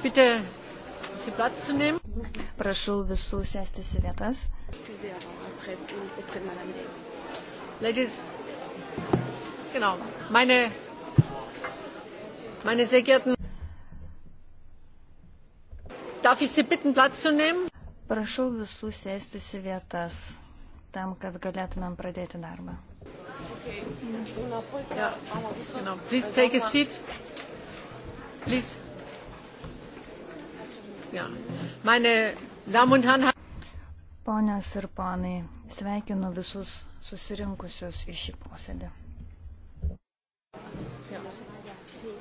ich bitte, Sie Platz zu nehmen. Prašau visų sėstis į vietas. Ladies, genau, meine, meine sehr geehrten, darf ich Sie bitten, Platz zu nehmen? Prašau visų sėstis į vietas, tam, kad galėtumėm pradėti darbą. Okay. Ja. Genau. Please take a seat. Please. Ja. Meine Damen und Herren, Ponios ir ponai, sveikinu visus susirinkusius į šį posėdį. Ja.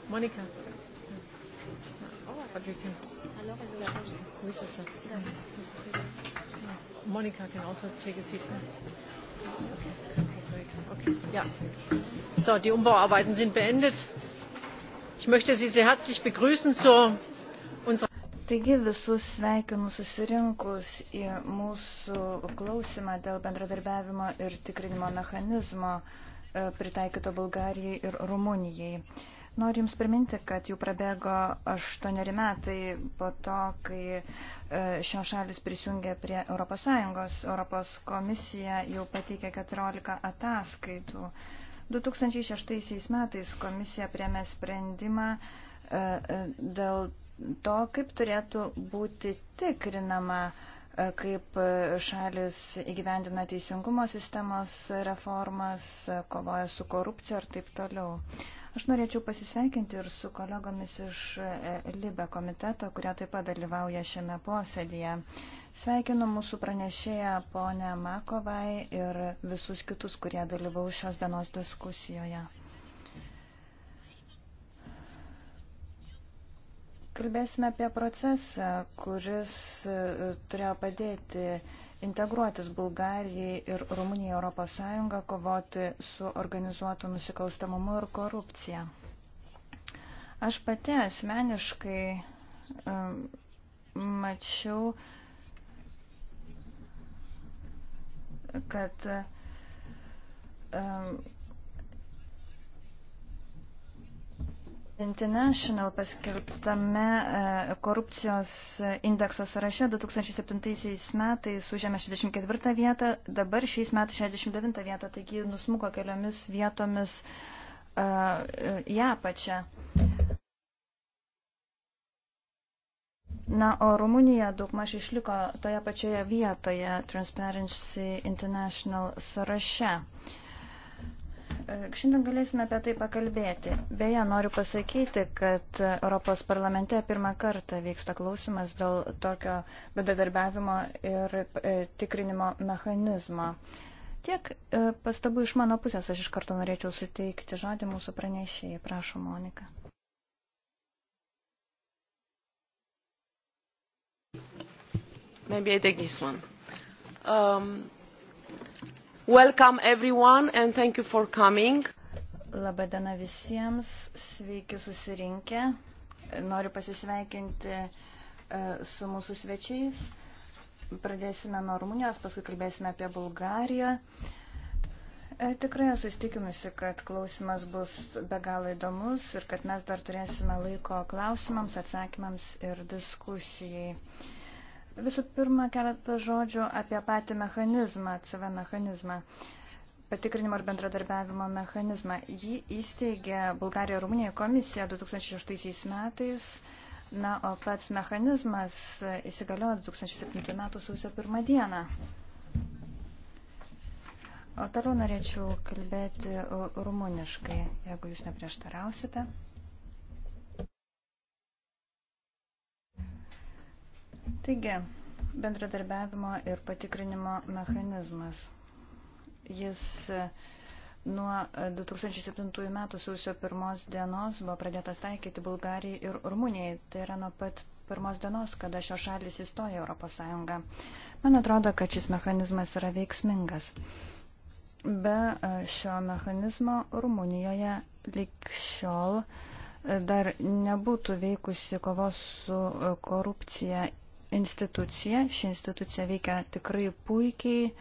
Monika. Monika can also take a seat. Okay. Okay. Ja. So, die Umbauarbeiten sind beendet. Ich möchte Sie sehr herzlich begrüßen zur Taigi visus sveikinu susirinkus į mūsų klausimą dėl bendradarbiavimo ir tikrinimo mechanizmo e, pritaikyto Bulgarijai ir Rumunijai. Noriu Jums priminti, kad jau prabėgo aštuoneri metai po to, kai e, šios šalis prisijungė prie ES. Europos komisija jau pateikė 14 ataskaitų. 2006 metais komisija priemė sprendimą e, dėl to, kaip turėtų būti tikrinama, e, kaip šalis įgyvendina teisingumo sistemos reformas, e, kovoja su korupcija ir taip toliau. Aš norėčiau pasisveikinti ir su kolegomis iš e, Libe komiteto, kurie taip pat dalyvauja šiame posėdėje. Sveikinu mūsų pranešėją ponę Makovai ir visus kitus, kurie dalyvau šios dienos diskusijoje. Kalbėsime apie procesą, kuris e, turėjo padėti integruotis Bulgarijai ir Rumunijai Europos Sąjungą, kovoti su organizuotu nusikalstamumu ir korupcija. Aš pati asmeniškai um, mačiau, kad um, International paskelbtame e, korupcijos indekso sąraše 2007 metais užėmė 64 vietą, dabar šiais metais 69 vietą, taigi nusmuko keliomis vietomis uh, į apačią. Na, o Rumunija daugmaž išliko toje pačioje vietoje Transparency International sąraše. Uh, Šiandien galėsime apie tai pakalbėti. Beje, noriu pasakyti, kad Europos parlamente pirmą kartą vyksta klausimas dėl tokio bedadarbiavimo ir e, tikrinimo mechanizmo. Tiek e, pastabų iš mano pusės aš iš karto norėčiau suteikti žodį mūsų pranešėjai. Prašau, Monika. Maybe I take this one. Um, Welcome everyone and thank you for coming. Labadiena visiems, sveiki susirinkę. Noriu pasisveikinti e, su mūsų svečiais. Pradėsime nuo Rumunijos, paskui kalbėsime apie Bulgariją. E, tikrai esu įstikinusi, kad klausimas bus be galo įdomus ir kad mes dar turėsime laiko klausimams, atsakymams ir diskusijai. Visų pirma, keletą žodžių apie patį mechanizmą, CV mechanizmą, patikrinimo ir bendradarbiavimo mechanizmą. Jį įsteigė Bulgarija Rumunija komisija 2006 metais, na, o pats mechanizmas įsigaliojo 2007 metų sausio pirmą dieną. O toliau norėčiau kalbėti rumuniškai, jeigu jūs neprieštarausite. Taigi, bendradarbiavimo ir patikrinimo mechanizmas. Jis e, nuo 2007 metų sausio pirmos dienos buvo pradėtas taikyti Bulgarijai ir Rumunijai. Tai yra nuo pat pirmos dienos, kada šios šalis įstojo Europos Sąjungą. Man atrodo, kad šis mechanizmas yra veiksmingas. Be e, šio mechanizmo Rumunijoje lik šiol e, dar nebūtų veikusi kovos su korupcija institucija. Ši institucija veikia tikrai puikiai.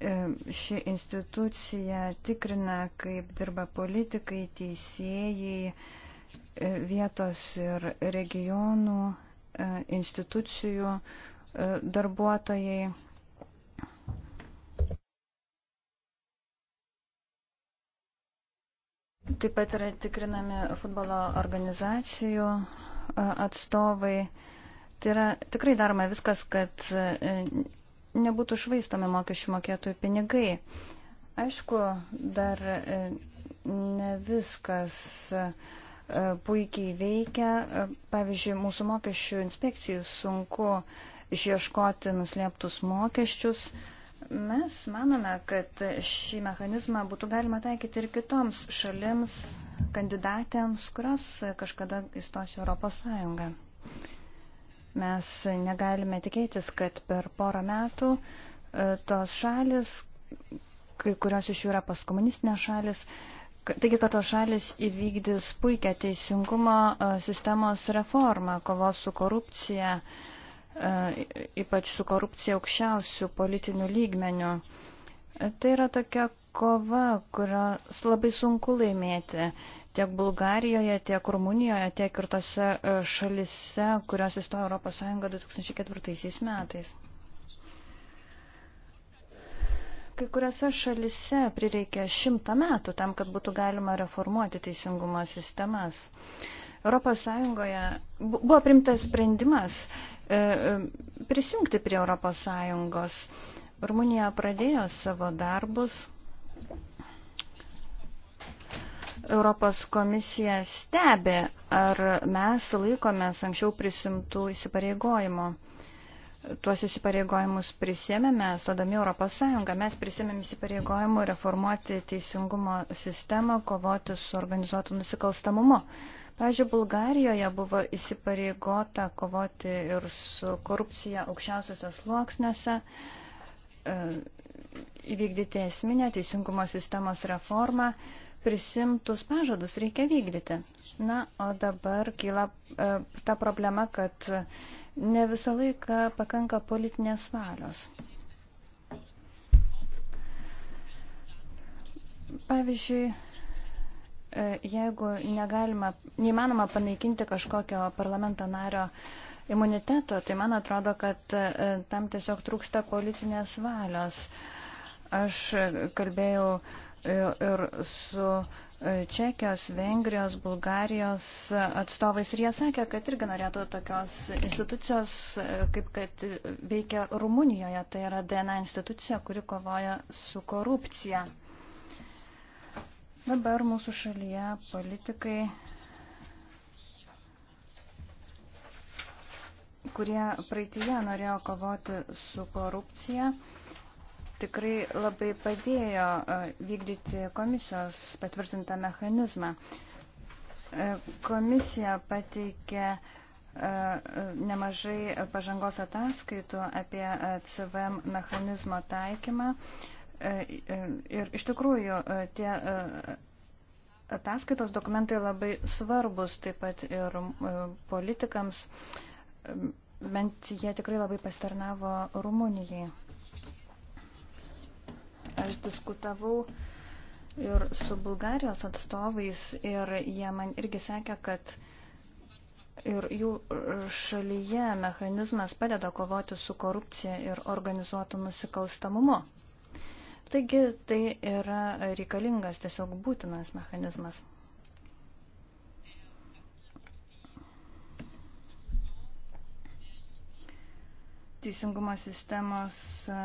E, ši institucija tikrina, kaip dirba politikai, teisėjai, e, vietos ir regionų e, institucijų darbuotojai. Taip pat yra tikrinami futbolo organizacijų atstovai. Tai yra tikrai daroma viskas, kad e, nebūtų švaistomi mokesčių mokėtojų pinigai. Aišku, dar e, ne viskas e, puikiai veikia. Pavyzdžiui, mūsų mokesčių inspekcijai sunku išieškoti nuslėptus mokesčius. Mes manome, kad šį mechanizmą būtų galima taikyti ir kitoms šalims, kandidatėms, kurios kažkada įstos į Europos Sąjungą. Mes negalime tikėtis, kad per porą metų e, tos šalis, kai kurios iš jų yra paskomunistinės šalis, taigi, kad tos šalis įvykdys puikia teisingumo e, sistemos reformą, kovos su korupcija, uh, E, ypač su korupcija aukščiausių politinių lygmenių. E, tai yra tokia kova, kurios labai sunku laimėti tiek Bulgarijoje, tiek Rumunijoje, tiek ir tose e, šalise, kurios įstojo Europos Sąjungą 2004 metais. Kai kuriuose šalise prireikė šimtą metų tam, kad būtų galima reformuoti teisingumo sistemas. Uh, Europos Sąjungoje buvo primtas sprendimas e, e, prisijungti prie Europos Sąjungos. Rumunija pradėjo savo darbus. Europos komisija stebi, ar mes laikomės anksčiau prisimtų įsipareigojimų tuos įsipareigojimus prisėmėme, stodami Europos Sąjungą, mes prisėmėme įsipareigojimų reformuoti teisingumo sistemą, kovoti su organizuotu nusikalstamumu. Pavyzdžiui, Bulgarijoje buvo įsipareigota kovoti ir su korupcija aukščiausiuose sluoksniuose, e, įvykdyti esminę teisingumo sistemos reformą, prisimtus pažadus reikia vykdyti. Na, o dabar kyla e, ta problema, kad ne visą laiką pakanka politinės valios. Pavyzdžiui, E, jeigu negalima, neįmanoma panaikinti kažkokio parlamento nario imuniteto, tai man atrodo, kad e, tam tiesiog trūksta politinės valios. Aš kalbėjau e, ir su Čekijos, Vengrijos, Bulgarijos atstovais ir jie sakė, kad irgi norėtų tokios institucijos, kaip kad veikia Rumunijoje, tai yra DNA institucija, kuri kovoja su korupcija. Dabar mūsų šalyje politikai, kurie praeitėje norėjo kovoti su korupcija, tikrai labai padėjo e, vykdyti komisijos patvirtintą mechanizmą. E, komisija pateikė e, nemažai pažangos ataskaitų apie CVM mechanizmo taikymą. E, e, ir iš tikrųjų e, tie ataskaitos dokumentai labai svarbus taip pat ir politikams, bent jie tikrai labai pasitarnavo Rumunijai. Aš diskutavau ir su Bulgarijos atstovais ir jie man irgi sakė, kad ir jų šalyje mechanizmas padeda kovoti su korupcija ir organizuotu nusikalstamumu. Taigi tai yra reikalingas, tiesiog būtinas mechanizmas. Teisingumo sistemos e,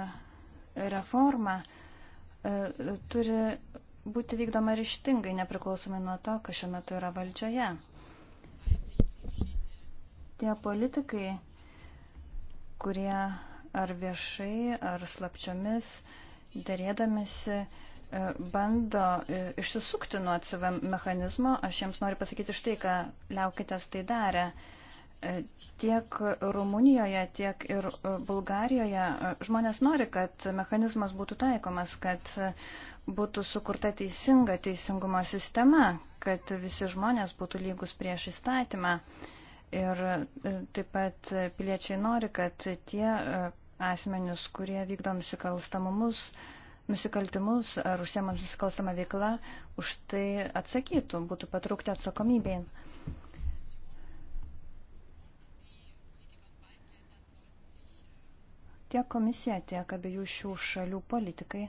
reforma e, turi būti vykdoma ryštingai, nepriklausomai nuo to, kas šiuo metu yra valdžioje. Tie politikai, kurie ar viešai, ar slapčiomis, uh, darėdamėsi e, bando e, išsisukti nuo CVM mechanizmo, aš jiems noriu pasakyti štai, ką liaukitės tai darę. E, tiek Rumunijoje, tiek ir Bulgarijoje žmonės nori, kad mechanizmas būtų taikomas, kad būtų sukurta teisinga teisingumo sistema, kad visi žmonės būtų lygus prieš įstatymą. Ir taip pat piliečiai nori, kad tie, asmenius, kurie vykdo nusikalstamumus, nusikaltimus ar užsiema nusikalstama veikla, už tai atsakytų, būtų patraukti atsakomybėn. Tiek komisija, tiek abiejų šių šalių politikai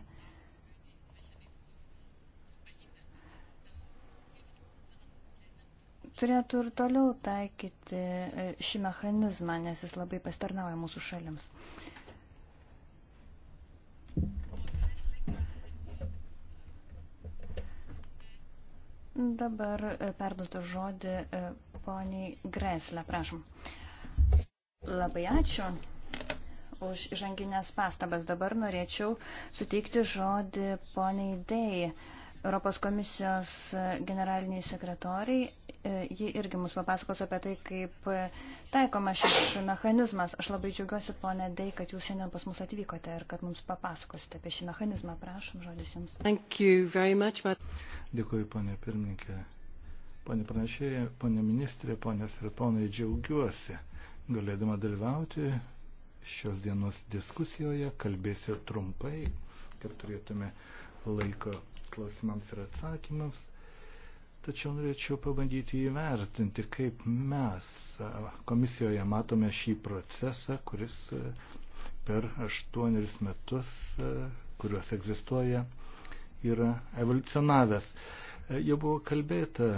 turėtų ir toliau taikyti e, šį mechanizmą, nes jis labai pastarnauja mūsų šalims. Dabar e, perduotų žodį e, poniai Greslę, prašom. Labai ačiū už žanginės pastabas. Dabar norėčiau suteikti žodį poniai Dėjai. Europos komisijos generaliniai sekretoriai. E, ji irgi mums papasakos apie tai, kaip e, taikoma šis mechanizmas. Aš labai džiaugiuosi, ponė Dei, kad jūs šiandien pas mus atvykote ir kad mums papasakosite apie šį mechanizmą. Prašom, žodis jums. Much, but... Dėkuoju, ponė pirmininkė. Pone pranešėja, ponė ministrė, ponės ir ponai, džiaugiuosi galėdama dalyvauti šios dienos diskusijoje. Kalbėsiu trumpai, kad turėtume laiko klausimams ir atsakymams. Tačiau norėčiau pabandyti įvertinti, kaip mes komisijoje matome šį procesą, kuris per aštuonerius metus, kuriuos egzistuoja, yra evoliucionavęs. E, jau buvo kalbėta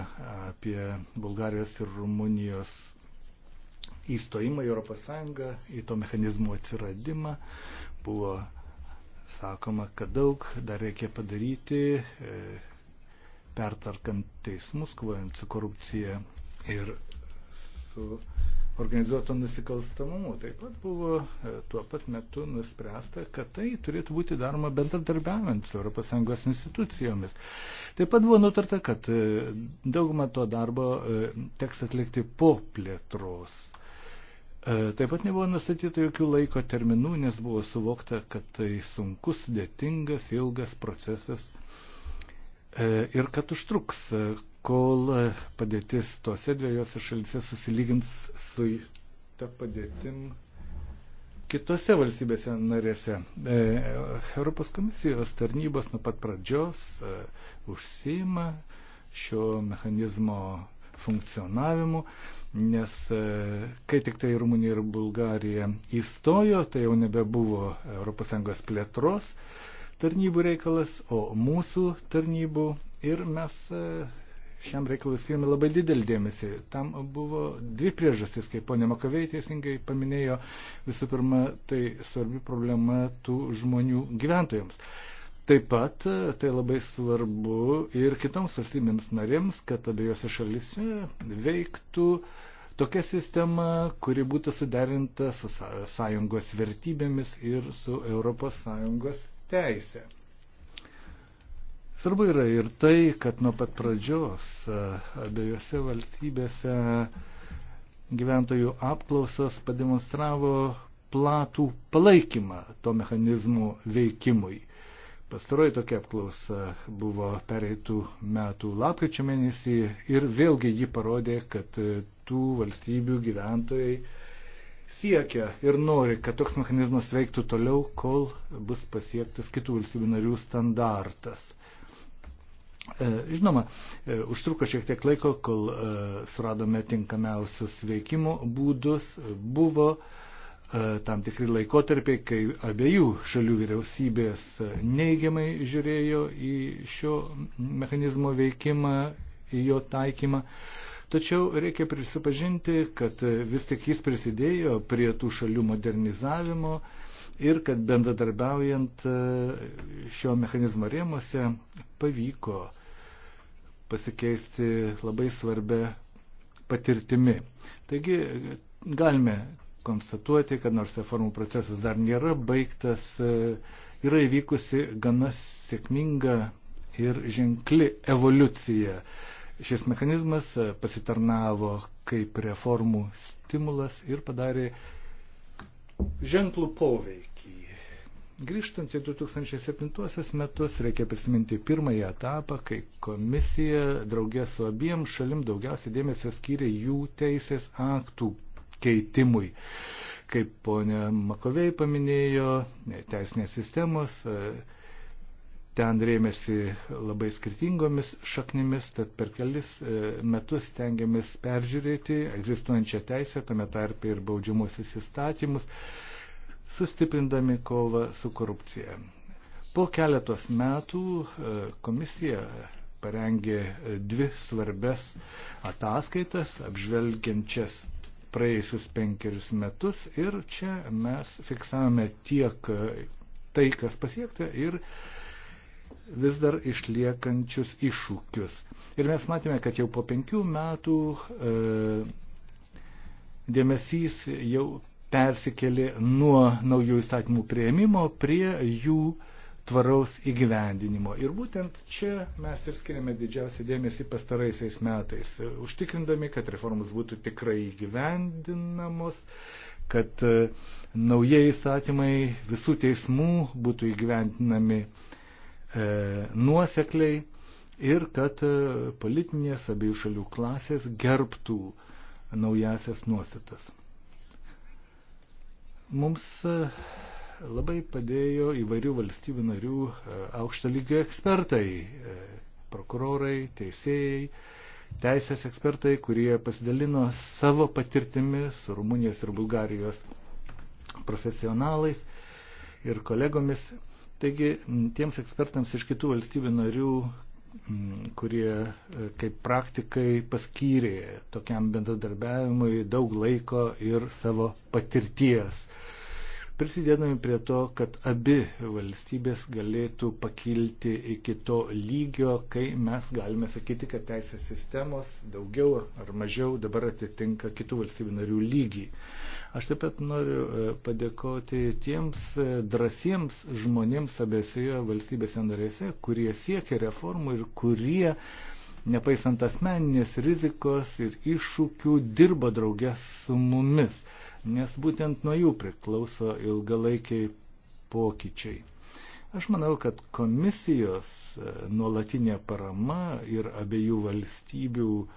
apie Bulgarijos ir Rumunijos įstojimą į ES, į to mechanizmų atsiradimą, buvo sakoma, kad daug dar reikia padaryti, e, pertarkant teismus, kovojant su korupcija ir su organizuoto nusikalstamumu. Taip pat buvo e, tuo pat metu nuspręsta, kad tai turėtų būti daroma bendradarbiavant su ES institucijomis. Taip pat buvo nutarta, kad e, daugumą to darbo teks atlikti po plėtros. E, taip pat nebuvo nustatyta jokių laiko terminų, nes buvo suvokta, kad tai sunkus, sudėtingas, ilgas procesas e, ir kad užtruks, e, kol padėtis tose dviejose šalise susilygins su ta padėtim kitose valstybėse narėse. Europos komisijos tarnybos nuo pat pradžios užsima šio mechanizmo funkcionavimu nes e, kai tik tai Rumunija ir Bulgarija įstojo, tai jau nebebuvo ES plėtros tarnybų reikalas, o mūsų tarnybų ir mes e, šiam reikalui skiriame labai didelį dėmesį. Tam buvo dvi priežastys, kaip ponė Makavei teisingai paminėjo. Visų pirma, tai svarbi problema tų žmonių gyventojams. Taip pat e, tai labai svarbu ir kitoms valstybėms narėms, kad abiejose šalise veiktų tokia sistema, kuri būtų suderinta su sąjungos vertybėmis ir su ES teisė. Svarbu yra ir tai, kad nuo pat pradžios e, abiejose valstybėse gyventojų apklausos pademonstravo platų palaikymą to mechanizmo veikimui. Pastaroji tokia apklausa buvo pereitų metų lapkričio mėnesį ir vėlgi ji parodė, kad e, tų valstybių gyventojai siekia ir nori, kad toks mechanizmas veiktų toliau, kol bus pasiektas kitų valstybių narių standartas. E, žinoma, e, užtruko šiek tiek laiko, kol suradome tinkamiausius veikimo būdus. Buvo uh, E, tam tikri laikotarpiai, kai abiejų šalių vyriausybės neigiamai žiūrėjo į šio mechanizmo veikimą, į jo taikymą. Tačiau reikia prisipažinti, kad vis tik jis prisidėjo prie tų šalių modernizavimo ir kad bendradarbiaujant e, šio mechanizmo rėmose pavyko pasikeisti labai svarbę patirtimi. Taigi galime konstatuoti, kad nors reformų procesas dar nėra baigtas, e, yra įvykusi gana sėkminga ir ženkli evoliucija. Šis mechanizmas e, pasitarnavo kaip reformų stimulas ir padarė ženklų poveikį. Grįžtant į 2007 metus, reikia prisiminti pirmąjį etapą, kai komisija draugė su abiem šalim daugiausiai dėmesio skyrė jų teisės aktų keitimui. Kaip ponė Makovei paminėjo, teisinės sistemos e, ten rėmėsi labai skirtingomis šaknimis, tad per kelis e, metus tengiamės peržiūrėti egzistuojančią teisę, tame tarpe ir baudžiamusius įstatymus, sustiprindami kovą su korupcija. Po keletos metų e, komisija parengė dvi svarbes ataskaitas, apžvelgiančias praėjusius penkerius metus ir čia mes fiksavome tiek tai, kas pasiekta ir vis dar išliekančius iššūkius. Ir mes matėme, kad jau po penkių metų e, dėmesys jau persikėlė nuo naujų įstatymų prieimimo prie jų e, tvaraus įgyvendinimo. Ir būtent čia mes ir skiriame didžiausią dėmesį pastaraisiais metais, užtikrindami, kad reformos būtų tikrai įgyvendinamos, kad e, naujieji įstatymai visų teismų būtų įgyvendinami e, nuosekliai ir kad e, politinės abiejų šalių klasės gerbtų naujasias nuostatas. Mums e, labai padėjo įvairių valstybių narių e, aukšto lygio ekspertai, e, prokurorai, teisėjai, teisės ekspertai, kurie pasidalino savo patirtimi su Rumunijos ir Bulgarijos profesionalais ir kolegomis. Taigi tiems ekspertams iš kitų valstybių narių, kurie e, kaip praktikai paskyrė tokiam bendradarbiavimui daug laiko ir savo patirties prisidėdami prie to, kad abi valstybės galėtų pakilti iki to lygio, kai mes galime sakyti, kad teisės sistemos daugiau ar mažiau dabar atitinka kitų valstybių narių lygį. Aš taip pat noriu e, padėkoti tiems e, drąsiems žmonėms abiejose valstybėse narėse, kurie siekia reformų ir kurie nepaisant asmeninės rizikos ir iššūkių, dirba draugės su mumis nes būtent nuo jų priklauso ilgalaikiai pokyčiai. Aš manau, kad komisijos e, nuolatinė parama ir abiejų valstybių e,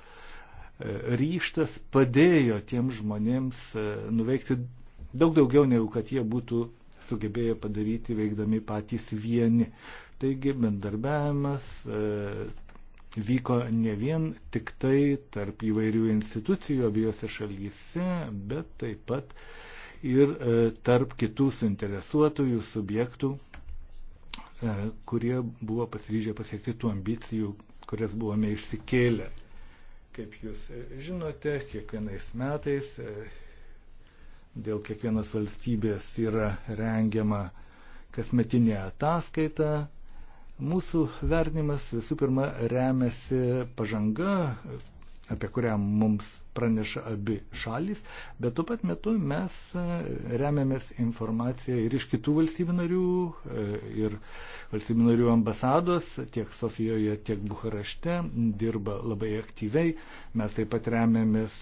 ryštas padėjo tiems žmonėms e, nuveikti daug daugiau, negu kad jie būtų sugebėję padaryti veikdami patys vieni. Taigi bendarbiavimas vyko ne vien tik tai tarp įvairių institucijų abiejose šalyse, bet taip pat ir e, tarp kitų suinteresuotųjų subjektų, e, kurie buvo pasiryžę pasiekti tų ambicijų, kurias buvome išsikėlę. Kaip jūs e, žinote, kiekvienais metais dėl kiekvienos valstybės yra rengiama kasmetinė ataskaita, Mūsų vertinimas visų pirma remiasi pažanga, apie kurią mums praneša abi šalys, bet tuo pat metu mes e, remiamės informaciją ir iš kitų valstybių narių, e, ir valstybių narių ambasados, tiek Sofijoje, tiek Bukarešte, dirba labai aktyviai. Mes taip pat remiamės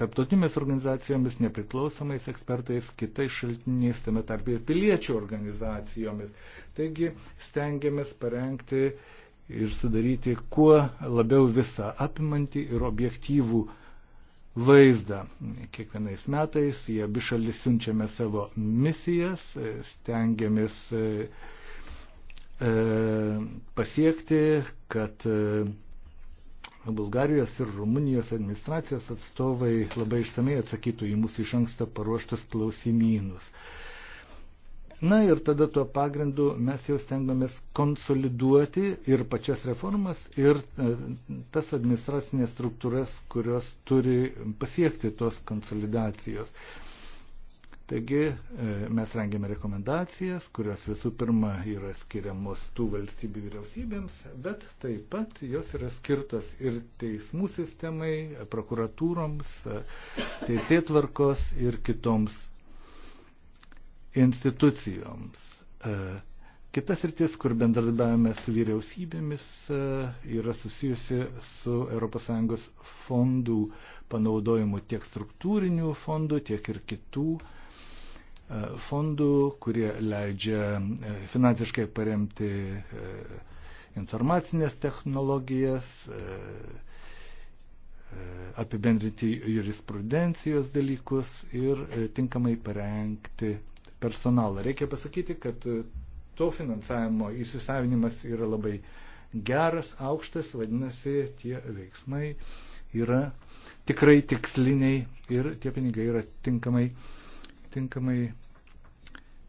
tarptautinėmis organizacijomis, nepriklausomais ekspertais, kitais šaltiniais, tame tarp ir piliečių organizacijomis. Taigi stengiamės parengti ir sudaryti kuo labiau visą apimantį ir objektyvų vaizdą. Kiekvienais metais į abi šalis siunčiame savo misijas, stengiamės e, e, pasiekti, kad e, Bulgarijos ir Rumunijos administracijos atstovai labai išsamei atsakytų į mūsų iš anksto paruoštus klausimynus. Na ir tada tuo pagrindu mes jau stengiamės konsoliduoti ir pačias reformas, ir e, tas administracinės struktūras, kurios turi pasiekti tos konsolidacijos. Taigi e, mes rengiame rekomendacijas, kurios visų pirma yra skiriamos tų valstybių vyriausybėms, bet taip pat jos yra skirtos ir teismų sistemai, prokuratūroms, e, teisėtvarkos ir kitoms institucijoms. E, Kitas rytis, kur bendradarbiavame su vyriausybėmis, e, yra susijusi su ES fondų panaudojimu tiek struktūrinių fondų, tiek ir kitų e, fondų, kurie leidžia finansiškai paremti informacinės technologijas, apibendrinti jurisprudencijos dalykus ir tinkamai parengti personalą. Reikia pasakyti, kad e, to finansavimo įsisavinimas yra labai geras, aukštas, vadinasi, tie veiksmai yra tikrai tiksliniai ir tie pinigai yra tinkamai, tinkamai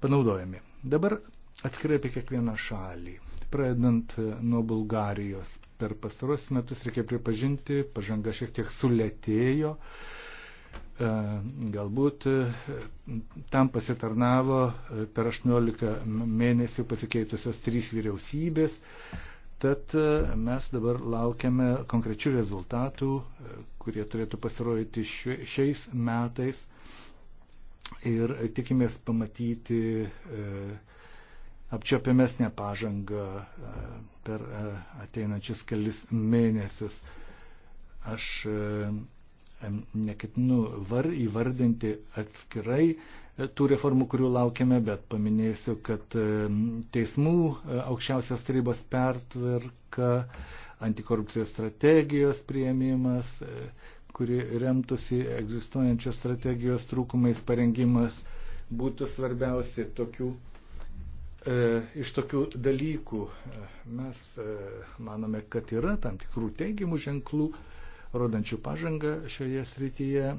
panaudojami. Dabar atskirai apie kiekvieną šalį. Pradedant e, nuo Bulgarijos, per pastarosius metus reikia pripažinti, pažanga šiek tiek sulėtėjo, E, galbūt e, tam pasitarnavo e, per 18 mėnesių pasikeitusios trys vyriausybės, tad mes dabar laukiame konkrečių rezultatų, kurie turėtų pasirodyti šiais metais ir tikimės pamatyti apčiopiamesnę pažangą per ateinančius kelis mėnesius. Aš neketinu var, įvardinti atskirai e, tų reformų, kurių laukiame, bet paminėsiu, kad e, teismų e, aukščiausios tarybos pertvarka, antikorupcijos strategijos prieimimas, kuri remtųsi egzistuojančios strategijos trūkumais parengimas, būtų svarbiausi tokių e, iš tokių dalykų mes e, manome, kad yra tam tikrų teigiamų ženklų, rodančių pažangą šioje srityje.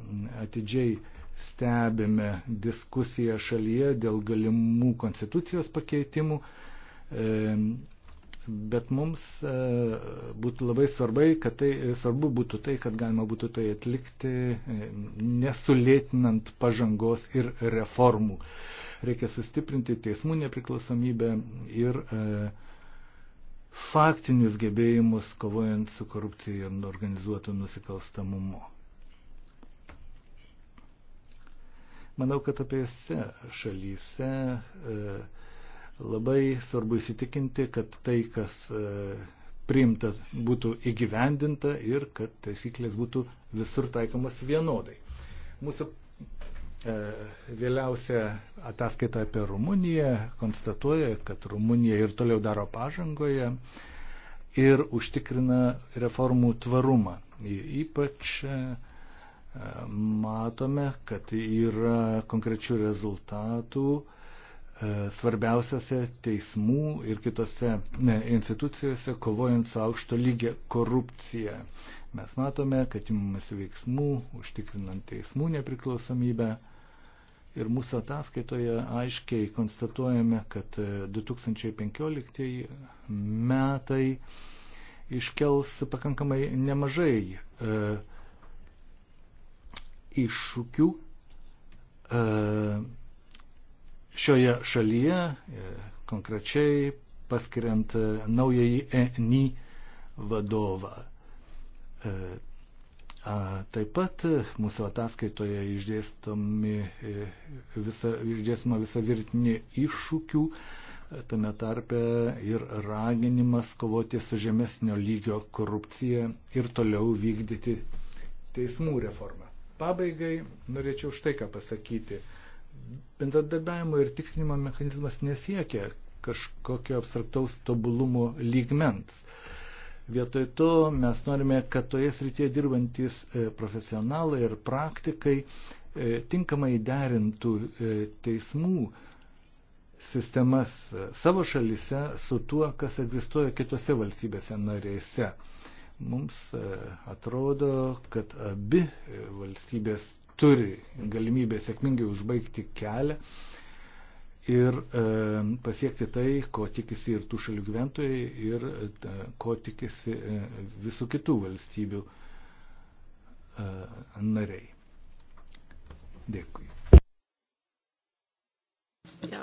Atidžiai stebime diskusiją šalyje dėl galimų konstitucijos pakeitimų. E, bet mums e, būtų labai svarbai, kad tai, svarbu būtų tai, kad galima būtų tai atlikti e, nesulėtinant pažangos ir reformų. Reikia sustiprinti teismų nepriklausomybę ir faktinius gebėjimus kovojant su korupcija ir organizuotu nusikalstamumu. Manau, kad abiejose šalyse e, labai svarbu įsitikinti, kad tai, kas e, priimta, būtų įgyvendinta ir kad taisyklės būtų visur taikomas vienodai. Mūsų E, vėliausia ataskaita apie Rumuniją konstatuoja, kad Rumunija ir toliau daro pažangoje ir užtikrina reformų tvarumą. Ypač e, matome, kad yra konkrečių rezultatų e, svarbiausiose teismų ir kitose ne, institucijose kovojant su aukšto lygio korupcija. Mes matome, kad imamas veiksmų, užtikrinant teismų nepriklausomybę, Ir mūsų ataskaitoje aiškiai konstatuojame, kad 2015 e, metai iškels pakankamai nemažai e, iššūkių e, šioje šalyje, e, konkrečiai paskiriant e, naująjį ENI vadovą. E, Taip pat e, mūsų ataskaitoje e, visa, išdėstama visa virtinė iššūkių, e, tame tarpe ir raginimas kovoti su žemesnio lygio korupcija ir toliau vykdyti teismų reformą. Pabaigai norėčiau štai ką pasakyti. Bendradarbiavimo ir tikrinimo mechanizmas nesiekia kažkokio abstraktaus tobulumo lygmens. Uh, Vietoj to mes norime, kad toje srityje dirbantis e, profesionalai ir praktikai e, tinkamai derintų e, teismų sistemas savo šalise su tuo, kas egzistuoja kitose valstybėse narėse. Mums atrodo, kad abi valstybės turi galimybę sėkmingai užbaigti kelią ir e, pasiekti tai, ko tikisi ir tų šalių gyventojai, ir e, ko tikisi e, visų kitų valstybių nariai. Dėkui. Ja,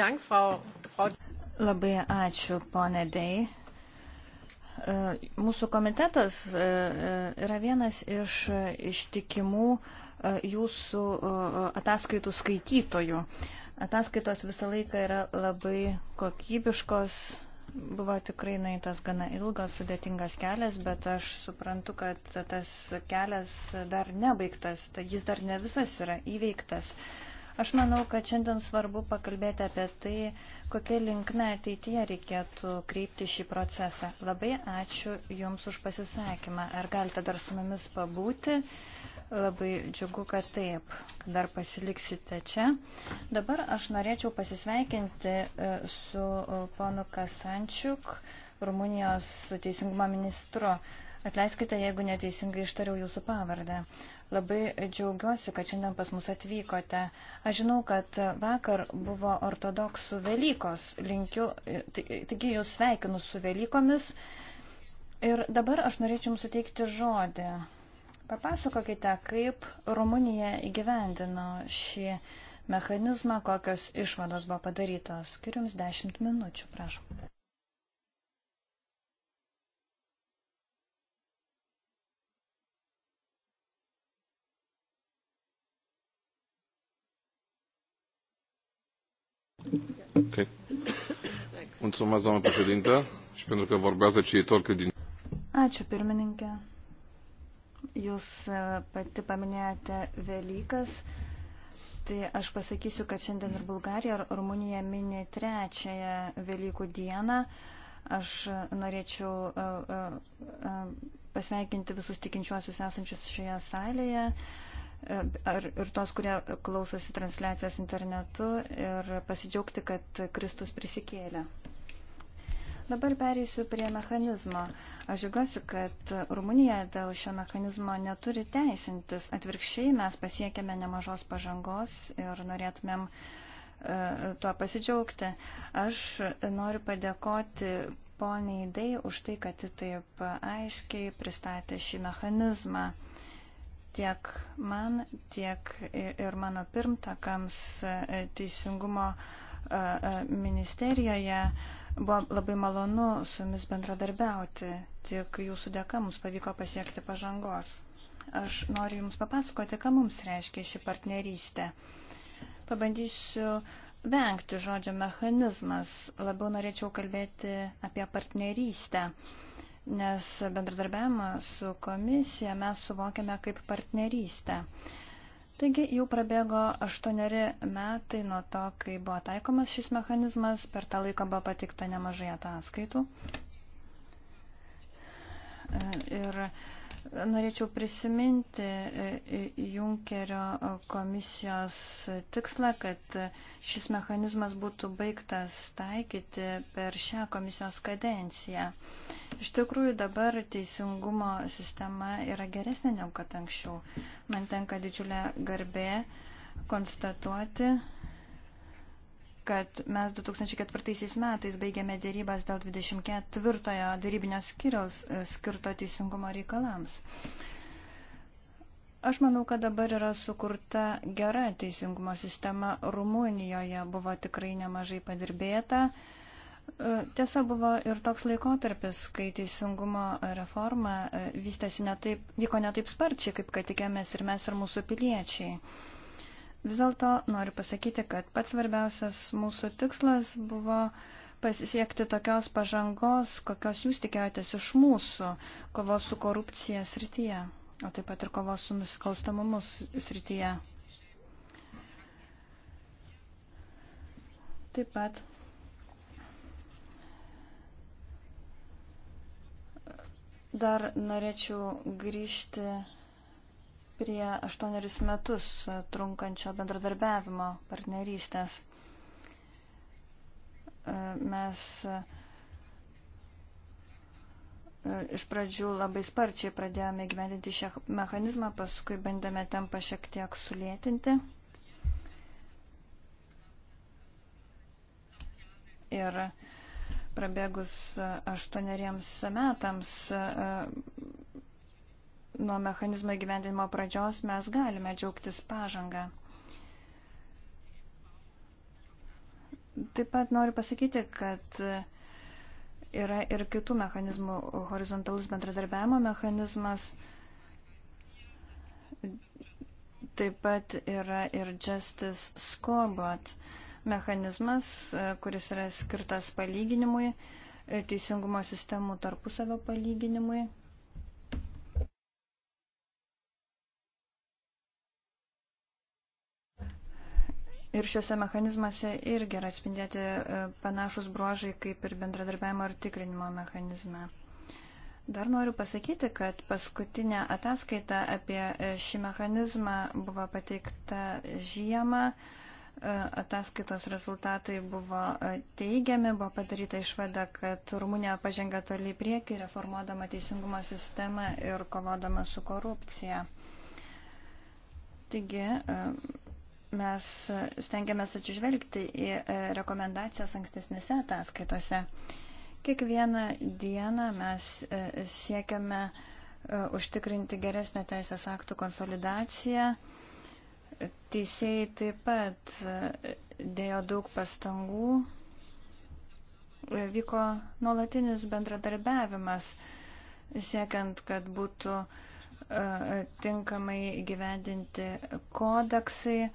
dank, Frau, Frau... Labai ačiū, ponė Dei. Mūsų komitetas yra vienas iš ištikimų jūsų ataskaitų skaitytojų. Ataskaitos visą laiką yra labai kokybiškos. Buvo tikrai naitas gana ilgas, sudėtingas kelias, bet aš suprantu, kad tas kelias dar nebaigtas, tai jis dar ne visas yra įveiktas. Aš manau, kad šiandien svarbu pakalbėti apie tai, kokia linkme ateityje reikėtų kreipti šį procesą. Labai ačiū Jums už pasisakymą. Ar galite dar su mumis pabūti? Uh, Labai džiugu, kad taip, kad dar pasiliksite čia. Dabar aš norėčiau pasisveikinti e, su e, ponu Kasančiuk, Rumunijos teisingumo ministru. Atleiskite, jeigu neteisingai ištariau jūsų pavardę. Labai džiaugiuosi, kad šiandien pas mus atvykote. Aš žinau, kad vakar buvo ortodoksų Velykos. Linkiu, e, taigi jūs sveikinu su Velykomis. Ir dabar aš norėčiau jums suteikti žodį. Papasakokite, kaip Rumunija įgyvendino šį mechanizmą, kokios išvados buvo padarytos. Skiriu jums 10 minučių, prašom. Okay. Mulțumesc, doamnă președintă, și pentru că vorbează ceitor cât din... Ačiū, pirmininkė. Jūs e, pati paminėjote Velykas, tai aš pasakysiu, kad šiandien ir Bulgarija, ir Rumunija mini trečiąją Velykų dieną. Aš norėčiau e, e, pasveikinti visus tikinčiuosius esančius šioje salėje ar, ir tos, kurie klausosi transliacijos internetu ir pasidžiaugti, kad Kristus prisikėlė. Dabar pereisiu prie mechanizmo. Aš žiūriuosi, kad Rumunija dėl šio mechanizmo neturi teisintis. Atvirkščiai mes pasiekėme nemažos pažangos ir norėtumėm e, tuo pasidžiaugti. Aš noriu padėkoti poniai Dai už tai, kad ji taip aiškiai pristatė šį mechanizmą. Tiek man, tiek ir mano pirmtakams e, teisingumo e, ministerijoje Buvo labai malonu su jumis bendradarbiauti, tik jūsų dėka mums pavyko pasiekti pažangos. Aš noriu jums papasakoti, ką mums reiškia ši partnerystė. Pabandysiu vengti žodžio mechanizmas, labiau norėčiau kalbėti apie partnerystę, nes bendradarbiavimą su komisija mes suvokiame kaip partnerystę. Taigi jau prabėgo aštuoneri metai nuo to, kai buvo taikomas šis mechanizmas, per tą laiką buvo patikta nemažai ataskaitų. E, ir Norėčiau prisiminti e, e, Junkerio komisijos tikslą, kad šis mechanizmas būtų baigtas taikyti per šią komisijos kadenciją. Iš tikrųjų dabar teisingumo sistema yra geresnė negu kad anksčiau. Man tenka didžiulė garbė konstatuoti, kad mes 2004 metais baigėme dėrybas dėl 24-ojo dėrybinio skyriaus e, skirto teisingumo reikalams. Aš manau, kad dabar yra sukurta gera teisingumo sistema Rumunijoje, buvo tikrai nemažai padirbėta. E, tiesa buvo ir toks laikotarpis, kai teisingumo reforma e, vystėsi netaip, vyko netaip sparčiai, kaip kad tikėmės ir mes ir mūsų piliečiai. Vis dėlto noriu pasakyti, kad pats svarbiausias mūsų tikslas buvo pasisiekti tokios pažangos, kokios jūs tikėjotės iš mūsų kovos su korupcija srityje, o taip pat ir kovos su nusikalstamumu srityje. Taip pat dar norėčiau grįžti prie aštuonerius metus trunkančio bendradarbiavimo partnerystės. E, mes e, iš pradžių labai sparčiai pradėjome gyvendinti šią mechanizmą, paskui bandėme tempą šiek tiek sulėtinti. Ir prabėgus aštuoneriems metams e, nuo mechanizmo įgyvendinimo pradžios mes galime džiaugtis pažangą. Taip pat noriu pasakyti, kad yra ir kitų mechanizmų, horizontalus bendradarbiavimo mechanizmas, taip pat yra ir Justice Scoreboard mechanizmas, kuris yra skirtas palyginimui, teisingumo sistemų tarpusavio palyginimui. Ir šiuose mechanizmuose irgi yra atspindėti e, panašus bruožai kaip ir bendradarbiavimo ir tikrinimo mechanizme. Dar noriu pasakyti, kad paskutinė ataskaita apie e, šį mechanizmą buvo pateikta žiemą. E, ataskaitos rezultatai buvo teigiami, buvo padaryta išvada, kad Rumunija pažengia toliai prieki, reformuodama teisingumo sistemą ir kovodama su korupcija. Taigi, mes stengiamės atsižvelgti į e, rekomendacijas ankstesnėse ataskaitose. Kiekvieną dieną mes e, siekiame e, užtikrinti geresnę teisės aktų konsolidaciją. Teisėjai taip pat dėjo daug pastangų, vyko nuolatinis bendradarbiavimas, siekiant, kad būtų tinkamai gyvendinti kodeksai,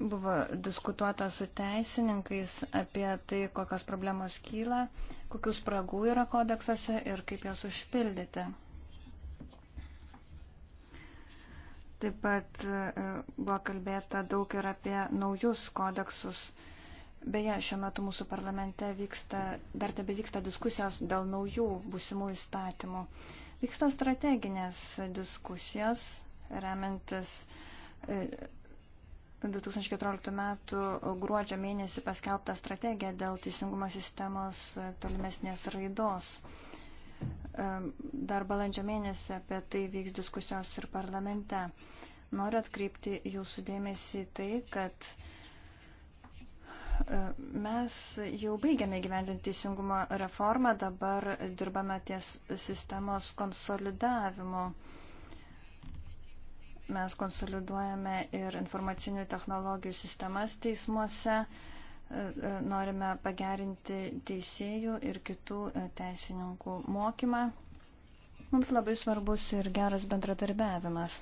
Buvo diskutuota su teisininkais apie tai, kokios problemos kyla, kokius spragų yra kodeksuose ir kaip jas užpildyti. Taip pat e, buvo kalbėta daug ir apie naujus kodeksus. Beje, šiuo metu mūsų parlamente vyksta, dar tebe vyksta diskusijos dėl naujų būsimų įstatymų. Vyksta strateginės diskusijos, remiantis e, 2014 m. gruodžio mėnesį paskelbtą strategiją dėl teisingumo sistemos tolimesnės raidos. Dar balandžio mėnesį apie tai vyks diskusijos ir parlamente. Noriu atkreipti jūsų dėmesį tai, kad e, mes jau baigiame gyvendinti teisingumo reformą, dabar dirbame ties sistemos konsolidavimu mes konsoliduojame ir informacinių technologijų sistemas teismuose, e, e, norime pagerinti teisėjų ir kitų e, teisininkų mokymą. Mums labai svarbus ir geras bendradarbiavimas.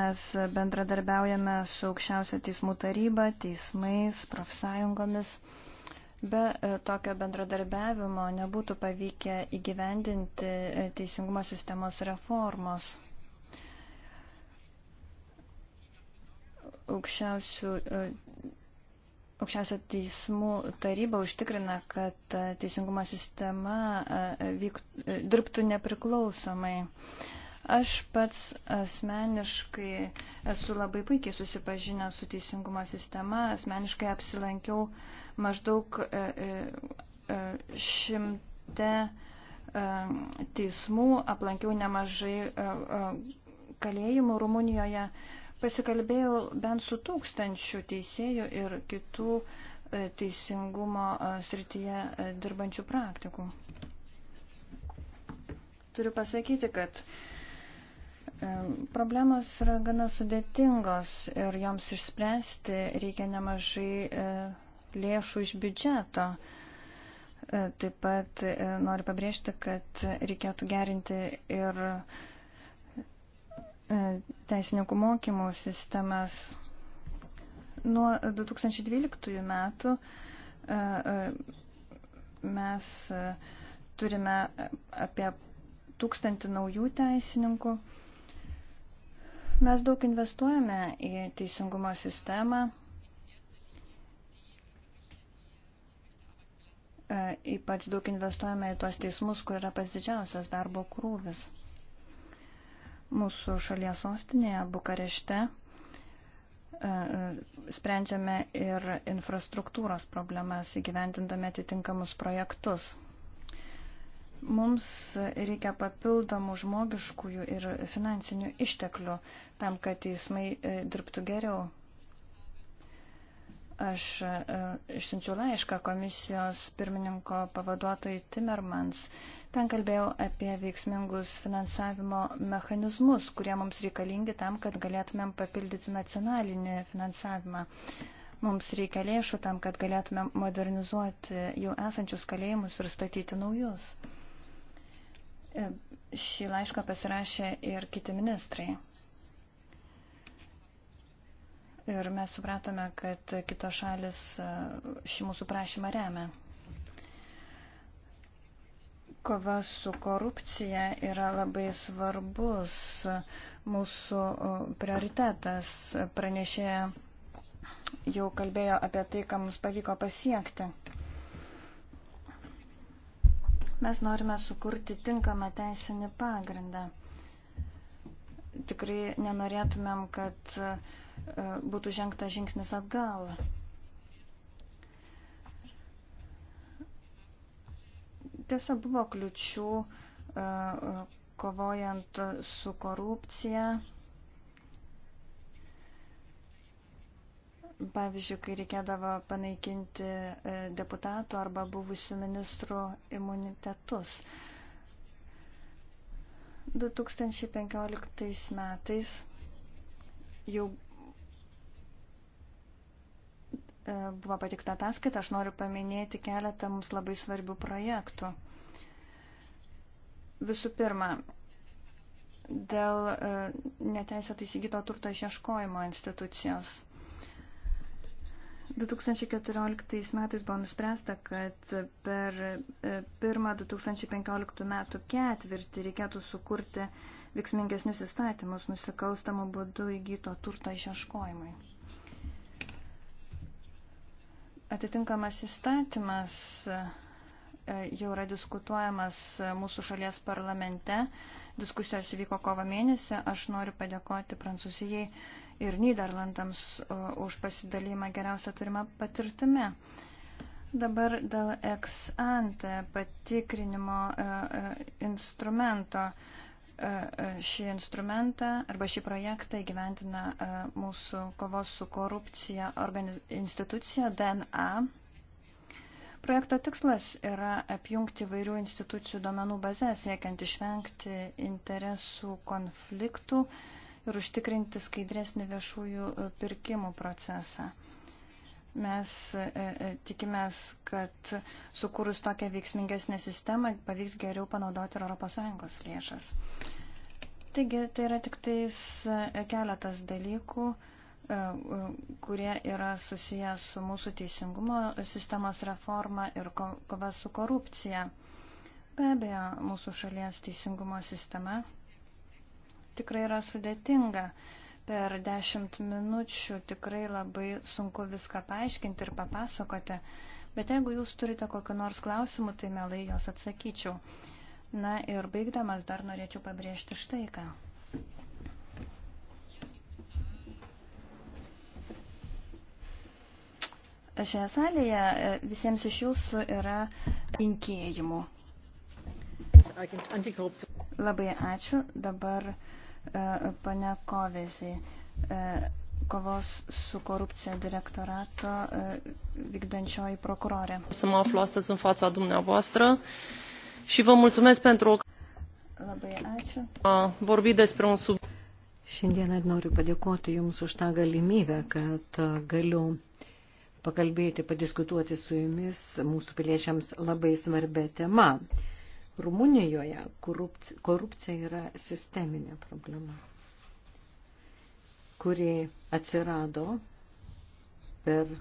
Mes bendradarbiaujame su aukščiausio teismų taryba, teismais, profsąjungomis. Be e, tokio bendradarbiavimo nebūtų pavykę įgyvendinti e, teisingumo sistemos reformos. Aukščiausių e, Aukščiausio teismų taryba užtikrina, kad teisingumo sistema vykt, dirbtų nepriklausomai. Aš pats asmeniškai esu labai puikiai susipažinęs su teisingumo sistema, asmeniškai apsilankiau maždaug e, e, e, šimte teismų, aplankiau nemažai kalėjimų Rumunijoje, pasikalbėjau bent su tūkstančių teisėjų ir kitų teisingumo srityje dirbančių praktikų. Turiu pasakyti, kad uh, E, problemos yra gana sudėtingos ir joms išspręsti reikia nemažai e, lėšų iš biudžeto. E, taip pat noriu pabrėžti, kad reikėtų gerinti ir teisininkų mokymų sistemas. Nuo 2012 metų mes turime apie tūkstantį naujų teisininkų. Mes daug investuojame į teisingumo sistemą, e, ypač daug investuojame į tuos teismus, kur yra pas didžiausias darbo krūvis. Mūsų šalies sostinėje, Bukarešte, e, e, sprendžiame ir infrastruktūros problemas įgyventindami atitinkamus projektus. Mums reikia papildomų žmogiškųjų ir finansinių išteklių tam, kad teismai e, dirbtų geriau. Aš e, išsiunčiu laišką komisijos pirmininko pavaduotojai Timmermans. Ten kalbėjau apie veiksmingus finansavimo mechanizmus, kurie mums reikalingi tam, kad galėtumėm papildyti nacionalinį finansavimą mums reikia lėšų tam, kad galėtume modernizuoti jau esančius kalėjimus ir statyti naujus. E, šį laišką pasirašė ir kiti ministrai. Ir mes supratome, kad kitos šalis e, šį mūsų prašymą remia. Kova su korupcija yra labai svarbus mūsų e, prioritetas. Pranešė jau kalbėjo apie tai, ką mums pavyko pasiekti. Mes norime sukurti tinkamą teisinį pagrindą. Tikrai nenorėtumėm, kad e, būtų žengta žingsnis atgal. Tiesa, buvo kliučių e, e, kovojant su korupcija Pavyzdžiui, kai reikėdavo panaikinti e, deputatų arba buvusių ministrų imunitetus. 2015 metais jau e, buvo patikta ataskaita, aš noriu paminėti keletą mums labai svarbių projektų. Visų pirma, dėl e, neteisėtai įsigyto turto išieškojimo institucijos. 2014 metais buvo nuspręsta, kad per e, pirmą 2015 metų ketvirtį reikėtų sukurti veiksmingesnius įstatymus nusikalstamų būdų įgyto turto išieškojimui. Atitinkamas įstatymas e, jau yra diskutuojamas mūsų šalies parlamente. Diskusijos įvyko kovo mėnesį. Aš noriu padėkoti Prancūzijai ir Niderlandams už pasidalymą geriausia turima patirtimi. Dabar dėl ex ante patikrinimo e, e, instrumento. E, šį instrumentą arba šį projektą įgyventina mūsų kovos su korupcija organiz... institucija DNA. Projekto tikslas yra apjungti vairių institucijų duomenų bazę, siekiant išvengti interesų konfliktų, uh, ir užtikrinti skaidresnį viešųjų e, pirkimų procesą. Mes e, e, tikimės, kad sukūrus tokią veiksmingesnę sistemą pavyks geriau panaudoti ir ES lėšas. Taigi, tai yra tik tais keletas dalykų, kurie yra susiję su mūsų teisingumo sistemos reforma ir kova su korupcija. Be abejo, mūsų šalies teisingumo sistema tikrai yra sudėtinga. Per dešimt minučių tikrai labai sunku viską paaiškinti ir papasakoti. Bet jeigu jūs turite kokiu nors klausimu, tai melai jos atsakyčiau. Na ir baigdamas dar norėčiau pabrėžti štai ką. Šioje salėje e, visiems iš jūsų yra linkėjimų. Labai ačiū. Dabar E, pane Kovėsi, e, kovos su korupcija direktorato e, vykdančioji prokurorė. Să mă aflu astăzi în fața dumneavoastră și vă mulțumesc pentru Labai ačiū. Vorbi despre un sub... Šiandieną noriu padėkoti Jums už tą galimybę, kad galiu pakalbėti, padiskutuoti su Jumis mūsų piliečiams labai svarbia tema. Rumunijoje korupcija yra sisteminė problema, kuri atsirado per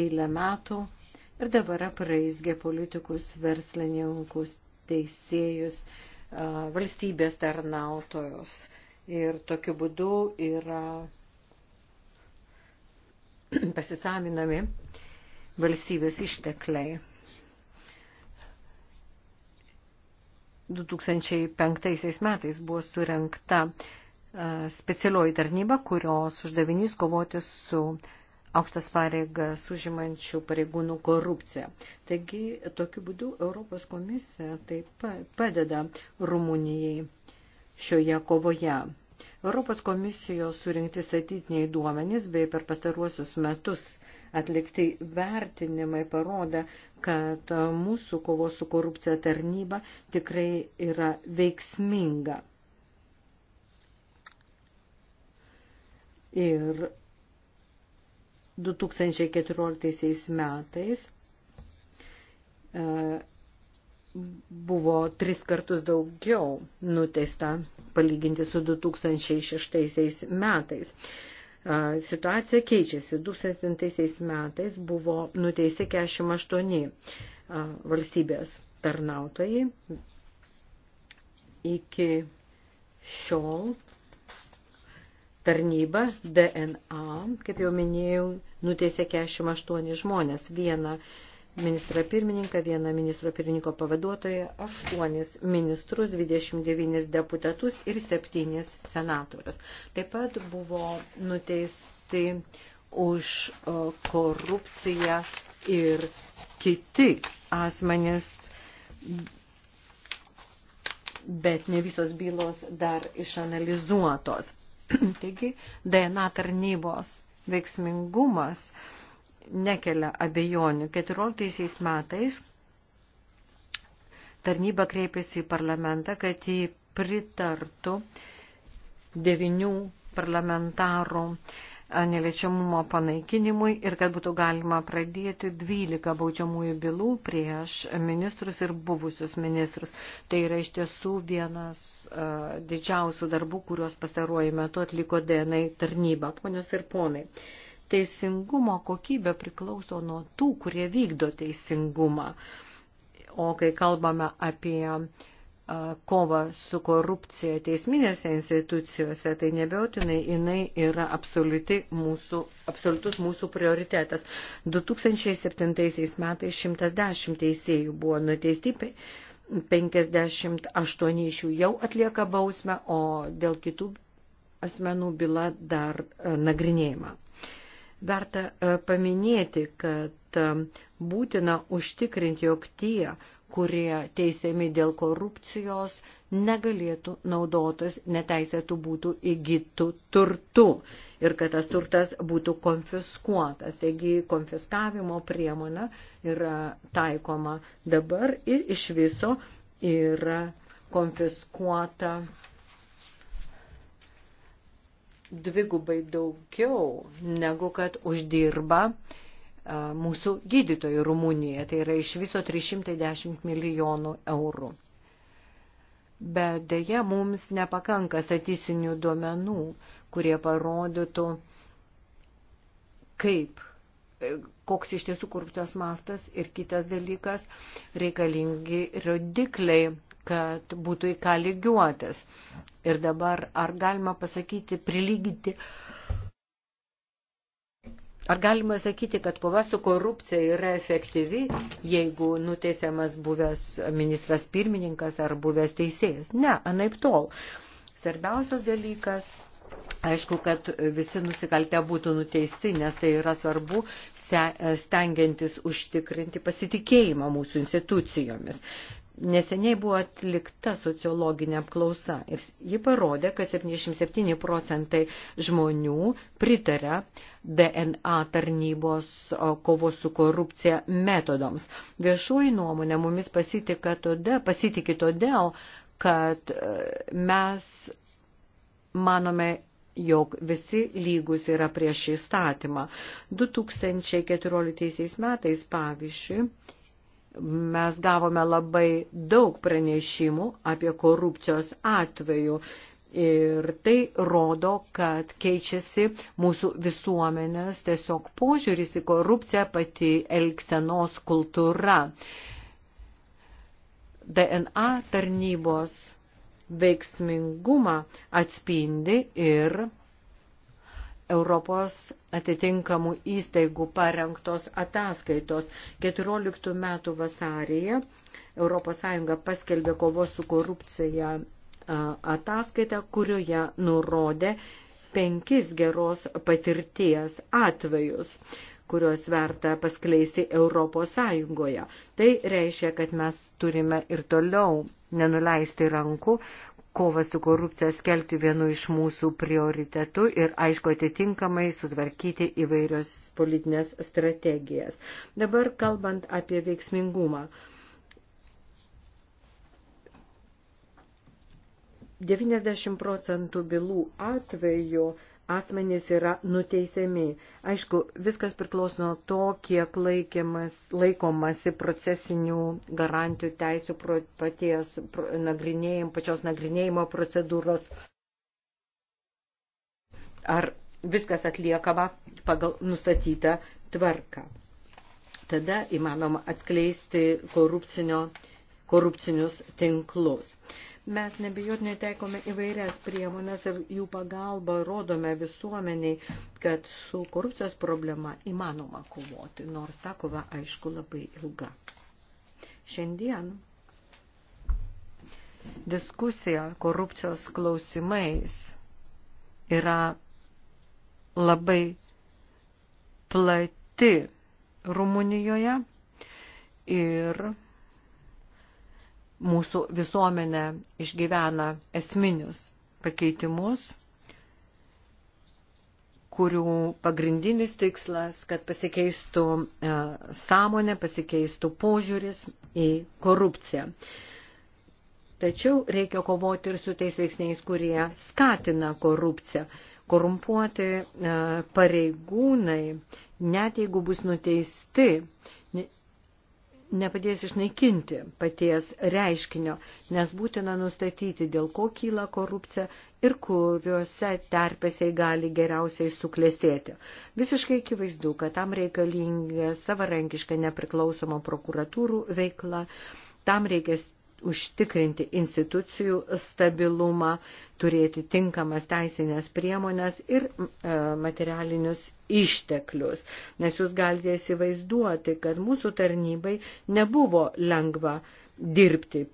eilę metų ir dabar apraizgė politikus, verslininkus, teisėjus, valstybės tarnautojus. Ir tokiu būdu yra pasisavinami valstybės ištekliai. 2005 metais buvo surenkta e, specialioji tarnyba, kurios uždavinys kovoti su aukštas pareigas užimančių pareigūnų korupcija. Taigi, tokiu būdu Europos komisija taip padeda Rumunijai šioje kovoje. Europos komisijos surinkti statytiniai duomenys bei per pastaruosius metus atlikti vertinimai parodo, kad mūsų kovos su korupcija tarnyba tikrai yra veiksminga. Ir 2014 metais e, buvo tris kartus daugiau nuteista palyginti su 2006 metais. Situacija keičiasi. 2000 metais buvo nuteisti 48 valstybės tarnautojai. Iki šiol tarnyba DNA, kaip jau minėjau, nuteisė 48 žmonės. Vieną ministrą pirmininką, vieną ministro pirmininko pavaduotoją, aštuonis ministrus, 29 deputatus ir septynis senatorius. Taip pat buvo nuteisti už korupciją ir kiti asmenys, bet ne visos bylos dar išanalizuotos. Taigi, DNA tarnybos veiksmingumas uh, nekelia abejonių. 14 metais tarnyba kreipėsi į parlamentą, kad jį pritartų devinių parlamentarų neliečiamumo panaikinimui ir kad būtų galima pradėti 12 baudžiamųjų bylų prieš ministrus ir buvusius ministrus. Tai yra iš tiesų vienas uh, didžiausių darbų, kuriuos pastaruoju metu atliko DNI tarnyba. Ponios ir ponai, uh, teisingumo kokybė priklauso nuo tų, kurie vykdo teisingumą. O kai kalbame apie kova su korupcija teisminėse institucijose, tai nebejotinai jinai yra mūsų, absoliutus mūsų prioritetas. 2007 metais 110 teisėjų buvo nuteisti 58 iš jų jau atlieka bausmę, o dėl kitų asmenų byla dar nagrinėjama. Verta e, paminėti, kad e, būtina užtikrinti, jog tie, kurie teisiami dėl korupcijos, negalėtų naudotis neteisėtų būtų įgytų turtų ir kad tas turtas būtų konfiskuotas. Taigi konfiskavimo priemonė yra taikoma dabar ir iš viso yra konfiskuota dvigubai daugiau negu kad uždirba mūsų gydytojų Rumunijoje. Tai yra iš viso 310 milijonų eurų. Bet dėja mums nepakanka statistinių duomenų, kurie parodytų, kaip, e, koks iš tiesų kurptas mastas ir kitas dalykas reikalingi rodikliai, kad būtų į ką lygiuotis. Ir dabar, ar galima pasakyti, prilyginti, ar galima sakyti, kad kova su korupcija yra efektyvi, jeigu nuteisiamas buvęs ministras pirmininkas ar buvęs teisėjas? Ne, anaip tol. Svarbiausias dalykas Aišku, kad visi nusikaltę būtų nuteisti, nes tai yra svarbu stengiantis užtikrinti pasitikėjimą mūsų institucijomis. Neseniai buvo atlikta sociologinė apklausa ir ji parodė, kad 77 procentai žmonių pritaria DNA tarnybos kovos su korupcija metodoms. Viešųjų nuomonė mumis pasitikė todėl, pasitikė todėl, kad e, mes manome jog visi lygus yra prieš įstatymą. 2014 metais, pavyzdžiui, mes gavome labai daug pranešimų apie korupcijos atveju. Ir tai rodo, kad keičiasi mūsų visuomenės tiesiog požiūris į korupciją pati elksenos kultūra. DNA tarnybos veiksmingumą atspindi ir Europos atitinkamų įstaigų parengtos ataskaitos. 14 metų vasaryje ES paskelbė kovos su korupcija ataskaitą, kurioje nurodė penkis geros patirties atvejus kuriuos verta paskleisti Europos Sąjungoje. Tai reiškia, kad mes turime ir toliau nenuleisti rankų, kovą su korupcija skelbti vienu iš mūsų prioritetų ir, aišku, atitinkamai sutvarkyti įvairios politinės strategijas. Dabar kalbant apie veiksmingumą. 90 procentų bylų atveju asmenys yra nuteisiami. Aišku, viskas priklauso nuo to, kiek laikimas, laikomasi procesinių garantijų teisų paties nagrinėjim, pačios nagrinėjimo procedūros. Ar viskas atliekama pagal nustatytą tvarką. Tada įmanoma atskleisti korupcinius tinklus. Mes nebijotinai taikome įvairias priemonės ir jų pagalba rodome visuomeniai, kad su korupcijos problema įmanoma kovoti, nors ta kova aišku labai ilga. Šiandien diskusija korupcijos klausimais yra labai plati Rumunijoje ir mūsų visuomenė išgyvena esminius pakeitimus, kurių pagrindinis tikslas, kad pasikeistų e, sąmonė, pasikeistų požiūris į korupciją. Tačiau reikia kovoti ir su tais veiksniais, kurie skatina korupciją. Korumpuoti e, pareigūnai, net jeigu bus nuteisti, nepadės išnaikinti paties reiškinio, nes būtina nustatyti, dėl ko kyla korupcija ir kuriuose terpėse gali geriausiai suklestėti. Visiškai akivaizdu, kad tam reikalinga savarankiška nepriklausoma prokuratūrų veikla, tam reikės užtikrinti institucijų stabilumą, turėti tinkamas teisinės priemonės ir e, materialinius išteklius. Nes jūs galite įsivaizduoti, kad mūsų tarnybai nebuvo lengva dirbti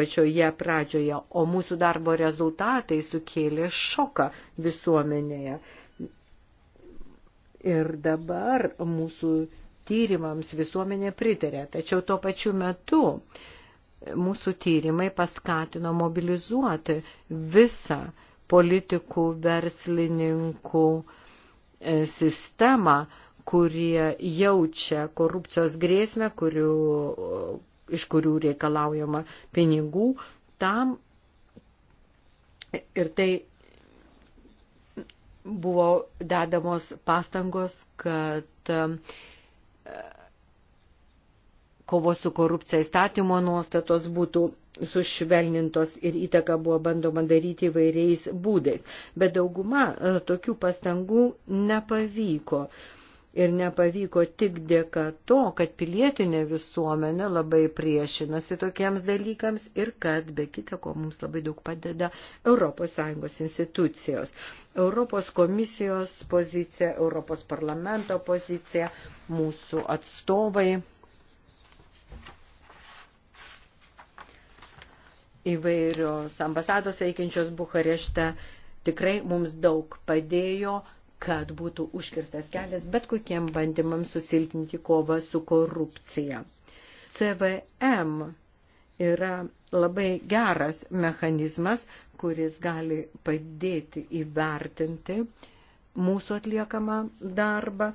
pačioje pradžioje, o mūsų darbo rezultatai sukėlė šoką visuomenėje. Ir dabar mūsų tyrimams visuomenė pritarė, tačiau tuo pačiu metu uh, mūsų tyrimai paskatino mobilizuoti visą politikų, verslininkų e, sistemą, kurie jaučia korupcijos grėsmę, kurių, e, iš kurių reikalaujama pinigų, tam ir tai buvo dedamos pastangos, kad e, kovos su korupcija įstatymo nuostatos būtų sušvelnintos ir įtaka buvo bandoma daryti įvairiais būdais. Bet dauguma e, tokių pastangų nepavyko. Ir nepavyko tik dėka to, kad pilietinė visuomenė labai priešinasi tokiems dalykams ir kad be kita ko mums labai daug padeda ES institucijos. Europos komisijos pozicija, Europos parlamento pozicija, mūsų atstovai įvairios ambasados veikiančios Bukarešte tikrai mums daug padėjo, kad būtų užkirstas kelias bet kokiem bandymams susilpninti kovą su korupcija. CVM yra labai geras mechanizmas, kuris gali padėti įvertinti mūsų atliekamą darbą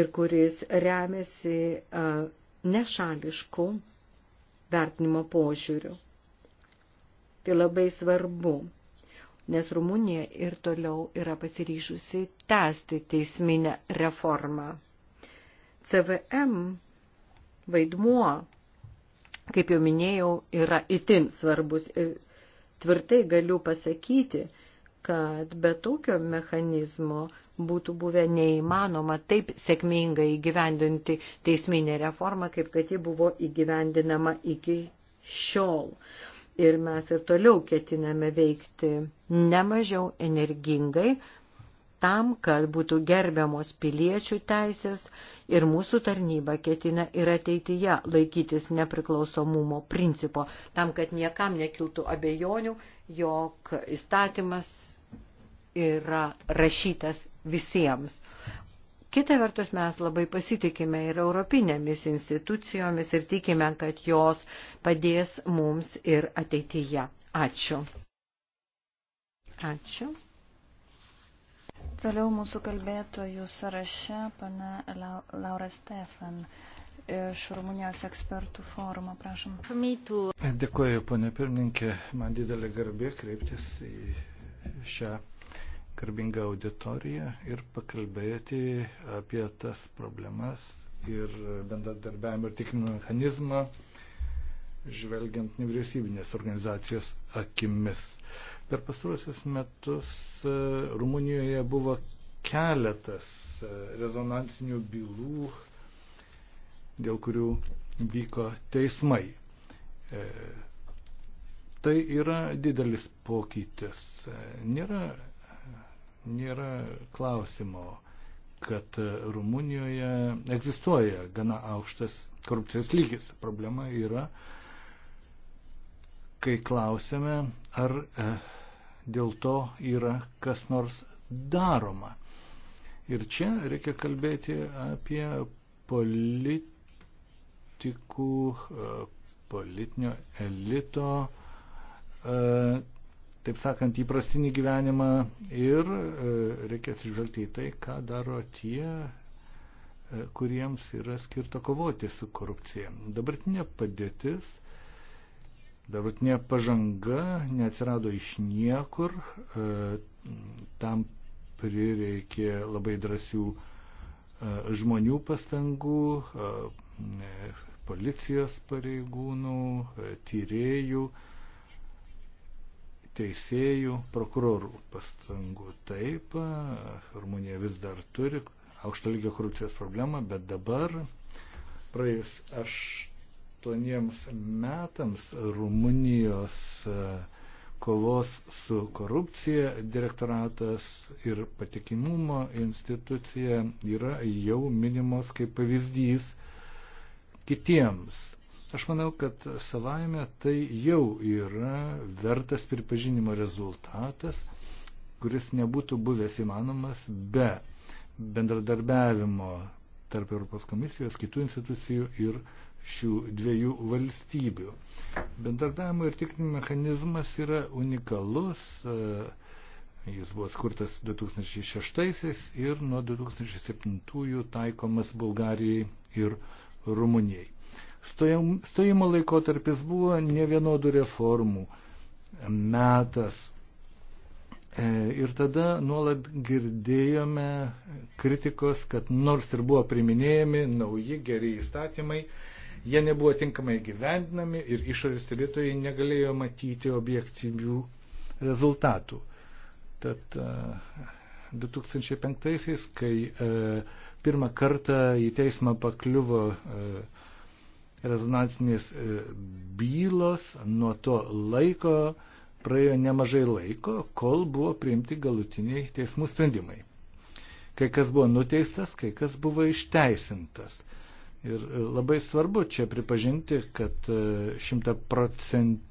ir kuris remiasi nešališkų vertinimo požiūrių. Tai labai svarbu, nes Rumunija ir toliau yra pasiryžusi tęsti teisminę reformą. CVM vaidmuo, kaip jau minėjau, yra itin svarbus ir tvirtai galiu pasakyti, kad be tokio mechanizmo būtų buvę neįmanoma taip sėkmingai įgyvendinti teisminę reformą, kaip kad ji buvo įgyvendinama iki šiol ir mes ir toliau ketiname veikti nemažiau energingai, tam, kad būtų gerbiamos piliečių teisės ir mūsų tarnyba ketina ir ateityje laikytis nepriklausomumo principo, tam, kad niekam nekiltų abejonių, jog įstatymas yra rašytas visiems. Kita vertus mes labai pasitikime ir europinėmis institucijomis ir tikime, kad jos padės mums ir ateityje. Ačiū. Ačiū. Toliau mūsų kalbėtojų sąraše pana Laura Stefan iš Rumunijos ekspertų forumo, prašom. Dėkuoju, ponė pirmininkė, man didelė garbė kreiptis į šią garbingą auditoriją ir pakalbėti apie tas problemas ir bendradarbiavimo ir tikrinimo mechanizmą, žvelgiant nevyriausybinės organizacijos akimis. Per pastaruosius metus e, Rumunijoje buvo keletas e, rezonansinių bylų, dėl kurių vyko teismai. E, tai yra didelis pokytis. Nėra nėra klausimo, kad Rumunijoje egzistuoja gana aukštas korupcijos lygis. Problema yra, kai klausime, ar e, dėl to yra kas nors daroma. Ir čia reikia kalbėti apie politikų, e, politinio elito e, taip sakant, įprastinį gyvenimą ir e, reikia atsižvelgti į tai, ką daro tie, e, kuriems yra skirta kovoti su korupcija. Dabartinė padėtis, dabartinė pažanga neatsirado iš niekur, e, tam prireikė labai drąsių žmonių pastangų, policijos pareigūnų, tyriejų, teisėjų, prokurorų pastangų. Taip, Rumunija vis dar turi aukšto lygio korupcijos problemą, bet dabar, praėjus aštuoniems metams, Rumunijos e, kovos su korupcija direktoratas ir patikimumo institucija yra jau minimos kaip pavyzdys kitiems Aš manau, kad savaime tai jau yra vertas pripažinimo rezultatas, kuris nebūtų buvęs įmanomas be bendradarbiavimo tarp Europos komisijos, kitų institucijų ir šių dviejų valstybių. Bendradarbiavimo ir tikrinimo mechanizmas yra unikalus. Jis buvo skurtas 2006 ir nuo 2007 taikomas Bulgarijai ir Rumunijai. Stojimo laikotarpis buvo ne vienodų reformų metas. E, ir tada nuolat girdėjome kritikos, kad nors ir buvo priminėjami nauji geri įstatymai, jie nebuvo tinkamai gyvendinami ir išorės stebėtojai negalėjo matyti objektyvių rezultatų. Tad 2005-aisiais, e, kai e, pirmą kartą į teismą pakliuvo rezonansinės e, bylos. Nuo to laiko praėjo nemažai laiko, kol buvo priimti galutiniai teismų sprendimai. Kai kas buvo nuteistas, kai kas buvo išteisintas. Ir e, labai svarbu čia pripažinti, kad e, šimtaprocentinio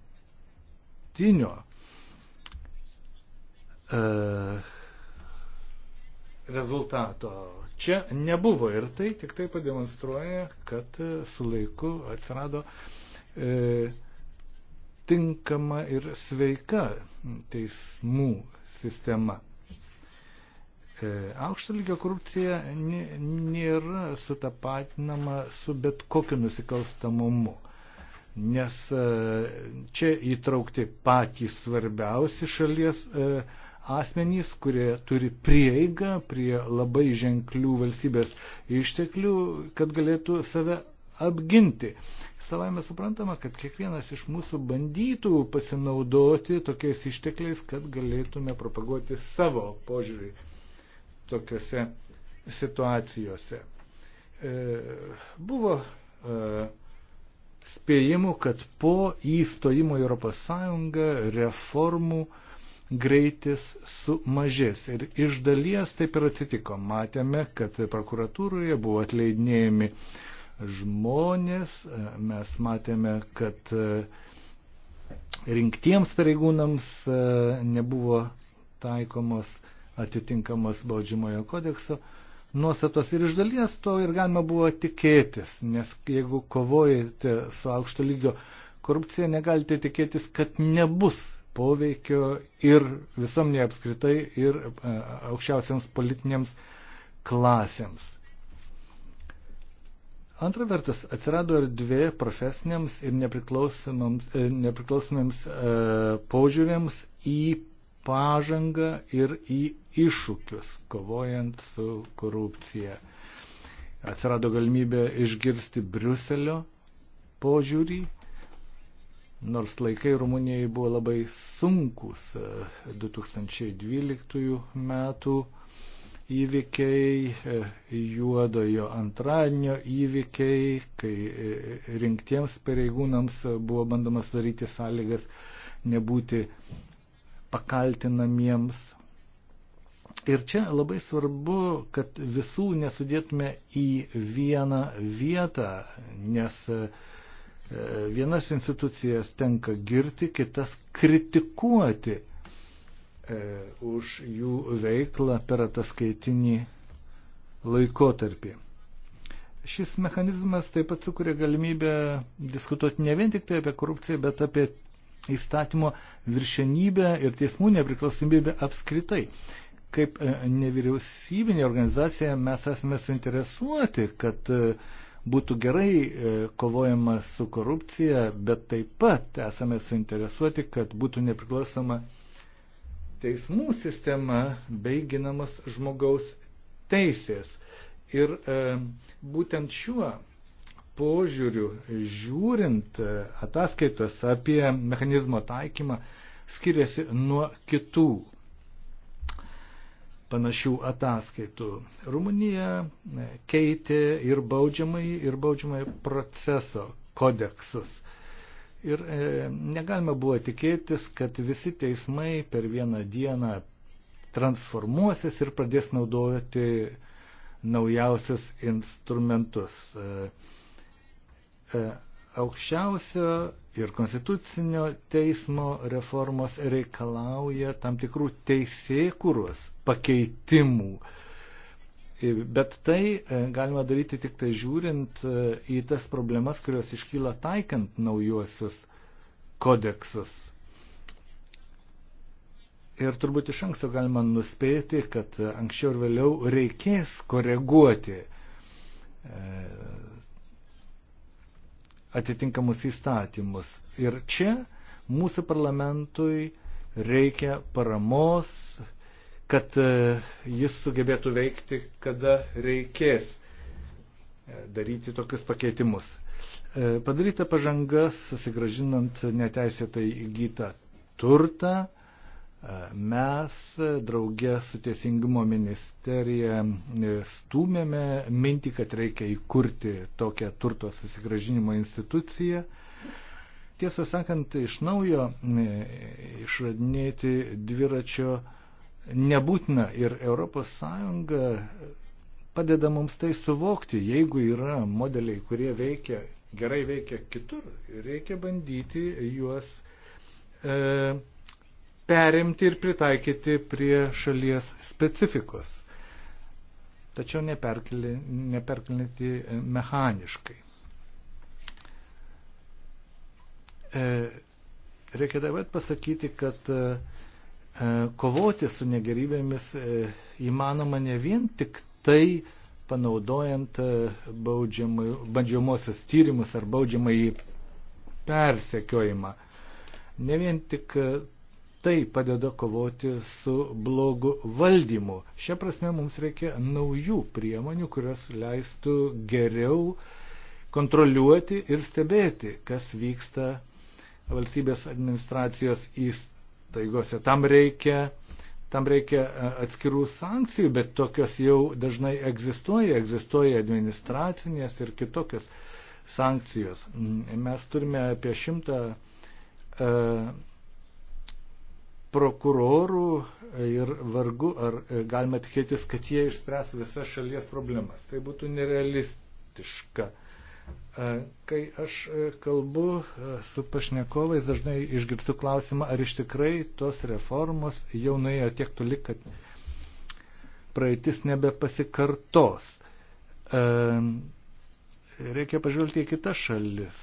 rezultato čia nebuvo. Ir tai tik tai pademonstruoja, kad e, su laiku atsirado e, tinkama ir sveika teismų sistema. E, aukšto lygio korupcija nėra sutapatinama su bet kokiu nusikalstamumu, nes e, čia įtraukti patys svarbiausi šalies e, asmenys, kurie turi prieigą prie labai ženklių valstybės išteklių, kad galėtų save apginti. Savame suprantama, kad kiekvienas iš mūsų bandytų pasinaudoti tokiais ištekliais, kad galėtume propaguoti savo požiūrį tokiuose situacijose. E, buvo e, spėjimų, kad po įstojimo į ES reformų e, greitis sumažės. Ir iš dalies taip ir atsitiko. Matėme, kad prokuratūroje buvo atleidinėjami žmonės, mes matėme, kad e, rinktiems pareigūnams e, nebuvo taikomos atitinkamos baudžiamojo kodekso nuostatos ir iš dalies to ir galima buvo tikėtis, nes jeigu kovojate su aukšto lygio korupcija, negalite tikėtis, kad nebus poveikio ir visuomenė apskritai, ir e, aukščiausiams politinėms klasėms. Antra vertus, atsirado erdvė profesiniams ir e, nepriklausomiems e, požiūrėms į pažangą ir į iššūkius, kovojant su korupcija. Atsirado galimybė išgirsti Briuselio požiūrį Nors laikai Rumunijai buvo labai sunkus 2012 e, metų įvykiai, e, juodojo antradienio įvykiai, kai e, rinktiems pareigūnams buvo bandoma sudaryti sąlygas nebūti pakaltinamiems. Ir čia labai svarbu, kad visų nesudėtume į vieną vietą, nes uh, E, vienas institucijas tenka girti, kitas kritikuoti e, už jų veiklą per ataskaitinį laikotarpį. Šis mechanizmas taip pat sukuria galimybę diskutuoti ne vien tik tai apie korupciją, bet apie įstatymo viršenybę ir teismų nepriklausomybę apskritai. Kaip e, nevyriausybinė organizacija mes esame suinteresuoti, kad uh, Būtų gerai e, kovojama su korupcija, bet taip pat esame suinteresuoti, kad būtų nepriklausoma teismų sistema bei ginamos žmogaus teisės. Ir e, būtent šiuo požiūriu žiūrint e, ataskaitos apie mechanizmo taikymą skiriasi nuo kitų panašių ataskaitų. Rumunija e, keitė ir baudžiamai, ir baudžiamai proceso kodeksus. Ir e, negalima buvo tikėtis, kad visi teismai per vieną dieną transformuosis ir pradės naudoti naujausias instrumentus. E, e, aukščiausio ir konstitucinio teismo reformos reikalauja tam tikrų teisėkuros pakeitimų. Bet tai e, galima daryti tik tai žiūrint e, į tas problemas, kurios iškyla taikant naujuosius kodeksus. Ir turbūt iš anksto galima nuspėti, kad anksčiau ir vėliau reikės koreguoti e, atitinkamus įstatymus. Ir čia mūsų parlamentui reikia paramos, kad e, jis sugebėtų veikti, kada reikės e, daryti tokius pakeitimus. E, padaryta pažanga susigražinant neteisėtai įgytą turtą, Mes draugė su Teisingumo ministerija e, stūmėme mintį, kad reikia įkurti tokią turto susigražinimo instituciją. Tiesą sakant, iš naujo e, išradinėti dviračio nebūtina ir ES padeda mums tai suvokti, jeigu yra modeliai, kurie veikia, gerai veikia kitur, reikia bandyti juos e, perimti ir pritaikyti prie šalies specifikos, tačiau neperkelinti e, mechaniškai. E, reikia taip pat pasakyti, kad e, kovoti su negerybėmis įmanoma ne vien tik tai panaudojant baudžiamosios tyrimus ar baudžiamąjį persekiojimą. Ne vien tik tai padeda kovoti su blogu valdymu. Šia prasme mums reikia naujų priemonių, kurios leistų geriau kontroliuoti ir stebėti, kas vyksta valstybės administracijos įstaigose. Tam reikia, tam reikia e, atskirų sankcijų, bet tokios jau dažnai egzistuoja, egzistuoja administracinės ir kitokios sankcijos. Mes turime apie šimtą e, prokurorų ir vargu ar galima tikėtis, kad jie išspręs visas šalies problemas. Tai būtų nerealistiška. Kai aš kalbu su pašnekovais, dažnai išgirstu klausimą, ar iš tikrai tos reformos jau nuėjo tiek toli, kad praeitis nebepasikartos. Reikia pažvelgti į kitas šalis,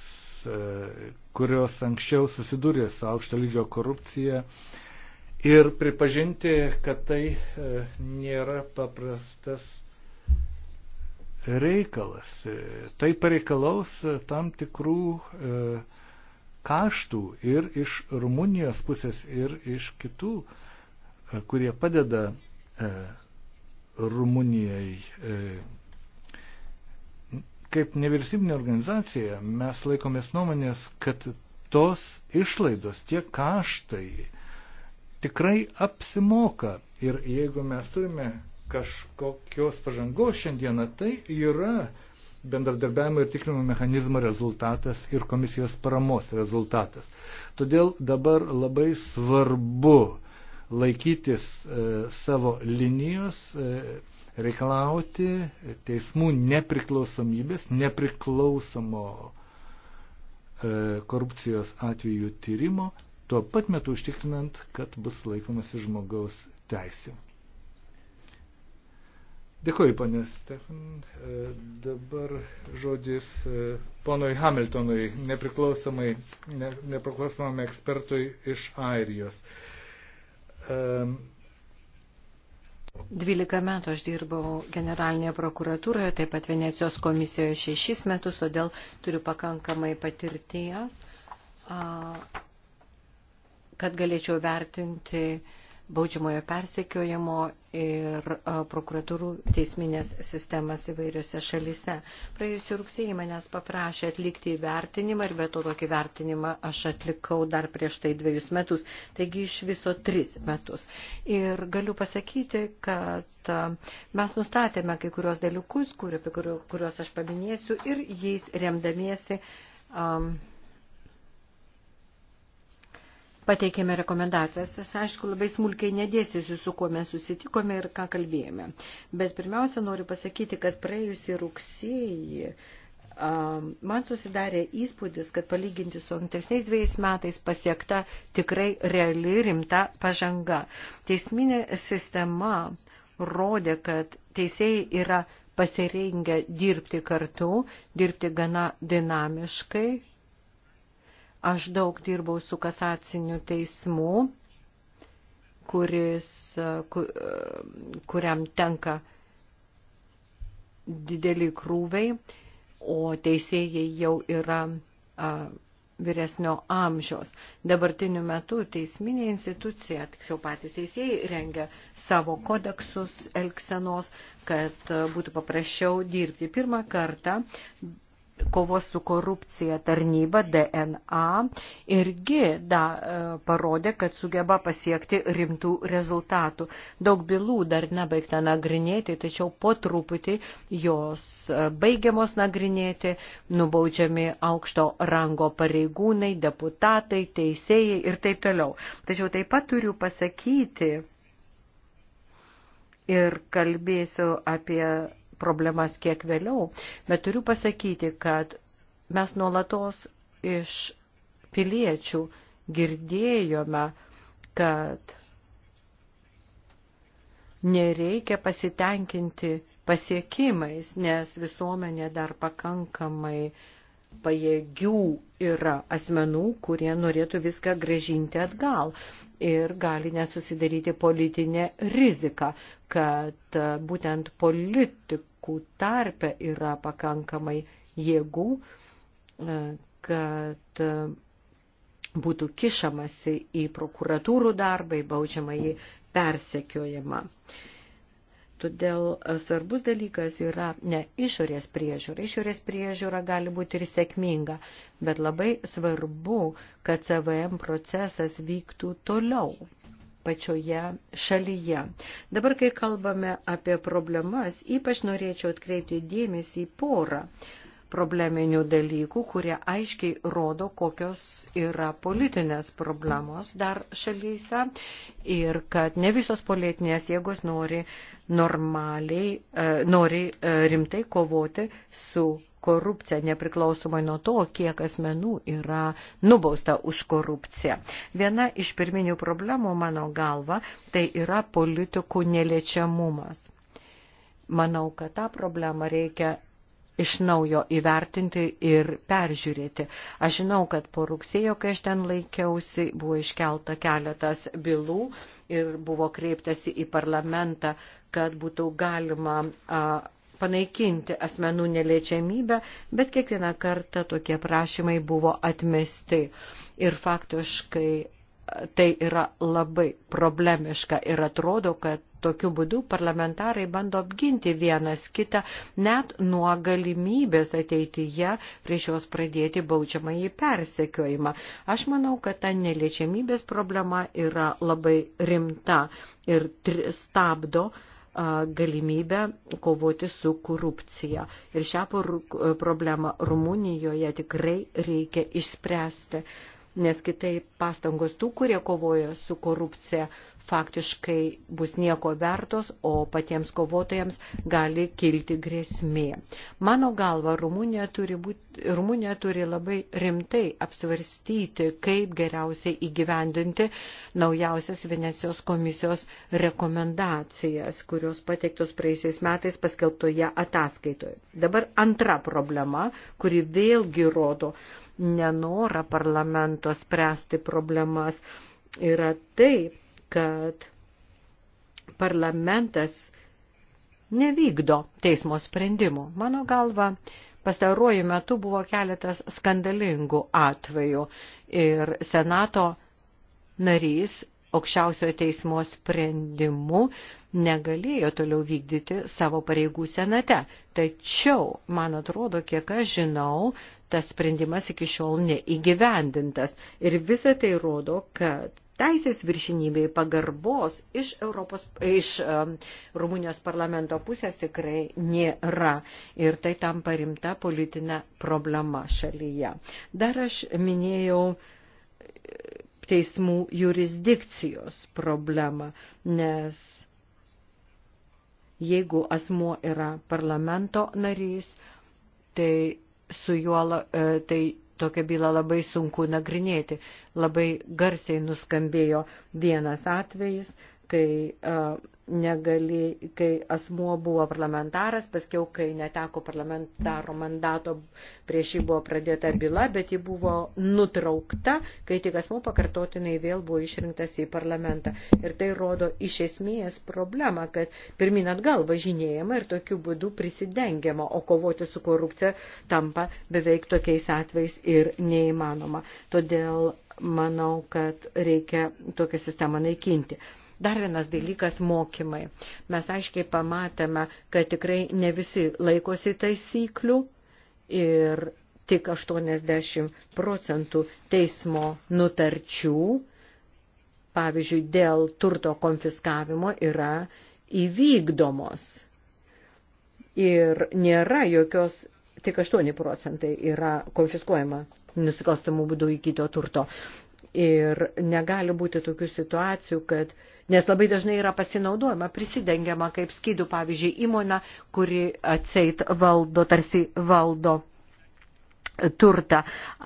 kurios anksčiau susidūrė su aukšto lygio korupcija, ir pripažinti, kad tai e, nėra paprastas reikalas. E, tai pareikalaus e, tam tikrų kaštų ir iš Rumunijos pusės, ir iš kitų, kurie padeda Rumunijai. Kaip nevyriausybinė organizacija mes laikomės nuomonės, kad tos išlaidos, tie kaštai, tikrai apsimoka. Ir jeigu mes turime kažkokios pažangos šiandieną, tai yra bendradarbiavimo ir tikrinimo mechanizmo rezultatas ir komisijos paramos rezultatas. Todėl dabar labai svarbu laikytis e, savo linijos, e, reikalauti teismų nepriklausomybės, nepriklausomo e, korupcijos atvejų tyrimo tuo pat metu užtikrinant, kad bus laikomasi žmogaus teisė. Dėkuoju, ponė Stefan. E, dabar žodis e, ponui Hamiltonui, nepriklausomai, ne, nepriklausomam ekspertui iš Airijos. 12 e, metų aš dirbau generalinėje prokuratūroje, taip pat Venecijos komisijoje 6 metus, todėl turiu pakankamai patirties kad galėčiau vertinti baudžiamojo persekiojimo ir e, prokuratūrų teisminės sistemas įvairiose šalise. Praėjusį rugsėjį manęs paprašė atlikti įvertinimą ir be to tokį vertinimą aš atlikau dar prieš tai dviejus metus, taigi iš viso tris metus. Ir galiu pasakyti, kad e, mes nustatėme kai kurios dalykus, kuriuos aš paminėsiu ir jais remdamiesi. Um, pateikėme rekomendacijas. Aš aišku labai smulkiai nedėsiu, su kuo mes susitikome ir ką kalbėjome. Bet pirmiausia, noriu pasakyti, kad praėjusį rugsėjį man susidarė įspūdis, kad palyginti su ankstesniais dviejais metais pasiekta tikrai reali rimta pažanga. Teisminė sistema rodė, kad teisėjai yra pasirengę dirbti kartu, dirbti gana dinamiškai Aš daug dirbau su kasaciniu teismu, kuris, e, e, kuriam tenka dideli krūviai, o teisėjai jau yra a, e, vyresnio amžiaus. Dabartiniu metu teisminė institucija, tiksliau patys teisėjai, rengia savo kodeksus elksenos, kad būtų paprasčiau dirbti. Pirmą kartą kovos su korupcija tarnyba DNA irgi da, e, parodė, kad sugeba pasiekti rimtų rezultatų. Daug bylų dar nebaigta nagrinėti, tačiau po truputį jos e, baigiamos nagrinėti, nubaudžiami aukšto rango pareigūnai, deputatai, teisėjai ir taip toliau. Tačiau taip pat turiu pasakyti ir kalbėsiu apie problemas kiek vėliau, bet turiu pasakyti, kad mes nuolatos iš piliečių girdėjome, kad nereikia pasitenkinti pasiekimais, nes visuomenė dar pakankamai uh, pajėgių yra asmenų, kurie norėtų viską gražinti atgal ir gali net susidaryti politinė rizika, kad e, būtent politikų tarpe yra pakankamai jėgų, e, kad e, būtų kišamasi į prokuratūrų darbą, į baudžiamąjį persekiojimą. Uh, Todėl e, svarbus dalykas yra ne išorės priežiūra. Išorės priežiūra gali būti ir sėkminga, bet labai svarbu, kad CVM procesas vyktų toliau pačioje šalyje. Dabar, kai kalbame apie problemas, ypač norėčiau atkreipti dėmesį į porą probleminių dalykų, kurie aiškiai rodo, kokios yra politinės problemos dar šalyse ir kad ne visos politinės jėgos nori normaliai, e, nori e, rimtai kovoti su korupcija, nepriklausomai nuo to, kiek asmenų yra nubausta už korupciją. Viena iš pirminių problemų, mano galva, tai yra politikų neliečiamumas. Manau, kad tą problemą reikia iš naujo įvertinti ir peržiūrėti. Aš žinau, kad po rugsėjo, kai aš ten laikiausi, buvo iškelta keletas bylų ir buvo kreiptasi į parlamentą, kad būtų galima a, panaikinti asmenų neliečiamybę, bet kiekvieną kartą tokie prašymai buvo atmesti. Ir faktiškai tai yra labai problemiška ir atrodo, kad tokiu būdu parlamentarai bando apginti vienas kitą net nuo galimybės ateityje prieš juos pradėti baudžiamą į persekiojimą. Aš manau, kad ta neliečiamybės problema yra labai rimta ir stabdo galimybę kovoti su korupcija. Ir šią problemą Rumunijoje tikrai reikia išspręsti nes kitaip pastangos tų, kurie kovoja su korupcija, faktiškai bus nieko vertos, o patiems kovotojams gali kilti grėsmė. Mano galva, Rumunija turi, būti, Rumunija turi labai rimtai apsvarstyti, kaip geriausiai įgyvendinti naujausias Venecijos komisijos rekomendacijas, kurios pateiktos praeisiais metais paskelbtoje ataskaitoje. Dabar antra problema, kuri vėlgi rodo nenorą parlamento spręsti problemas, yra taip, kad parlamentas nevykdo teismo sprendimų. Mano galva, pastaruoju metu buvo keletas skandalingų atvejų ir Senato narys aukščiausiojo teismo sprendimu negalėjo toliau vykdyti savo pareigų senate. Tačiau, man atrodo, kiek aš žinau, tas sprendimas iki šiol neįgyvendintas. Ir visa tai rodo, kad teisės viršinybei pagarbos iš, Europos, iš um, Rumunijos parlamento pusės tikrai nėra. Ir tai tampa rimta politinė problema šalyje. Dar aš minėjau e, teismų jurisdikcijos problemą, nes jeigu asmuo yra parlamento narys, tai su juo, e, tai tokią bylą labai sunku nagrinėti. Labai garsiai nuskambėjo vienas atvejis, kai, negali, kai asmuo buvo parlamentaras, paskiau, kai neteko parlamentaro mandato, prieš jį buvo pradėta byla, bet ji buvo nutraukta, kai tik asmuo pakartotinai vėl buvo išrinktas į parlamentą. Ir tai rodo iš esmės problemą, kad pirmin atgal važinėjama ir tokiu būdu prisidengiama, o kovoti su korupcija tampa beveik tokiais atvejais ir neįmanoma. Todėl manau, kad reikia tokią sistemą naikinti. Dar vienas dalykas - mokymai. Mes aiškiai pamatėme, kad tikrai ne visi laikosi taisyklių ir tik 80 procentų teismo nutarčių, pavyzdžiui, dėl turto konfiskavimo yra įvykdomos. Ir nėra jokios, tik 8 procentai yra konfiskuojama nusikalstamų būdų įgyto turto. Ir negali būti tokių situacijų, kad uh, Nes labai dažnai yra pasinaudojama, prisidengiama kaip skydų, pavyzdžiui, įmona, kuri atseit valdo, tarsi valdo turtą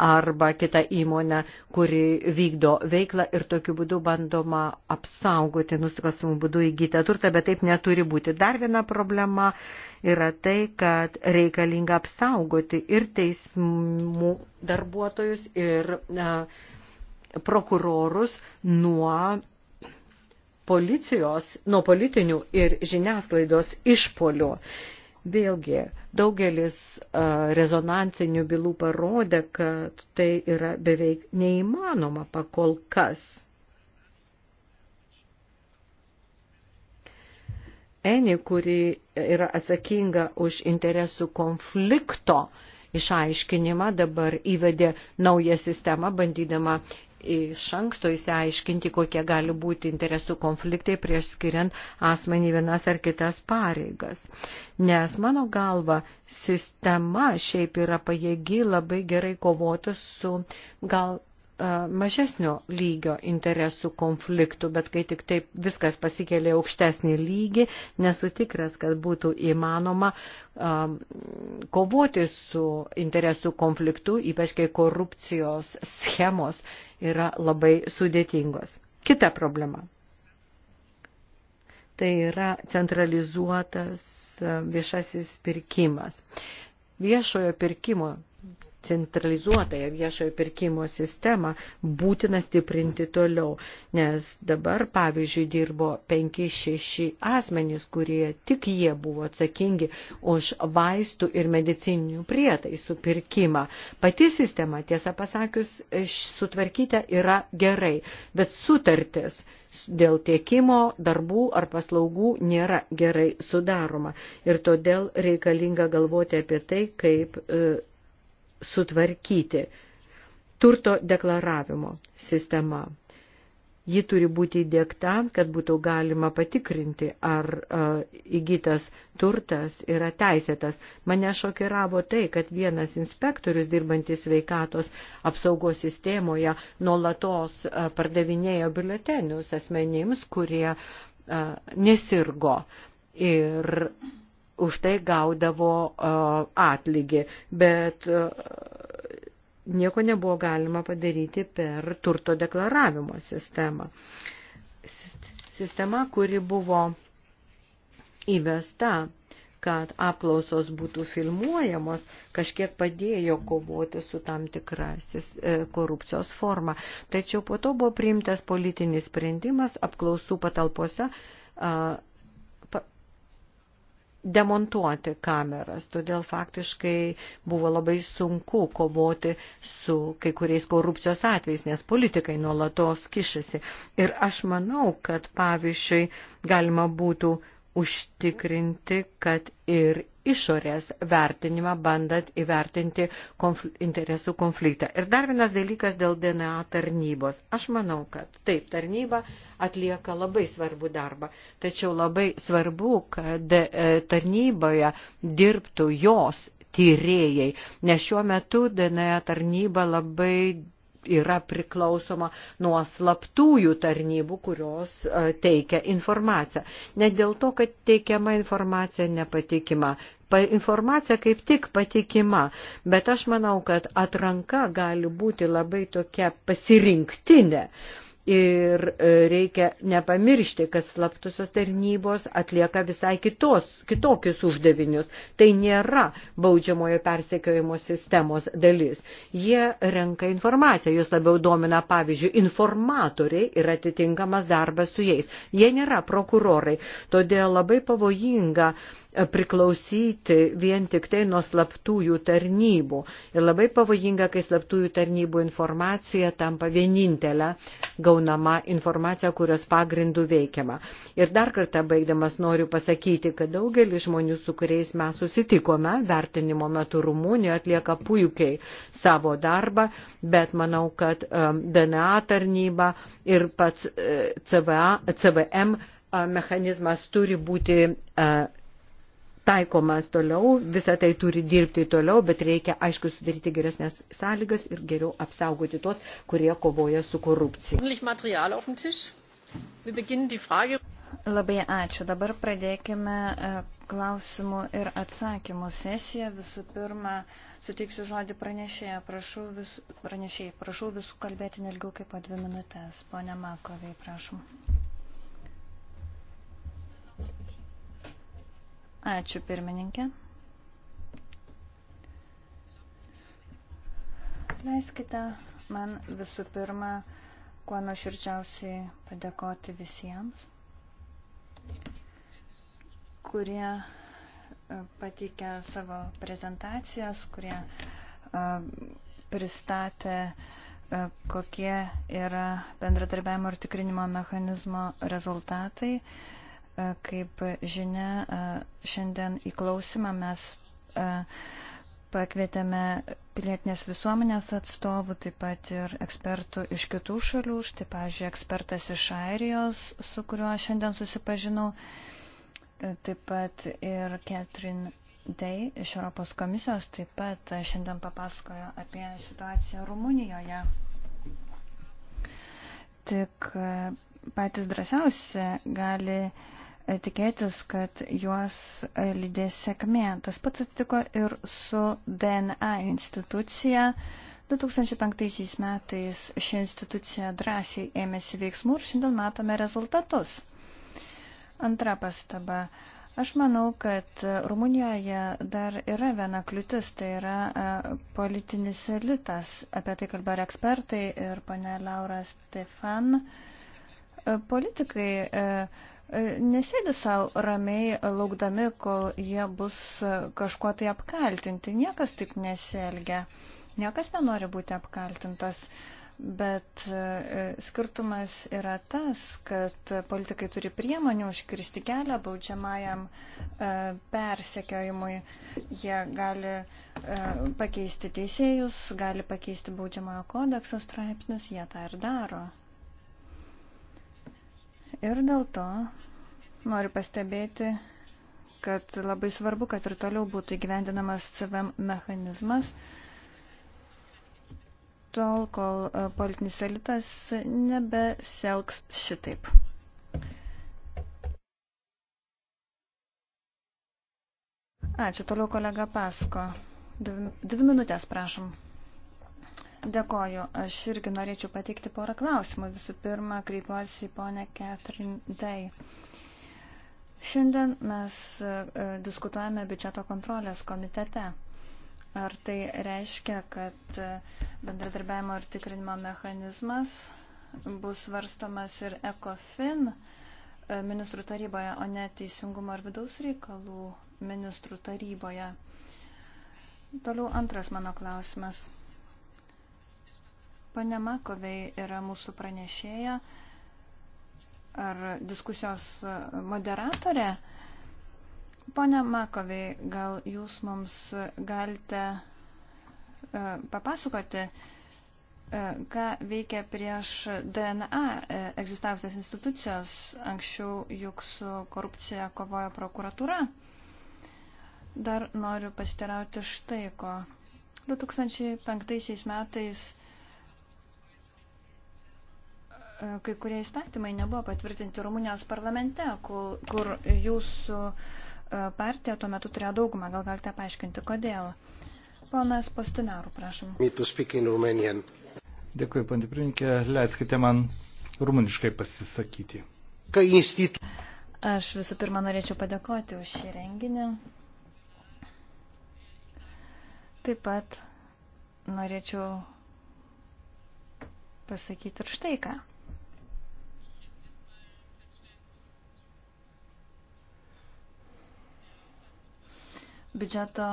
arba kitą įmonę, kuri vykdo veiklą ir tokiu būdu bandoma apsaugoti nusikalstamų būdų įgytą turtą, bet taip neturi būti. Dar viena problema yra tai, kad reikalinga apsaugoti ir teismų darbuotojus, ir a, e, prokurorus nuo policijos, nuo politinių ir žiniasklaidos išpolių. Vėlgi, daugelis rezonansinių bylų parodė, kad tai yra beveik neįmanoma pakol kas. Eni, kuri yra atsakinga už interesų konflikto išaiškinimą, dabar įvedė naują sistemą, bandydama iš anksto įsiaiškinti, kokie gali būti interesų konfliktai prieš skiriant asmenį vienas ar kitas pareigas. Nes mano galva, sistema šiaip yra pajėgi labai gerai kovoti su gal E, mažesnio lygio interesų konfliktų, bet kai tik taip viskas pasikėlė aukštesnį lygį, nesu tikras, kad būtų įmanoma um, kovoti su interesų konfliktu, ypač kai korupcijos schemos yra labai sudėtingos. Kita problema. Tai yra centralizuotas e, viešasis pirkimas. Viešojo pirkimo centralizuotąją viešojo pirkimo sistemą būtina stiprinti toliau, nes dabar, pavyzdžiui, dirbo 5-6 asmenys, kurie tik jie buvo atsakingi už vaistų ir medicininių prietaisų pirkimą. Pati sistema, tiesą pasakius, sutvarkyta yra gerai, bet sutartis dėl tiekimo darbų ar paslaugų nėra gerai sudaroma ir todėl reikalinga galvoti apie tai, kaip e, sutvarkyti. Turto deklaravimo sistema. Ji turi būti įdėkta, kad būtų galima patikrinti, ar uh, įgytas turtas yra teisėtas. Mane šokiravo tai, kad vienas inspektorius dirbantis veikatos apsaugos sistemoje nuolatos uh, pardavinėjo biuletenius asmenims, kurie uh, nesirgo. Ir už tai gaudavo atlygį, bet nieko nebuvo galima padaryti per turto deklaravimo sistemą. Sistema, kuri buvo įvesta, kad apklausos būtų filmuojamos, kažkiek padėjo kovoti su tam tikra e, korupcijos forma. Tačiau po to buvo priimtas politinis sprendimas apklausų patalpose demontuoti kameras, todėl faktiškai buvo labai sunku kovoti su kai kuriais korupcijos atvejais, nes politikai nuolatos kišasi. Ir aš manau, kad pavyzdžiui galima būtų užtikrinti, kad ir išorės vertinimą bandant įvertinti konfl interesų konfliktą. Ir dar vienas dalykas dėl DNA tarnybos. Aš manau, kad taip, tarnyba atlieka labai svarbų darbą, tačiau labai svarbu, kad e, tarnyboje dirbtų jos tyrėjai, nes šiuo metu DNA tarnyba labai yra priklausoma nuo slaptųjų tarnybų, kurios e, teikia informaciją. Ne dėl to, kad teikiama informacija nepatikima. Pa, informacija kaip tik patikima, bet aš manau, kad atranka gali būti labai tokia pasirinktinė. Uh, Ir e, reikia nepamiršti, kad slaptusios tarnybos atlieka visai kitos, kitokius uždavinius. Tai nėra baudžiamojo persekiojimo sistemos dalis. Jie renka informaciją, jūs labiau domina, pavyzdžiui, informatoriai ir atitinkamas darbas su jais. Jie nėra prokurorai, todėl labai pavojinga priklausyti vien tik tai nuo slaptųjų tarnybų. Ir labai pavojinga, kai slaptųjų tarnybų informacija tampa vienintelė gaunama informacija, kurios pagrindų veikiama. Ir dar kartą baigdamas noriu pasakyti, kad daugelis žmonių, su kuriais mes susitikome, vertinimo metu Rumunijoje atlieka puikiai savo darbą, bet manau, kad um, DNA tarnyba ir pats e, CVA, CVM e, mechanizmas turi būti e, taikomas toliau, visą tai turi dirbti toliau, bet reikia, aišku, sudaryti geresnės sąlygas ir geriau apsaugoti tuos, kurie kovoja su korupcija. Labai ačiū. Dabar pradėkime e, klausimų ir atsakymų sesiją. Visų pirma, suteiksiu žodį pranešėjai. Prašau, vis, pranešėjai, prašau visų kalbėti nelgiau kaip po dvi minutės. Pone Makovai, prašom. Ačiū pirmininkė. Leiskite man visų pirma, kuo nuoširčiausiai padėkoti visiems, kurie e, pateikė savo prezentacijas, kurie e, pristatė, e, kokie yra bendradarbiavimo ir tikrinimo mechanizmo rezultatai. E, kaip žinia, e, šiandien į klausimą mes e, pakvietėme pilietinės visuomenės atstovų, taip pat ir ekspertų iš kitų šalių, štai, pažiūrėjau, ekspertas iš Airijos, su kuriuo šiandien susipažinau, taip pat ir Catherine Day iš Europos komisijos, taip pat šiandien papasakojo apie situaciją Rumunijoje. Tik patys drąsiausi gali uh, tikėtis, kad juos lydės sėkmė. Tas pats atsitiko ir su DNA institucija. 2005 metais ši institucija drąsiai ėmėsi veiksmų ir šiandien matome rezultatus. Antra pastaba. Aš manau, kad Rumunijoje dar yra viena kliūtis, tai yra e, politinis elitas. Apie tai kalba ir ekspertai ir pane Laura Stefan. E, politikai e, E, nesėdi savo ramiai laukdami, kol jie bus e, kažkuo tai apkaltinti. Niekas taip nesielgia, niekas nenori būti apkaltintas. Bet e, skirtumas yra tas, kad politikai turi priemonių užkirsti kelią baudžiamajam persekiojimui. Jie gali pakeisti teisėjus, gali pakeisti baudžiamojo kodekso straipsnius, jie tą ir daro. Ir dėl to noriu pastebėti, kad labai svarbu, kad ir toliau būtų įgyvendinamas CVM mechanizmas, tol, kol e, politinis elitas nebeselgs šitaip. Ačiū, toliau kolega Pasko. Dvi, dvi minutės, prašom. Dėkoju. Aš irgi norėčiau pateikti porą klausimų. Visų pirma, kreipiuosi į ponę Catherine Day. Šiandien mes e, diskutuojame biudžeto kontrolės komitete. Ar tai reiškia, kad e, bendradarbiavimo ir tikrinimo mechanizmas bus svarstomas ir ECOFIN e, ministrų taryboje, o ne teisingumo ir vidaus reikalų ministrų taryboje? Toliau antras mano klausimas Pane Makovei yra mūsų pranešėja ar diskusijos moderatorė. Pone Makovei, gal jūs mums galite e, papasakoti, e, ką veikia prieš DNA e, egzistavusios institucijos, anksčiau juk su korupcija kovojo prokuratūra. Dar noriu pasitirauti štai ko. 2005 metais kai kurie įstatymai nebuvo patvirtinti Rumunijos parlamente, kur, kur jūsų e, partija tuo metu turėjo daugumą. Gal galite paaiškinti, kodėl? Ponas Postinaru, prašom. Dėkui, pandipirinkė. Leiskite man rumuniškai pasisakyti. Aš visų pirma norėčiau padėkoti už šį renginį. Taip pat norėčiau pasakyti ir štai ką. biudžeto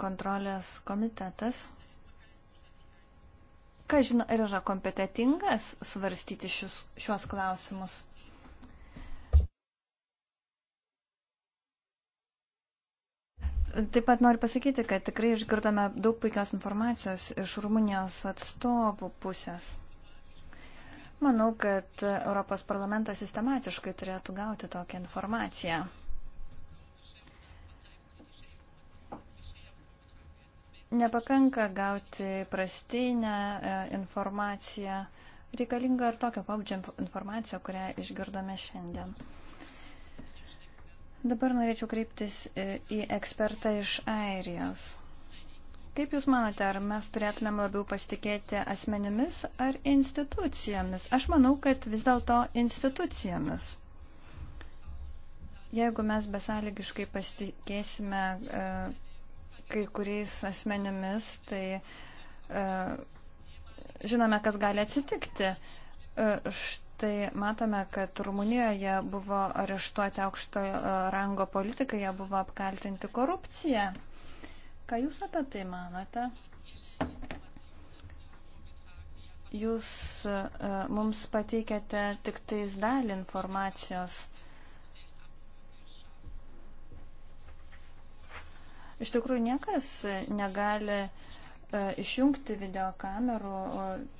kontrolės komitetas, ką žino, ar yra kompetitingas svarstyti šius, šios klausimus? Taip pat noriu pasakyti, kad tikrai išgirdome daug puikios informacijos iš Rumunijos atstovų pusės. Manau, kad Europos parlamentas sistematiškai turėtų gauti tokią informaciją. Nepakanka gauti prastinę e, informaciją, reikalinga ir tokio pabudžio informacija, kurią išgirdome šiandien. Dabar norėčiau kreiptis e, į ekspertą iš Airijos. Kaip Jūs manote, ar mes turėtumėm labiau pasitikėti asmenimis ar institucijomis? Aš manau, kad vis dėlto institucijomis. Jeigu mes besąlygiškai pasitikėsime e, kai kuriais asmenėmis, tai e, žinome, kas gali atsitikti. E, štai matome, kad Rumunijoje buvo areštuoti aukšto e, rango politikai, jie buvo apkaltinti korupciją. Ką Jūs apie tai manote? Jūs mums pateikėte tik tais dalį informacijos. Iš tikrųjų, niekas negali e, išjungti videokamerų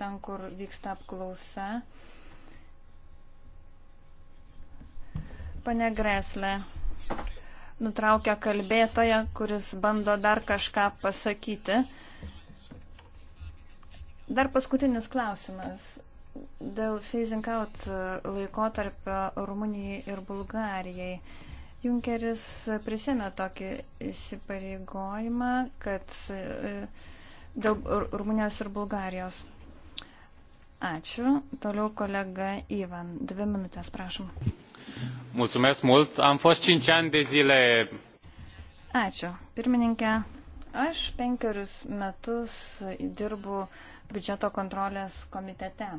ten, kur vyksta apklausa. Pane Greslė nutraukia kalbėtoją, kuris bando dar kažką pasakyti. Dar paskutinis klausimas. Dėl phasing out laikotarpio Rumunijai ir Bulgarijai. Uh, Junkeris prisėmė tokį įsipareigojimą, kad e, dėl Rumunijos ir Bulgarijos. Ačiū. Toliau kolega Ivan. Dvi minutės, prašom. Mulțumesc mult. Am fost 5 ani de zile. Ačiū. Pirmininkė, aš penkerius metus dirbu biudžeto kontrolės komitete.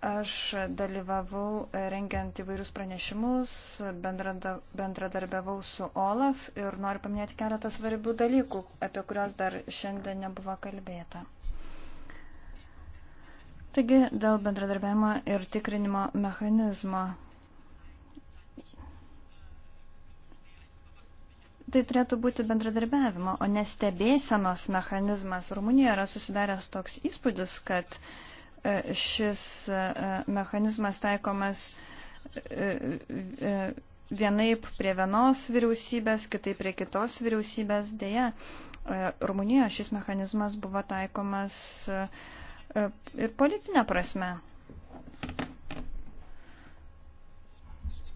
Aš dalyvavau e, rengiant įvairius pranešimus, bendradarbiavau su Olaf ir noriu paminėti keletą svarbių dalykų, apie kuriuos dar šiandien nebuvo kalbėta. Taigi, dėl bendradarbiavimo ir tikrinimo mechanizmo. Tai turėtų būti bendradarbiavimo, o nestebėsenos mechanizmas. Rumunijoje yra susidaręs toks įspūdis, kad uh, E, šis e, e, mechanizmas taikomas vienaip prie vienos vyriausybės, kitaip prie kitos vyriausybės. Deja, Rumunijoje šis mechanizmas buvo taikomas ir politinė prasme.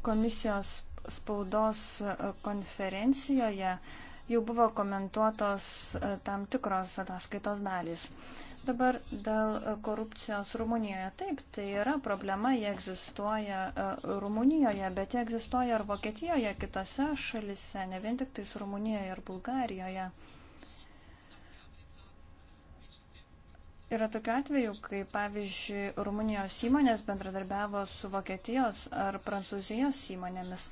Komisijos spaudos konferencijoje jau buvo komentuotos tam tikros ataskaitos dalys. Dabar dėl e, korupcijos Rumunijoje. Taip, tai yra problema, jie egzistuoja e, Rumunijoje, bet jie egzistuoja ir Vokietijoje, kitose šalise, ne vien tik tais Rumunijoje ir Bulgarijoje. Yra tokių atvejų, kai pavyzdžiui Rumunijos įmonės bendradarbiavo su Vokietijos ar Prancūzijos įmonėmis.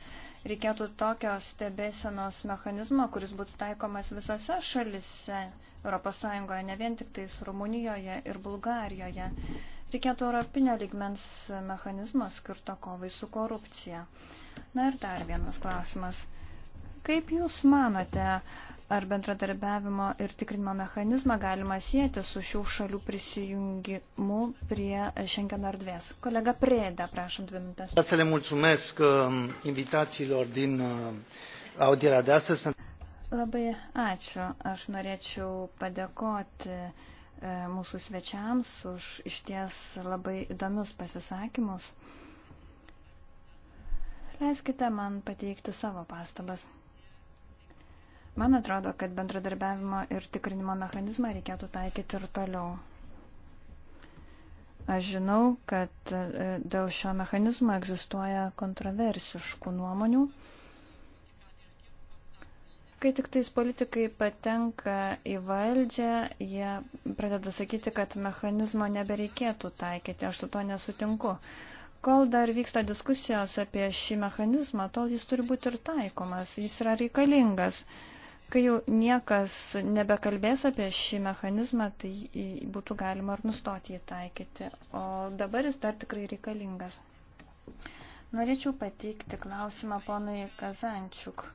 Reikėtų tokio stebėsenos mechanizmo, kuris būtų taikomas visose šalise, ES, ne vien tik tais Rumunijoje ir Bulgarijoje. Reikėtų europinio lygmens mechanizmo skirto kovai su korupcija. Na ir dar vienas klausimas. Kaip Jūs manote, ar bendradarbiavimo ir tikrinimo mechanizmą galima sieti su šių šalių prisijungimu prie Schengen erdvės. Kolega Prėda, prašom dvi minutės. Să le mulțumesc um, invitațiilor din uh, audierea de astăzi. Labai ačiū. Aš norėčiau padėkoti e, mūsų svečiams už išties labai įdomius pasisakymus. Leiskite man pateikti savo pastabas. Man atrodo, kad bendradarbiavimo ir tikrinimo mechanizmą reikėtų taikyti ir toliau. Aš žinau, kad e, dėl šio mechanizmo egzistuoja kontroversiškų nuomonių. Kai tik tais politikai patenka į valdžią, jie pradeda sakyti, kad mechanizmo nebereikėtų taikyti. Aš su to nesutinku. Kol dar vyksta diskusijos apie šį mechanizmą, tol jis turi būti ir taikomas, jis yra reikalingas. Kai jau niekas nebekalbės apie šį mechanizmą, tai būtų galima ir nustoti jį taikyti. O dabar jis dar tikrai reikalingas. Norėčiau pateikti klausimą ponui Kazančiuk.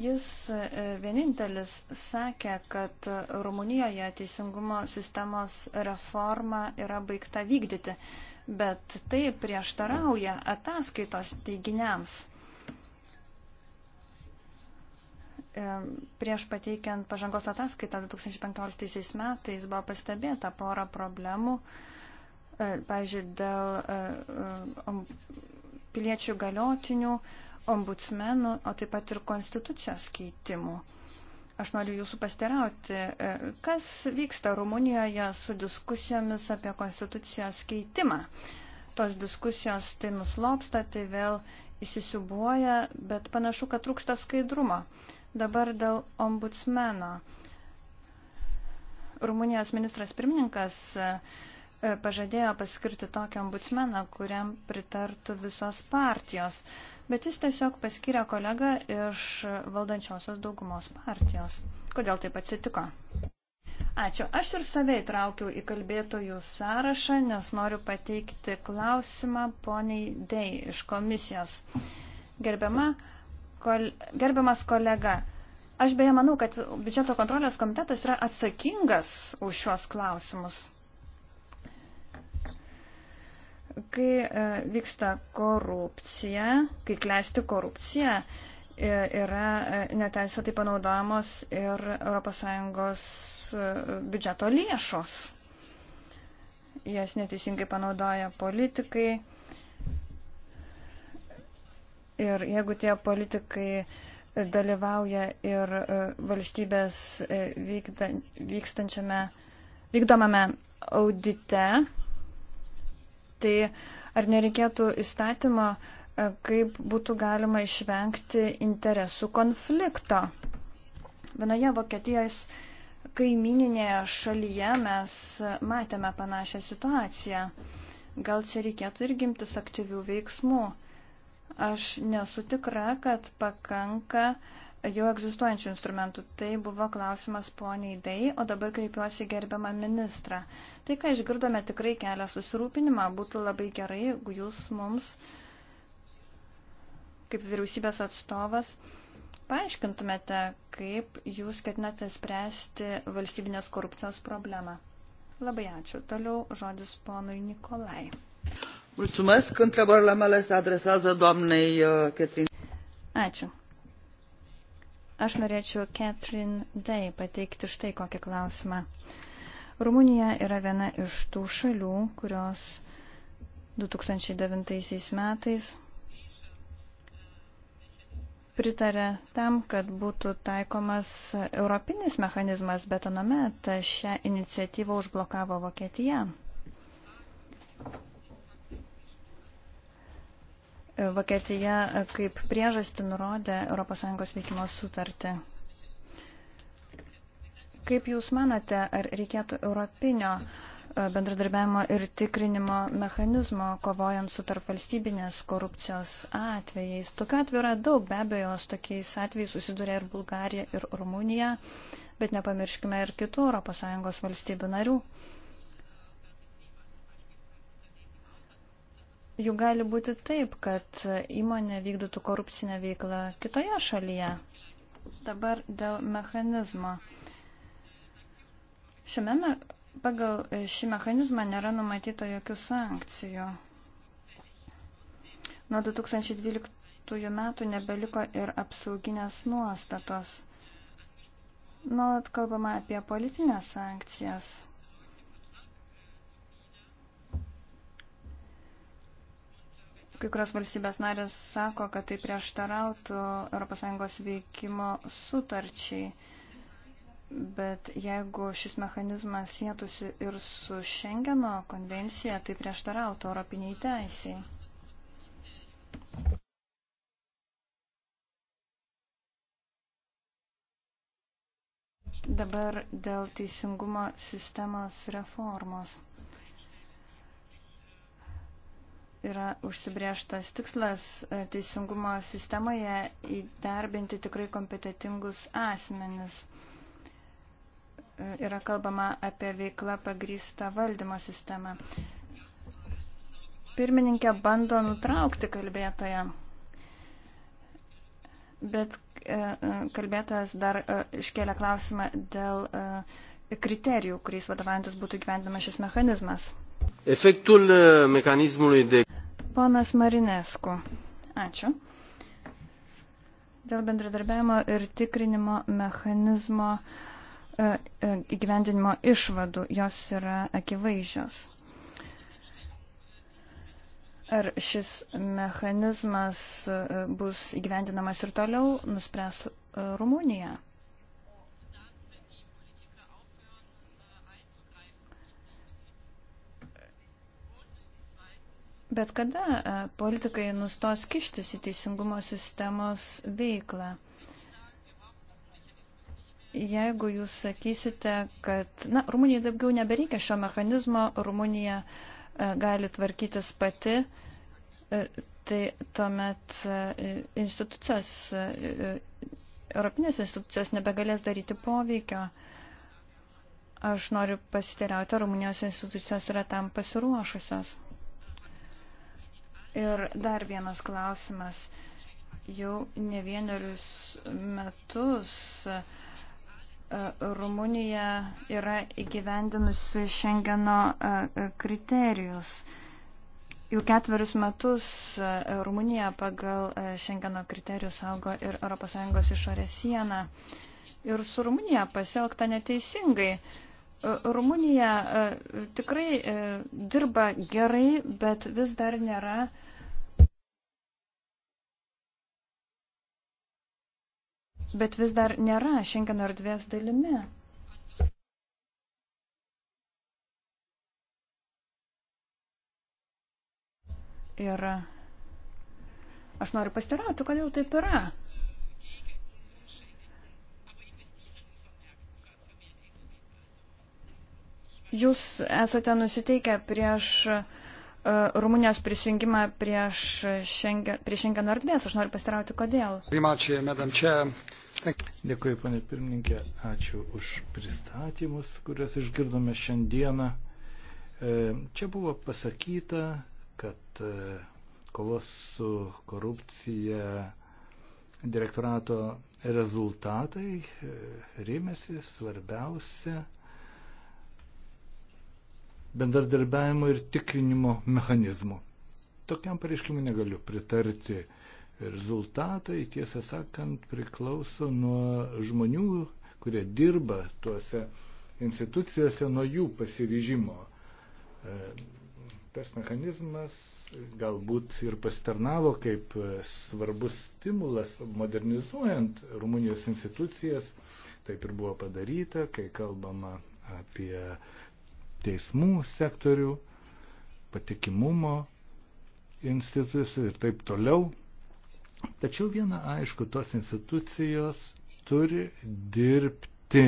Jis e, vienintelis sakė, kad Rumunijoje teisingumo sistemos reforma yra baigta vykdyti, bet tai prieštarauja ataskaitos teiginiams. E, prieš pateikiant pažangos ataskaitą 2015 metais buvo pastebėta pora problemų, e, pavyzdžiui, dėl piliečių galiotinių, ombudsmenų, o taip pat ir konstitucijos keitimų. Aš noriu jūsų pasterauti, e, kas vyksta Rumunijoje su diskusijomis apie konstitucijos keitimą. Tos diskusijos tai nuslopsta, tai vėl įsisiubuoja, bet panašu, kad trūksta skaidrumo. Dabar dėl ombudsmeno. Rumunijos ministras pirmininkas e, pažadėjo paskirti tokį ombudsmeną, kuriam pritartų visos partijos bet jis tiesiog paskyrė kolegą iš valdančiosios daugumos partijos. Kodėl taip atsitiko? Ačiū. Aš ir save įtraukiau į kalbėtojų sąrašą, nes noriu pateikti klausimą poniai Dei iš komisijos. Gerbiama, kol, gerbiamas kolega, aš beje manau, kad biudžeto kontrolės komitetas yra atsakingas už šios klausimus. Kai e, vyksta korupcija, kai klesti korupcija, e, yra e, neteisėtai panaudojamos ir ES biudžeto lėšos. Jas neteisingai panaudoja politikai. Ir jeigu tie politikai dalyvauja ir valstybės vykda, vykstančiame, vykdomame audite, Tai ar nereikėtų įstatymo, e, kaip būtų galima išvengti interesų konflikto? Vienoje Vokietijos kaimininėje šalyje mes matėme panašią situaciją. Gal čia reikėtų ir gimtis aktyvių veiksmų. Aš nesu tikra, kad pakanka uh, jau egzistuojančių instrumentų. Tai buvo klausimas poniai Dai, o dabar kreipiuosi gerbiamą ministrą. Tai, ką išgirdome, tikrai kelia susirūpinimą. Būtų labai gerai, jeigu jūs mums, kaip vyriausybės atstovas, paaiškintumėte, kaip jūs ketinate spręsti valstybinės korupcijos problemą. Labai ačiū. Toliau žodis ponui Nikolai. Mulțumesc. Întrebările mele se adresează doamnei uh, Catherine. Ačiū. Aš norėčiau Catherine Day pateikti štai kokį klausimą. Rumunija yra viena iš tų šalių, kurios 2009 metais pritarė tam, kad būtų taikomas europinis mechanizmas, bet anuomet šią iniciatyvą užblokavo Vokietija. Vokietija e, kaip priežastį nurodė ES veikimo sutartį. Kaip Jūs manote, ar reikėtų europinio e, bendradarbiavimo ir tikrinimo mechanizmo, kovojant su tarpvalstybinės korupcijos atvejais? Tokiu atveju yra daug, be abejo, su tokiais atvejais susiduria ir Bulgarija, ir Rumunija, bet nepamirškime ir kitų ES valstybių narių. Juk gali būti taip, kad įmonė vykdytų korupcinę veiklą kitoje šalyje. Dabar dėl mechanizmo. Šiame pagal šį mechanizmą nėra numatyta jokių sankcijų. Nuo 2012 metų nebeliko ir apsauginės nuostatos. Nuolat kalbama apie politinės sankcijas. Kai kurios valstybės narės sako, kad tai prieštarautų ES veikimo sutarčiai, bet jeigu šis mechanizmas sėtųsi ir su Schengeno konvencija, tai prieštarautų europiniai teisiai. Dabar dėl teisingumo sistemos reformos. yra užsibrieštas tikslas e, teisingumo sistemoje įdarbinti tikrai kompetitingus asmenis. E, yra kalbama apie veiklą pagrįstą valdymo sistemą. Pirmininkė bando nutraukti kalbėtoją, bet e, kalbėtojas dar iškėlė klausimą dėl kriterijų, kuriais vadovantis būtų gyvendamas šis mechanizmas. Efektul uh, mecanismului de. Ponas Marinescu. Ačiū. Dėl bendradarbiavimo ir tikrinimo mechanizmo e, e, įgyvendinimo išvadų, jos yra akivaizdžios. Ar šis mechanizmas e, bus įgyvendinamas ir toliau, nuspręs Rumunija. Bet kada e, politikai nustos kištis į teisingumo sistemos veiklą? Jeigu jūs sakysite, kad, na, Rumunijai daugiau nebereikia šio mechanizmo, Rumunija e, gali tvarkytis pati, e, tai tuomet institucijos, europinės institucijos nebegalės daryti poveikio. Aš noriu pasiteirauti, Rumunijos institucijos yra tam pasiruošusios. Ir dar vienas klausimas. Jau ne vienerius metus e, Rumunija yra įgyvendinusi Šengeno e, kriterijus. Jau ketverius metus e, Rumunija pagal Šengeno kriterijus augo ir ES išorės sieną. Ir su Rumunija pasielgta neteisingai. E, Rumunija e, tikrai e, dirba gerai, bet vis dar nėra. Bet vis dar nėra Šengeno erdvės dalimi. Ir aš noriu pastirauti, kodėl taip yra. Jūs esate nusiteikę prieš e, Rumunijos prisijungimą prieš Šengeno erdvės. Aš noriu pasirauti, kodėl. Eh, Dėkui, panė pirmininkė. Ačiū už pristatymus, kuriuos išgirdome šiandieną. E, čia buvo pasakyta, kad e, kovos su korupcija direktorato rezultatai rėmėsi svarbiausia bendradarbiavimo ir tikrinimo mechanizmų. Tokiam pareiškimui negaliu pritarti. Rezultatai, tiesą sakant, priklauso nuo žmonių, kurie dirba tuose institucijose, nuo jų pasiryžimo. E, tas mechanizmas galbūt ir pasitarnavo kaip svarbus stimulas modernizuojant Rumunijos institucijas. Taip ir buvo padaryta, kai kalbama apie teismų sektorių, patikimumo institucijų ir taip toliau. Tačiau viena aišku, tos institucijos turi dirbti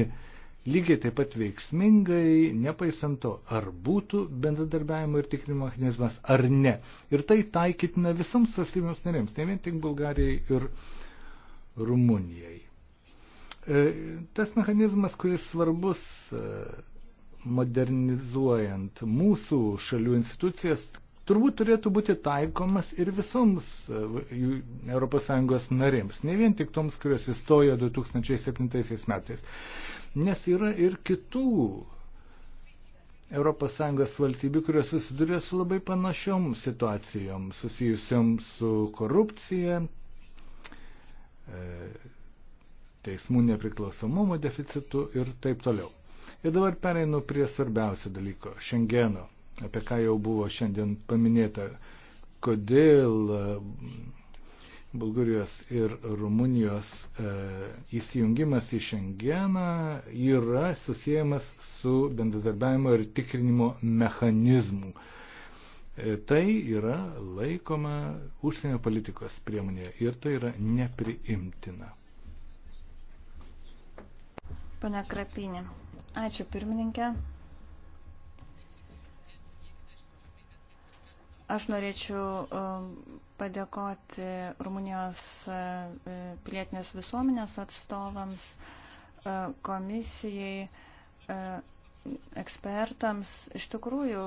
lygiai taip pat veiksmingai, nepaisant to, ar būtų bendradarbiavimo ir tikrinimo mechanizmas ar ne. Ir tai taikytina visoms valstybėms narėms, ne vien tik Bulgarijai ir Rumunijai. E, tas mechanizmas, kuris svarbus e, modernizuojant mūsų šalių institucijas, turbūt turėtų būti taikomas ir visoms e, ES narėms, ne vien tik toms, kurios įstojo 2007 metais. Nes yra ir kitų ES valstybių, kurios susiduria su labai panašiom situacijom, susijusiom su korupcija, e, teismų nepriklausomumo deficitu ir taip toliau. Ir dabar pereinu prie svarbiausio dalyko - Šengeno, apie ką jau buvo šiandien paminėta. Kodėl e, Bulgarijos ir Rumunijos e, įsijungimas į Šengeną yra susijęs su bendradarbiavimo ir tikrinimo mechanizmu. E, tai yra laikoma užsienio politikos priemonė ir tai yra nepriimtina. Pane Krapinė. Ačiū pirmininkė. Aš norėčiau um, padėkoti Rumunijos e, pilietinės visuomenės atstovams, e, komisijai, e, ekspertams. Iš tikrųjų,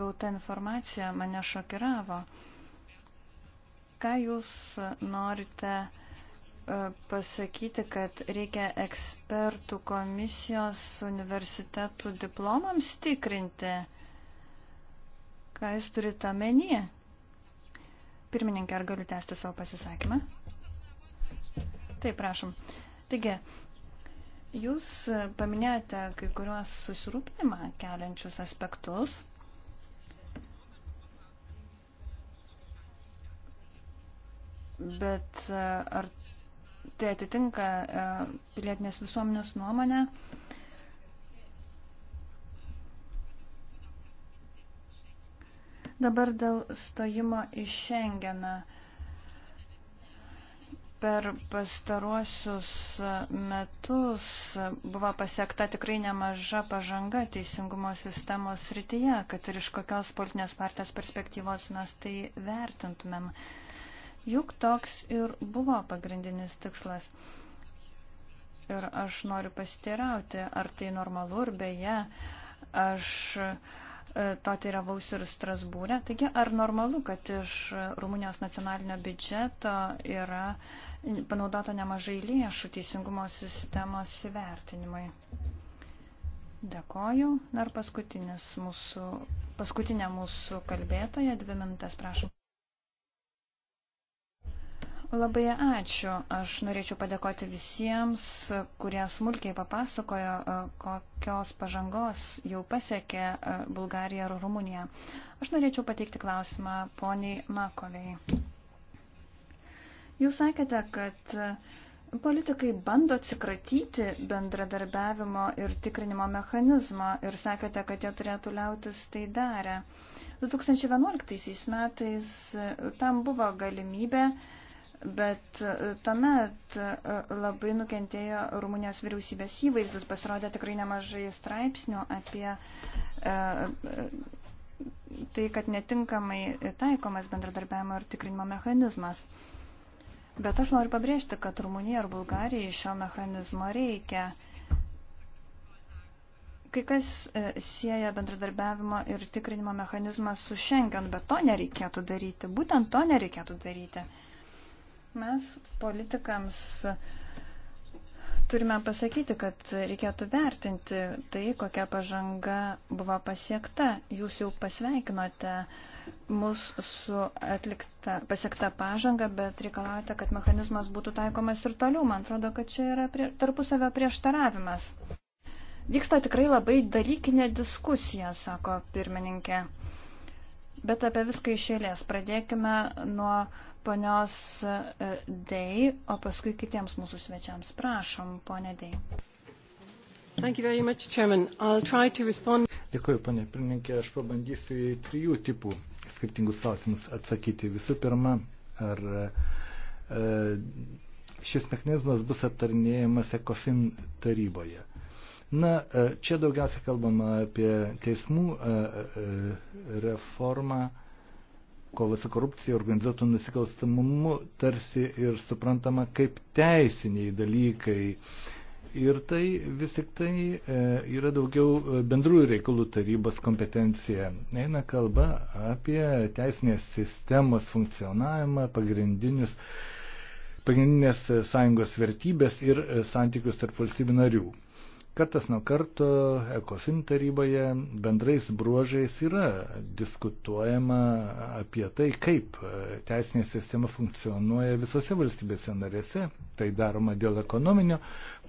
gauta informacija mane šokiravo. Ką jūs norite pasakyti? E, pasakyti, kad reikia ekspertų komisijos universitetų diplomams tikrinti. Ką jūs turite omenyje? Pirmininkė, ar galiu tęsti savo pasisakymą? Taip, prašom. Taigi, jūs paminėjote kai kuriuos susirūpinimą keliančius aspektus. Bet e, ar tai atitinka e, pilietinės visuomenės nuomonę. Dabar dėl stojimo į Šengeną. Per pastaruosius metus buvo pasiekta tikrai nemaža pažanga teisingumo sistemos srityje, kad ir iš kokios politinės partijos perspektyvos mes tai vertintumėm. Uh, Juk toks ir buvo pagrindinis tikslas. Ir aš noriu pasiteirauti, ar tai normalu ir beje, aš e, to teiravausi ir Strasbūrė. Taigi, ar normalu, kad iš Rumunijos nacionalinio biudžeto yra panaudota nemažai lėšų teisingumo sistemos įvertinimai? Dėkoju. Dar paskutinis mūsų, paskutinė mūsų kalbėtoja, dvi minutės, prašom. Labai ačiū. Aš norėčiau padėkoti visiems, kurie smulkiai papasakojo, e, kokios pažangos jau pasiekė e, Bulgarija ir Rumunija. Aš norėčiau pateikti klausimą poniai Makoviai. Jūs sakėte, kad e, politikai bando atsikratyti bendradarbiavimo ir tikrinimo mechanizmo ir sakėte, kad jie turėtų liautis tai darę. 2011 metais tam buvo galimybė Bet e, tuomet e, labai nukentėjo Rumunijos vyriausybės įvaizdis, pasirodė tikrai nemažai straipsnių apie e, tai, kad netinkamai taikomas bendradarbiavimo ir tikrinimo mechanizmas. Bet aš noriu pabrėžti, kad Rumunija ir Bulgarija šio mechanizmo reikia. Kai kas sieja bendradarbiavimo ir tikrinimo mechanizmą su Schengen, bet to nereikėtų daryti. Būtent to nereikėtų daryti. Mes politikams turime pasakyti, kad reikėtų vertinti tai, kokia pažanga buvo pasiekta. Jūs jau pasveikinote mus su atlikta, pasiekta pažanga, bet reikalaujate, kad mechanizmas būtų taikomas ir toliau. Man atrodo, kad čia yra prie, tarpusavio prieštaravimas. Vyksta tikrai labai dalykinė diskusija, sako pirmininkė. Bet apie viską išėlės. Pradėkime nuo ponios e, Dei, o paskui kitiems mūsų svečiams. Prašom, ponė Dei. Much, respond... Dėkuoju, panė pirmininkė, aš pabandysiu į trijų tipų skirtingus klausimus atsakyti. Visų pirma, ar e, šis mechanizmas bus aptarinėjamas ECOFIN taryboje. Na, e, čia daugiausia kalbama apie teismų e, reformą. E, kova su korupcija, organizuotų nusikalstamumu tarsi ir suprantama kaip teisiniai dalykai. Ir tai vis tik tai e, yra daugiau e, bendrųjų reikalų tarybos kompetencija. Eina kalba apie teisinės sistemos funkcionavimą, pagrindinius pagrindinės sąjungos vertybės ir e, santykius tarp valstybių narių. Kartas nuo karto ECOFIN taryboje bendrais bruožais yra diskutuojama apie tai, kaip teisinė sistema funkcionuoja visose valstybėse narėse. Tai daroma dėl ekonominio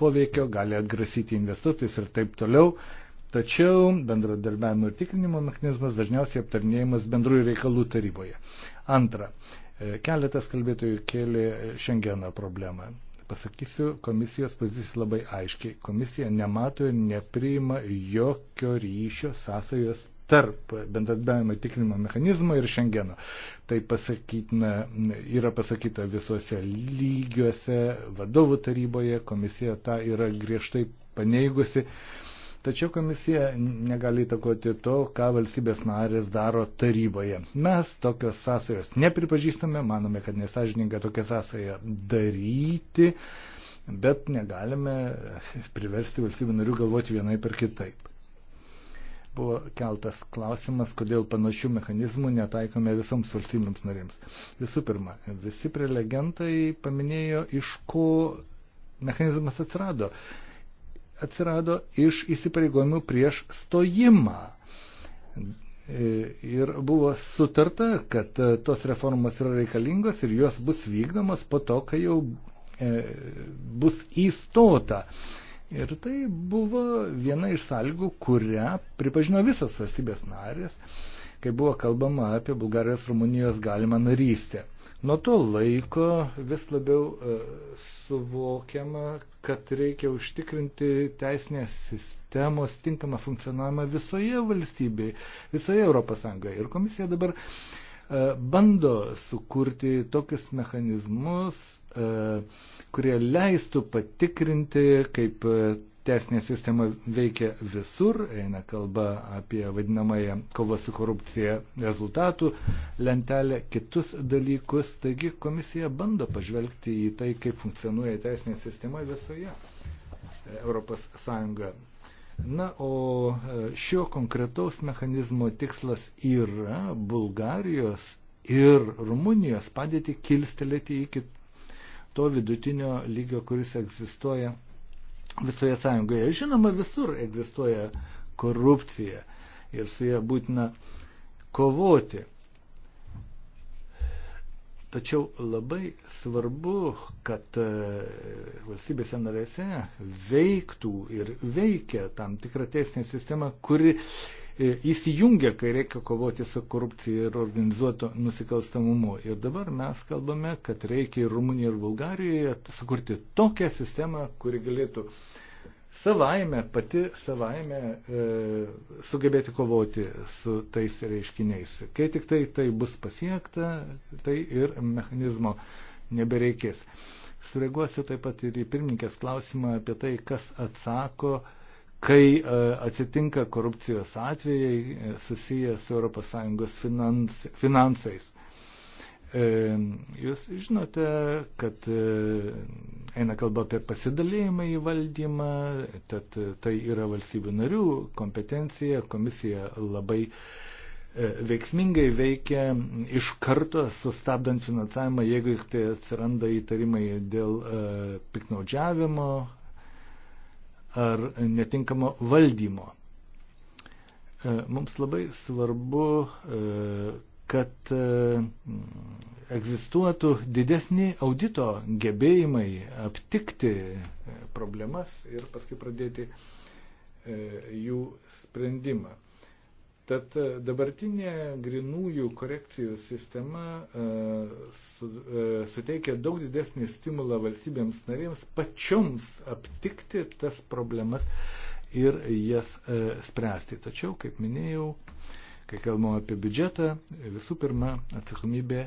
poveikio, gali atgrasyti investuotojus ir taip toliau. Tačiau bendradarbiavimo ir tikrinimo mechanizmas dažniausiai aptarnėjimas bendrųjų reikalų taryboje. Antra, e, keletas kalbėtojų kėlė Šengeno problemą. Pasakysiu komisijos poziciją labai aiškiai. Komisija nemato ir nepriima jokio ryšio sąsajos tarp bendradarbiavimo tikrinimo mechanizmo ir Šengeno. Tai pasakytina, yra pasakyta visuose lygiuose, vadovų taryboje, komisija tą yra griežtai paneigusi. Tačiau komisija negali įtakoti to, ką valstybės narės daro taryboje. Mes tokios sąsajos nepripažįstame, manome, kad nesažininga tokią sąsają daryti, bet negalime priversti valstybių narių galvoti vienai per kitaip. Buvo keltas klausimas, kodėl panašių mechanizmų netaikome visoms valstybėms narėms. Visų pirma, visi prelegentai paminėjo, iš ko mechanizmas atsirado atsirado iš įsipareigojimų prieš stojimą. E, ir buvo sutarta, kad e, tos reformos yra reikalingos ir jos bus vykdomas po to, kai jau e, bus įstota. Ir tai buvo viena iš sąlygų, kurią pripažino visas valstybės narės kai buvo kalbama apie Bulgarijos Rumunijos galimą narystę. Nuo to laiko vis labiau e, suvokiama, kad reikia užtikrinti teisinės sistemos tinkamą funkcionavimą visoje valstybėje, visoje Europos Sąjungoje. Ir komisija dabar e, bando sukurti tokius mechanizmus, e, kurie leistų patikrinti, kaip teisinė sistema veikia visur, eina kalba apie vadinamąją kovą su korupcija rezultatų lentelę, kitus dalykus. Taigi komisija bando pažvelgti į tai, kaip funkcionuoja teisinė sistema visoje Europos Sąjungoje. Na, o e, šio konkretaus mechanizmo tikslas yra Bulgarijos ir Rumunijos padėti kilstelėti iki to vidutinio lygio, kuris egzistuoja visoje sąjungoje. Žinoma, visur egzistuoja korupcija ir su ją būtina kovoti. Tačiau labai svarbu, kad e, valstybėse narėse veiktų ir veikia tam tikra teisinė sistema, kuri E, įsijungia, kai reikia kovoti su korupcija ir organizuoto nusikalstamumu. Ir dabar mes kalbame, kad reikia ir Rumunijoje, ir Bulgarijoje sukurti tokią sistemą, kuri galėtų savaime, pati savaime e, sugebėti kovoti su tais reiškiniais. Kai tik tai tai bus pasiekta, tai ir mechanizmo nebereikės. Sureaguosiu taip pat ir į pirmininkės klausimą apie tai, kas atsako e, kai e, atsitinka korupcijos atvejai e, susiję su ES finans, finansais. E, jūs žinote, kad eina kalba apie pasidalėjimą į valdymą, tad tai yra valstybių narių kompetencija, komisija labai veiksmingai veikia iš karto sustabdant finansavimą, jeigu tai atsiranda įtarimai dėl piknaudžiavimo ar netinkamo valdymo. E, mums labai svarbu, e, kad e, egzistuotų didesni audito gebėjimai aptikti problemas ir paskui pradėti jų sprendimą. Tad e, dabartinė grinųjų korekcijų sistema e, su, e, suteikia daug didesnį stimulą valstybėms narėms pačioms aptikti tas problemas ir jas spręsti. Tačiau, kaip minėjau, kai kalbam apie biudžetą, visų pirma atsakomybė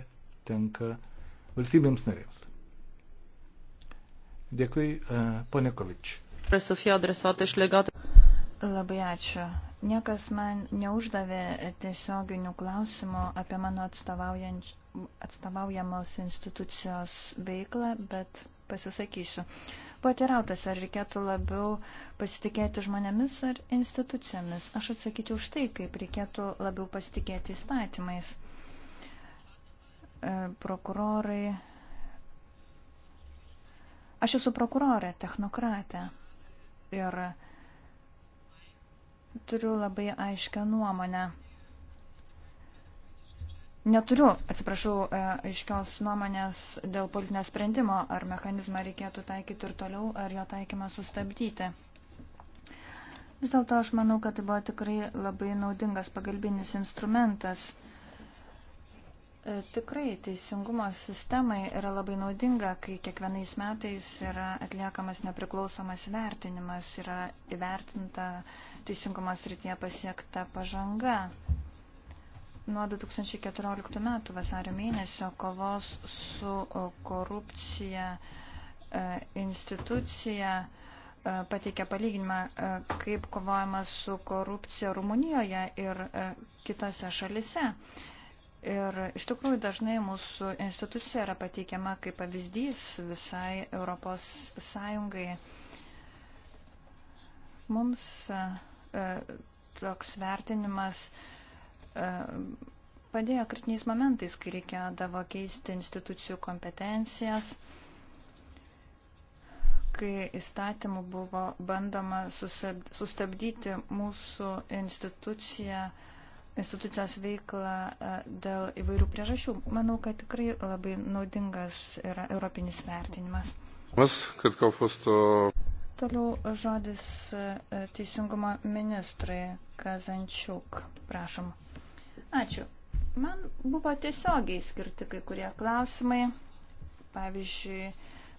tenka valstybėms narėms. Dėkui, ponekovič. Sofija adresatė iš legatų. Labai ačiū. Niekas man neuždavė tiesioginių klausimų apie mano atstovaujamos institucijos veiklą, bet pasisakysiu. Patirautas, ar reikėtų labiau pasitikėti žmonėmis ar institucijomis? Aš atsakyčiau už tai, kaip reikėtų labiau pasitikėti įstatymais. E, prokurorai. Aš esu prokurorė, technokratė. Ir turiu labai aiškę nuomonę. Neturiu, atsiprašau, e, aiškios nuomonės dėl politinio sprendimo, ar mechanizmą reikėtų taikyti ir toliau, ar jo taikymą sustabdyti. Vis dėlto aš manau, kad tai buvo tikrai labai naudingas pagalbinis instrumentas. E, tikrai teisingumo sistemai yra labai naudinga, kai kiekvienais metais yra atliekamas nepriklausomas vertinimas, yra įvertinta teisingumo srityje pasiekta pažanga. Nuo 2014 metų vasario mėnesio kovos su e, korupcija e, institucija pateikė palyginimą, kaip kovojama su korupcija Rumunijoje ir kitose šalise. Ir iš tikrųjų dažnai mūsų institucija yra pateikiama kaip pavyzdys visai Europos Sąjungai. Mums e, e, toks vertinimas e, padėjo kritiniais momentais, kai reikėdavo keisti institucijų kompetencijas, kai įstatymų buvo bandoma sustabdyti mūsų instituciją institucijos veiklą e, dėl įvairių priežasčių. Manau, kad tikrai labai naudingas yra europinis vertinimas. Mas, kad Kaufosto. Toliau žodis e, teisingumo ministrai Kazančiuk. Prašom. Ačiū. Man buvo tiesiogiai skirti kai kurie klausimai. Pavyzdžiui,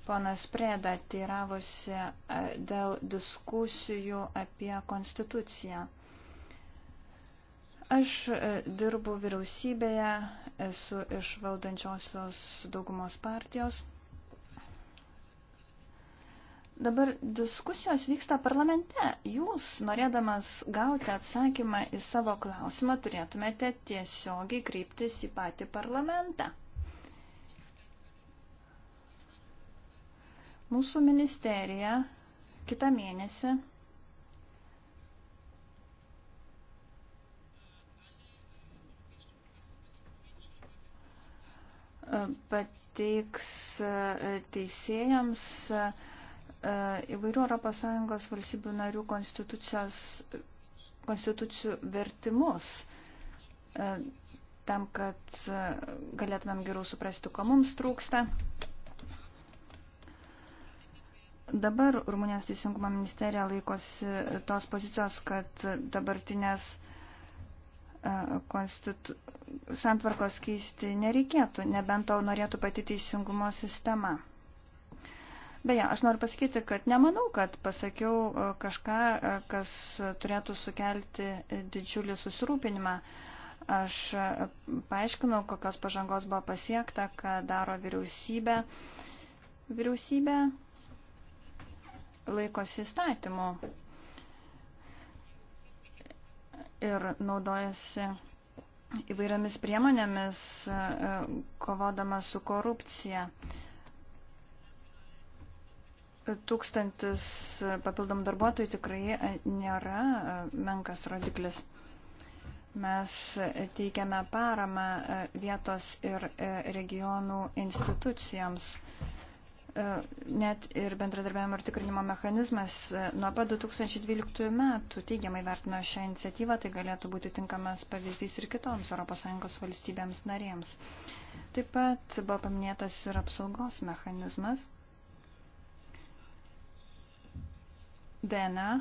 ponas Prėda teiravosi e, dėl diskusijų apie konstituciją. Aš e, dirbu vyriausybėje, esu iš valdančiosios daugumos partijos. Dabar diskusijos vyksta parlamente. Jūs, norėdamas gauti atsakymą į savo klausimą, turėtumėte tiesiogiai kryptis į patį parlamentą. Mūsų ministerija kitą mėnesį pateiks e, teisėjams e, įvairių ES valstybių narių konstitucijų vertimus e, tam, kad galėtumėm geriau suprasti, ko mums trūksta. Dabar Rumunijos teisingumo ministerija laikosi tos pozicijos, kad dabartinės E, konstitu... santvarkos keisti nereikėtų, nebent to norėtų pati teisingumo sistema. Beje, aš noriu pasakyti, kad nemanau, kad pasakiau e, kažką, e, kas turėtų sukelti didžiulį susirūpinimą. Aš paaiškinau, kokios pažangos buvo pasiekta, ką daro vyriausybė. Vyriausybė laikosi įstatymų ir naudojasi įvairiamis priemonėmis e, kovodama su korupcija. Tūkstantis papildomų darbuotojų tikrai e, nėra e, menkas rodiklis. Mes teikiame paramą vietos ir regionų institucijoms. E, net ir bendradarbiavimo ir tikrinimo mechanizmas e, nuo pat 2012 metų teigiamai vertino šią iniciatyvą, tai galėtų būti tinkamas pavyzdys ir kitoms ES valstybėms narėms. Taip pat buvo paminėtas ir apsaugos mechanizmas. DNA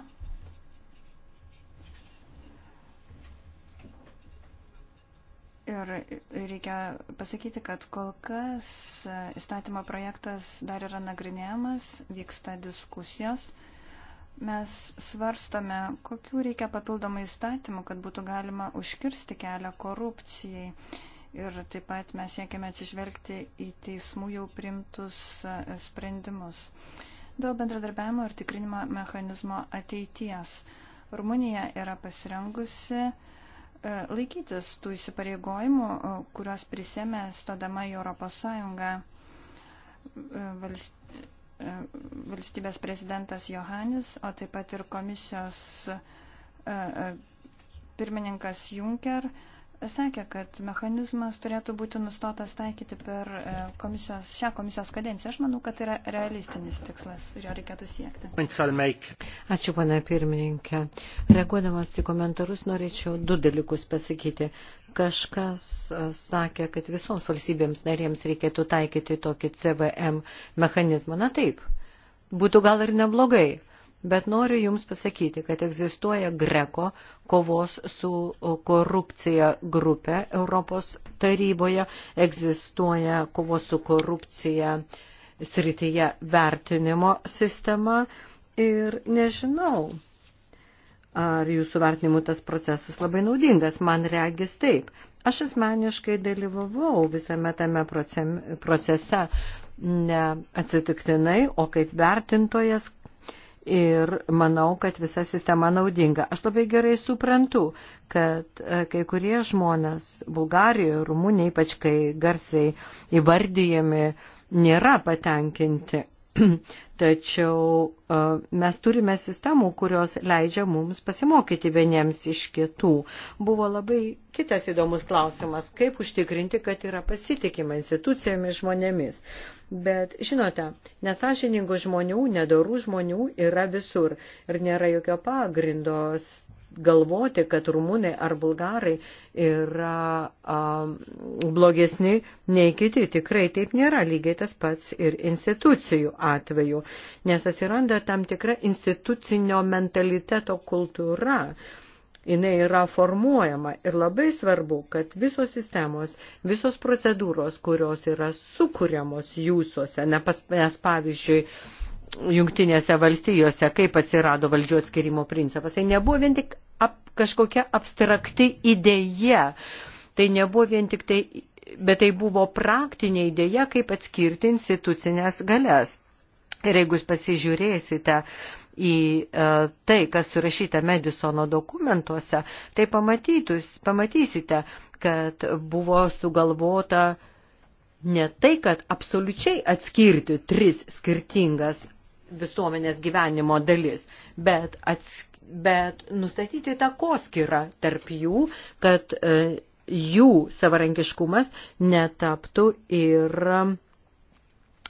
Ir reikia pasakyti, kad kol kas e, įstatymo projektas dar yra nagrinėjamas, vyksta diskusijos. Mes svarstome, kokių reikia papildomų įstatymų, kad būtų galima užkirsti kelią korupcijai. Ir taip pat mes siekiame atsižvelgti į teismų jau primtus e, sprendimus. Dėl bendradarbiavimo ir tikrinimo mechanizmo ateities. Rumunija yra pasirengusi uh, E, laikytis tų įsipareigojimų, e, kuriuos prisėmė stodama į Europos Sąjungą. E, valstybės prezidentas Johanis, o taip pat ir komisijos pirmininkas Juncker sakė, kad mechanizmas turėtų būti nustotas taikyti per e, komisijos, šią komisijos kadenciją. Aš manau, kad tai yra realistinis tikslas ir jo reikėtų siekti. Ačiū, pana pirmininkė. Reaguodamas į komentarus norėčiau du dalykus pasakyti. Kažkas e, sakė, kad visoms valstybėms narėms reikėtų taikyti tokį CVM mechanizmą. Na taip, būtų gal ir neblogai. Bet noriu Jums pasakyti, kad egzistuoja Greko kovos su korupcija grupė Europos taryboje, egzistuoja kovos su korupcija srityje vertinimo sistema ir nežinau, ar Jūsų vertinimu tas procesas labai naudingas, man reagis taip. Aš asmeniškai dalyvavau visame tame procese, ne atsitiktinai, o kaip vertintojas, ir manau, kad visa sistema naudinga. Aš labai gerai suprantu, kad e, kai kurie žmonės Bulgarijoje, Rumunijoje, ypač kai garsiai įvardyjami, nėra patenkinti Tačiau e, mes turime sistemų, kurios leidžia mums pasimokyti vieniems iš kitų. Buvo labai kitas įdomus klausimas, kaip užtikrinti, kad yra pasitikima institucijomis žmonėmis. Bet žinote, nesažiningų žmonių, nedorų žmonių yra visur ir nėra jokio pagrindos galvoti, kad rumunai ar bulgarai yra a, blogesni nei kiti. Tikrai taip nėra, lygiai tas pats ir institucijų atveju, nes atsiranda tam tikra institucinio mentaliteto kultūra jinai yra formuojama ir labai svarbu, kad visos sistemos, visos procedūros, kurios yra sukūriamos jūsuose, nes pavyzdžiui, jungtinėse valstijose, kaip atsirado valdžių atskirimo principas. Tai nebuvo vien tik ap, kažkokia abstrakti idėja, tai nebuvo vien tik tai, bet tai buvo praktinė idėja, kaip atskirti institucinės galės. Ir jeigu jūs pasižiūrėsite į e, tai, kas surašyta Medisono dokumentuose, tai pamatysite, kad buvo sugalvota ne tai, kad absoliučiai atskirti tris skirtingas visuomenės gyvenimo dalis, bet, atsk, bet nustatyti tą koskirą tarp jų, kad e, jų savarankiškumas netaptų ir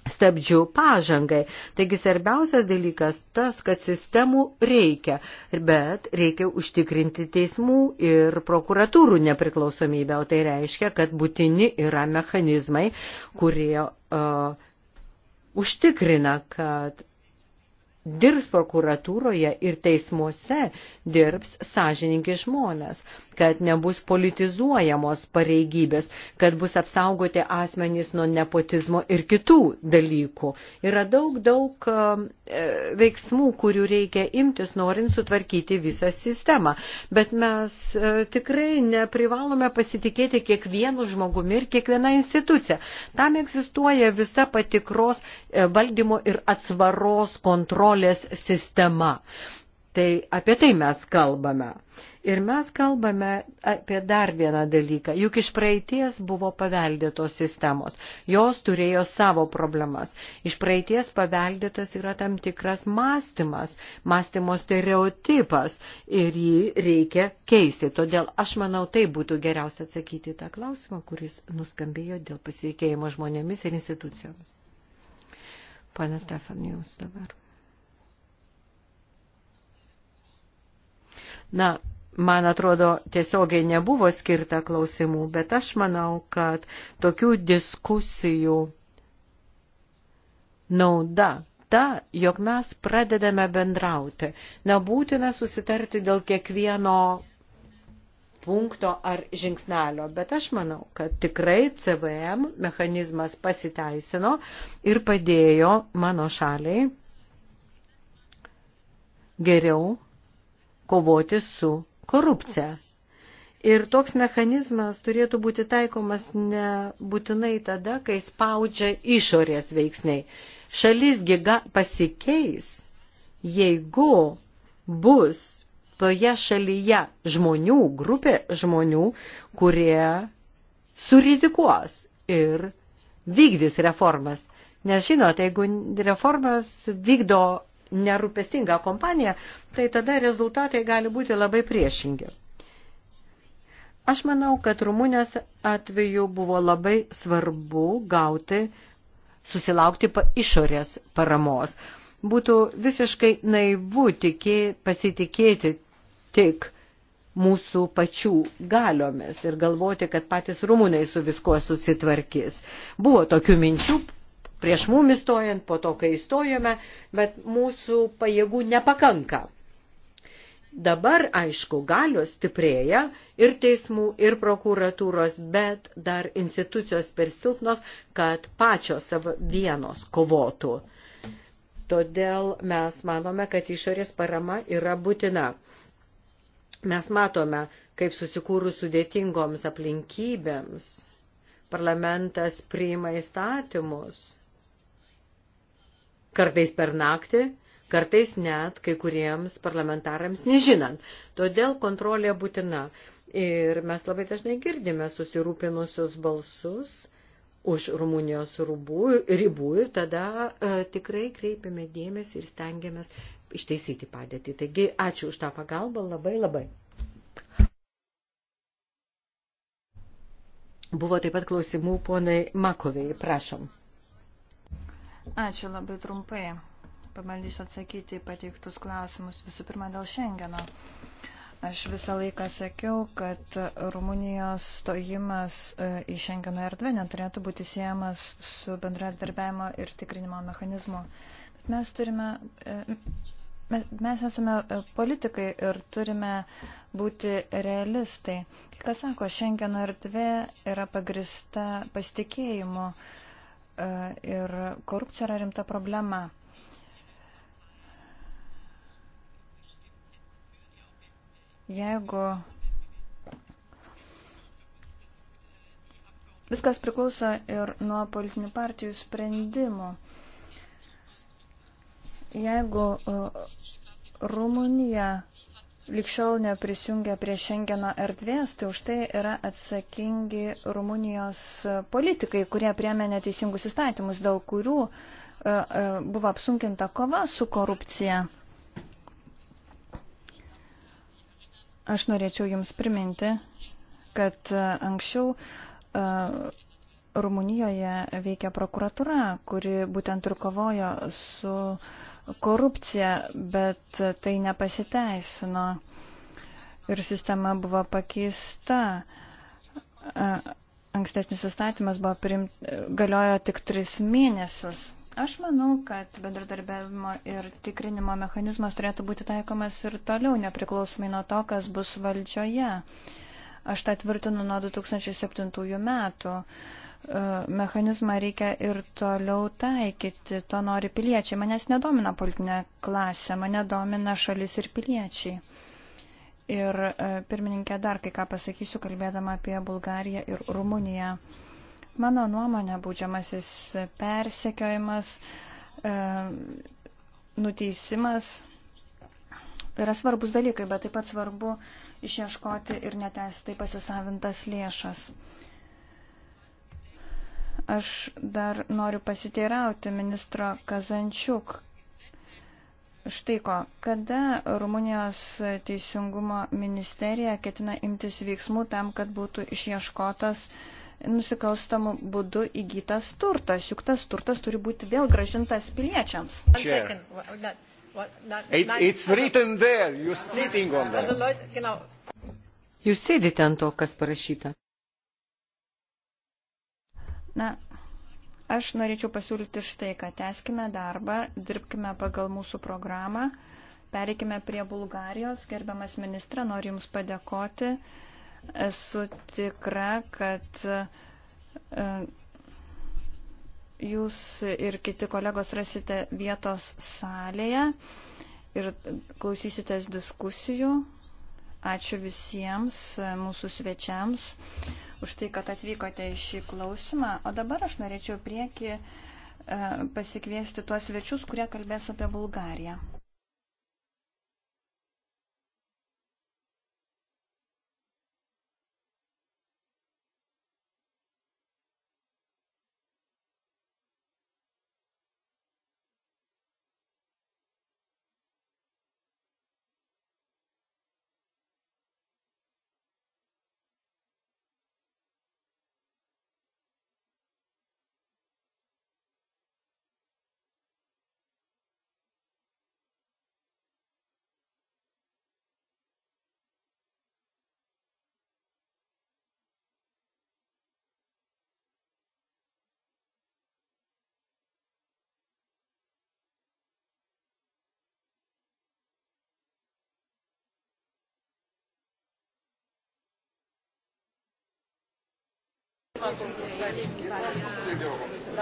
stabdžių pažangai. Taigi svarbiausias dalykas tas, kad sistemų reikia, bet reikia užtikrinti teismų ir prokuratūrų nepriklausomybę, o tai reiškia, kad būtini yra mechanizmai, kurie uh, užtikrina, kad dirbs prokuratūroje ir teismuose, dirbs sąžininkai žmonės, kad nebus politizuojamos pareigybės, kad bus apsaugoti asmenys nuo nepotizmo ir kitų dalykų. Yra daug, daug um, e, veiksmų, kurių reikia imtis, norint sutvarkyti visą sistemą. Bet mes e, tikrai neprivalome pasitikėti kiekvienu žmogumi ir kiekviena institucija. Tam egzistuoja visa patikros e, valdymo ir atsvaros kontrolė kontrolės sistema. Tai apie tai mes kalbame. Ir mes kalbame apie dar vieną dalyką. Juk iš praeities buvo paveldėtos sistemos. Jos turėjo savo problemas. Iš praeities paveldėtas yra tam tikras mąstymas, mąstymo stereotipas ir jį reikia keisti. Todėl aš manau, tai būtų geriausia atsakyti tą klausimą, kuris nuskambėjo dėl pasitikėjimo žmonėmis ir institucijomis. Pane Stefanijus dabar. Na, man atrodo, tiesiogiai nebuvo skirta klausimų, bet aš manau, kad tokių diskusijų nauda ta, jog mes pradedame bendrauti. Nebūtina susitarti dėl kiekvieno punkto ar žingsnelio, bet aš manau, kad tikrai CVM mechanizmas pasiteisino ir padėjo mano šaliai geriau kovoti su korupcija. Ir toks mechanizmas turėtų būti taikomas nebūtinai tada, kai spaudžia išorės veiksniai. Šalis giga pasikeis, jeigu bus toje šalyje žmonių, grupė žmonių, kurie surizikuos ir vykdys reformas. Nes žinot, jeigu reformas vykdo nerūpestingą kompaniją, tai tada rezultatai gali būti labai priešingi. Aš manau, kad Rumunės atveju buvo labai svarbu gauti, susilaukti pa išorės paramos. Būtų visiškai naivu tikė, pasitikėti tik mūsų pačių galiomis ir galvoti, kad patys rumūnai su viskuo susitvarkys. Buvo tokių minčių, prieš mum įstojant, po to, kai įstojome, bet mūsų pajėgų nepakanka. Dabar, aišku, galios stiprėja ir teismų, ir prokuratūros, bet dar institucijos per silpnos, kad pačios savo vienos kovotų. Todėl mes manome, kad išorės parama yra būtina. Mes matome, kaip susikūrus sudėtingoms aplinkybėms parlamentas priima įstatymus kartais per naktį, kartais net kai kuriems parlamentarams nežinant. Todėl kontrolė būtina. Ir mes labai dažnai girdime susirūpinusius balsus už Rumunijos rubų, ribų ir tada e, tikrai kreipiame dėmesį ir stengiamės išteisyti padėtį. Taigi ačiū už tą pagalbą labai labai. Buvo taip pat klausimų ponai Makoviai, prašom. Ačiū labai trumpai. Pabandysiu atsakyti į pateiktus klausimus. Visų pirma, dėl Šengeno. Aš visą laiką sakiau, kad Rumunijos stojimas e, į Šengeno erdvę neturėtų būti siejamas su bendradarbiavimo ir tikrinimo mechanizmu. Bet mes turime. E, mes esame e, politikai ir turime būti realistai. Kai kas sako, Šengeno erdvė yra pagrista pasitikėjimu. Uh, E, ir korupcija yra rimta problema. Jeigu viskas priklauso ir nuo politinių partijų sprendimų, jeigu e, Rumunija likščiol neprisijungia prie Šengeno erdvės, tai už tai yra atsakingi Rumunijos politikai, kurie priemė neteisingus įstatymus, dėl kurių e, e, buvo apsunkinta kova su korupcija. Aš norėčiau Jums priminti, kad e, anksčiau Rumunijoje veikia prokuratura, kuri būtent ir kovojo su uh, korupciją, bet tai nepasiteisino ir sistema buvo pakeista. Ankstesnis įstatymas buvo priimt, galiojo tik tris mėnesius. Aš manau, kad bendradarbiavimo ir tikrinimo mechanizmas turėtų būti taikomas ir toliau, nepriklausomai nuo to, kas bus valdžioje. Aš tą tvirtinu nuo 2007 metų. E, mechanizmą reikia ir toliau taikyti. To nori piliečiai. Manęs nedomina politinė klasė, mane domina šalis ir piliečiai. Ir e, pirmininkė dar kai ką pasakysiu, kalbėdama apie Bulgariją ir Rumuniją. Mano nuomonė, būdžiamasis persekiojimas, e, nuteisimas yra svarbus dalykai, bet taip pat svarbu išieškoti ir neteisėtai pasisavintas lėšas. Aš dar noriu pasiteirauti ministro Kazančiuk. Štai ko, kada Rumunijos teisingumo ministerija ketina imtis veiksmų tam, kad būtų išieškotas nusikalstamų būdų įgytas turtas, juk tas turtas turi būti vėl gražintas piliečiams. Sure. It, it's written there, you're sitting on that. Jūs sėdite ant to, kas parašyta. Na, aš norėčiau pasiūlyti štai, kad teskime darbą, dirbkime pagal mūsų programą, pereikime prie Bulgarijos. Gerbiamas ministra, noriu Jums padėkoti. Esu tikra, kad e, Jūs ir kiti kolegos rasite vietos salėje ir klausysitės diskusijų. Ačiū visiems e, mūsų svečiams už tai, kad atvykote į šį klausimą. O dabar aš norėčiau prieki e, pasikviesti tuos svečius, kurie kalbės apie Bulgariją.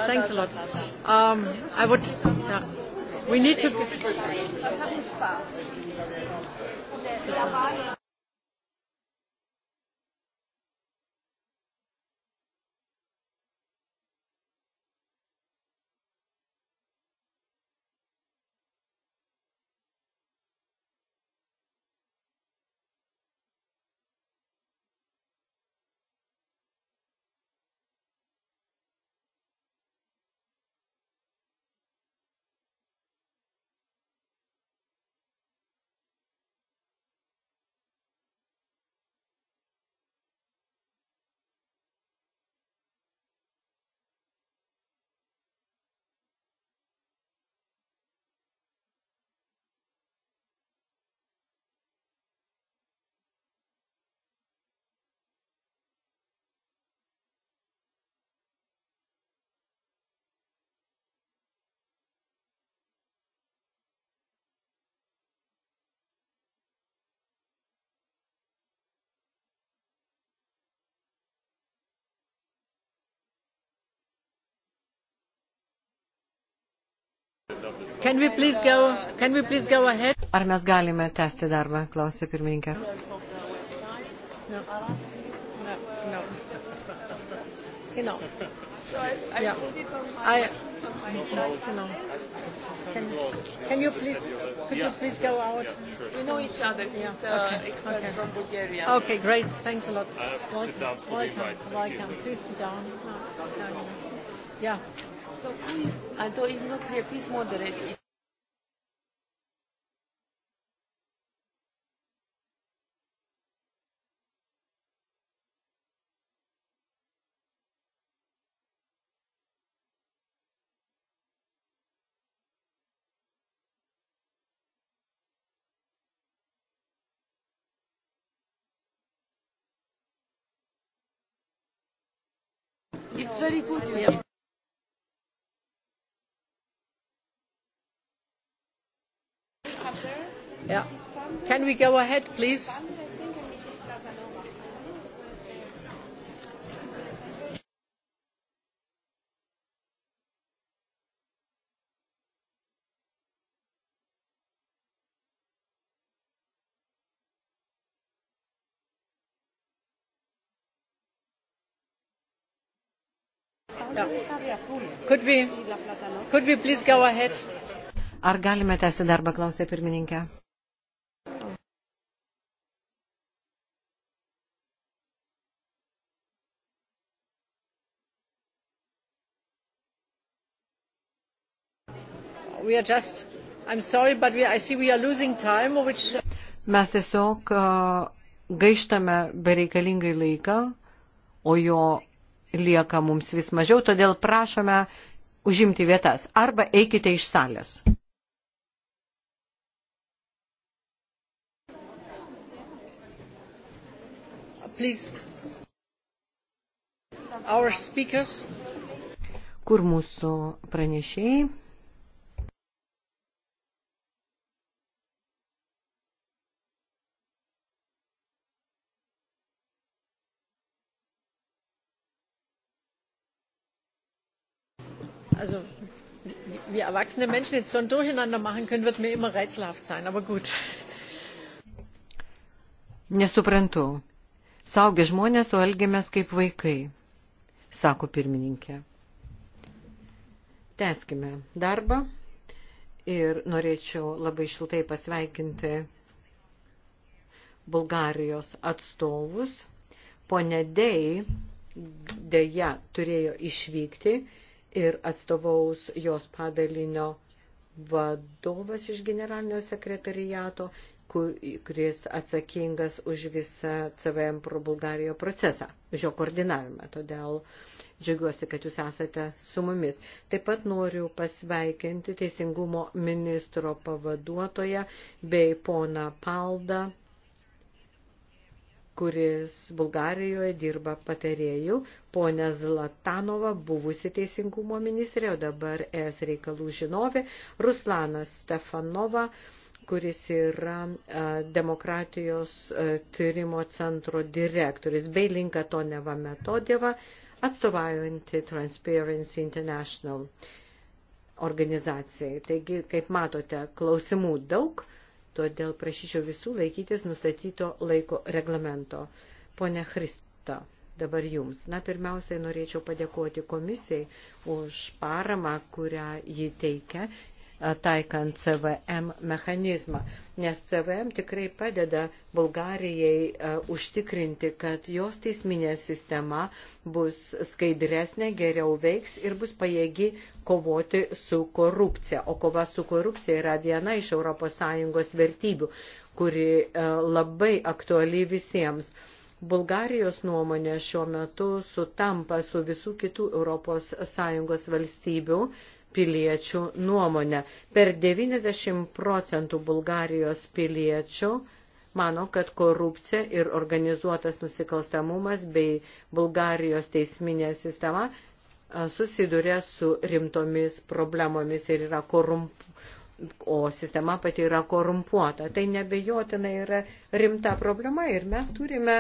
Thanks a lot. Um, I would. Yeah. We need to. Go, Ar mes galime tęsti darbą, klausė pirmininkė. No. No, no. Genau. Ja. I, genau. Can, can you please, could you please go out? We know each other. Yeah. Uh, okay. Expert okay. from Bulgaria. Okay, great. Thanks a lot. I have to sit down for welcome. Welcome. Please sit down. Yeah so who is, although it's not here, please moderate it. It's very good you have Can we go ahead, please? Could we, could we please go ahead? Ar galime tęsti darbą, klausė pirmininkė. we are just, I'm sorry, but we, I see we are losing time, which... Mes tiesiog gaištame bereikalingai laiką, o jo lieka mums vis mažiau, todėl prašome užimti vietas arba eikite iš salės. Please. Our speakers. Kur mūsų pranešėjai? also wir erwachsene Menschen jetzt so ein Durcheinander machen können, wird mir immer rätselhaft sein, aber gut. Nesuprantu. Saugia žmonės, o elgiamės kaip vaikai, sako pirmininkė. Teskime darbą ir norėčiau labai šiltai pasveikinti Bulgarijos atstovus. Pone Dei dėja turėjo išvykti ir atstovaus jos padalinio vadovas iš generalinio sekretariato, kuris atsakingas už visą CVM pro Bulgarijo procesą, už jo koordinavimą. Todėl džiaugiuosi, kad jūs esate su mumis. Taip pat noriu pasveikinti Teisingumo ministro pavaduotoją bei poną Paldą kuris Bulgarijoje dirba patarėjų, ponė Zlatanova, buvusi teisingumo ministrė, o dabar es reikalų žinovė, Ruslanas Stefanova, kuris yra demokratijos tyrimo centro direktorius, bei Linka Toneva Metodėva, atstovaujanti Transparency International organizacijai. Taigi, kaip matote, klausimų daug Todėl prašyčiau visų laikytis nustatyto laiko reglamento. Pone Hrista, dabar jums. Na, pirmiausiai norėčiau padėkoti komisijai už paramą, kurią ji teikia taikant CVM mechanizmą, nes CVM tikrai padeda Bulgarijai e, užtikrinti, kad jos teisminė sistema bus skaidresnė, geriau veiks ir bus pajėgi kovoti su korupcija. O kova su korupcija yra viena iš ES vertybių, kuri e, labai aktuali visiems. Bulgarijos nuomonė šiuo metu sutampa su visų kitų ES valstybių piliečių nuomonę. Per 90 procentų Bulgarijos piliečių mano, kad korupcija ir organizuotas nusikalstamumas bei Bulgarijos teisminė sistema susiduria su rimtomis problemomis ir yra korumpuota o sistema pati yra korumpuota. Tai nebejotinai yra rimta problema ir mes turime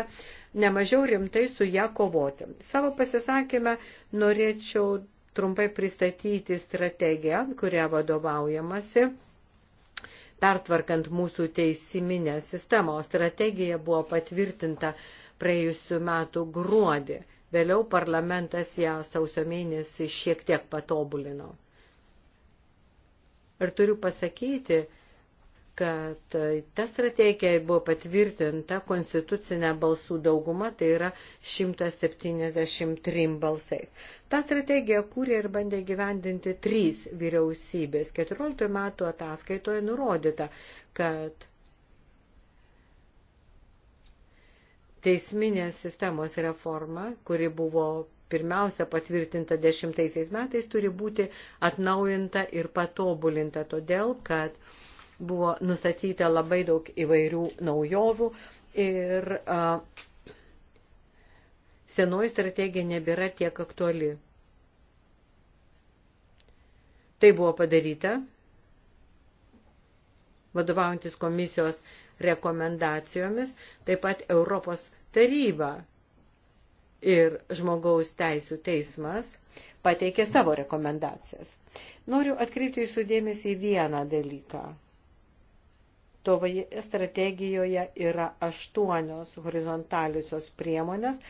nemažiau rimtai su ją kovoti. Savo pasisakymę norėčiau trumpai pristatyti strategiją, kurią vadovaujamasi pertvarkant mūsų teisiminę sistemą, o strategija buvo patvirtinta praėjusiu metu gruodį. Vėliau parlamentas ją sausio mėnesį šiek tiek patobulino. Ir turiu pasakyti, kad ta strategija buvo patvirtinta konstitucinė balsų dauguma, tai yra 173 balsais. Ta strategija kūrė ir bandė gyvendinti trys vyriausybės. 14 metų ataskaitoje nurodyta, kad teisminės sistemos reforma, kuri buvo pirmiausia patvirtinta dešimtaisiais metais, turi būti atnaujinta ir patobulinta, todėl kad uh, buvo nustatyta labai daug įvairių naujovių ir a, senoji strategija nebėra tiek aktuali. Tai buvo padaryta, vadovaujantis komisijos rekomendacijomis, taip pat Europos taryba ir žmogaus teisų teismas pateikė savo rekomendacijas. Noriu atkreipti jūsų dėmesį į vieną dalyką – toje strategijoje yra aštuonios horizontaliusios priemonės,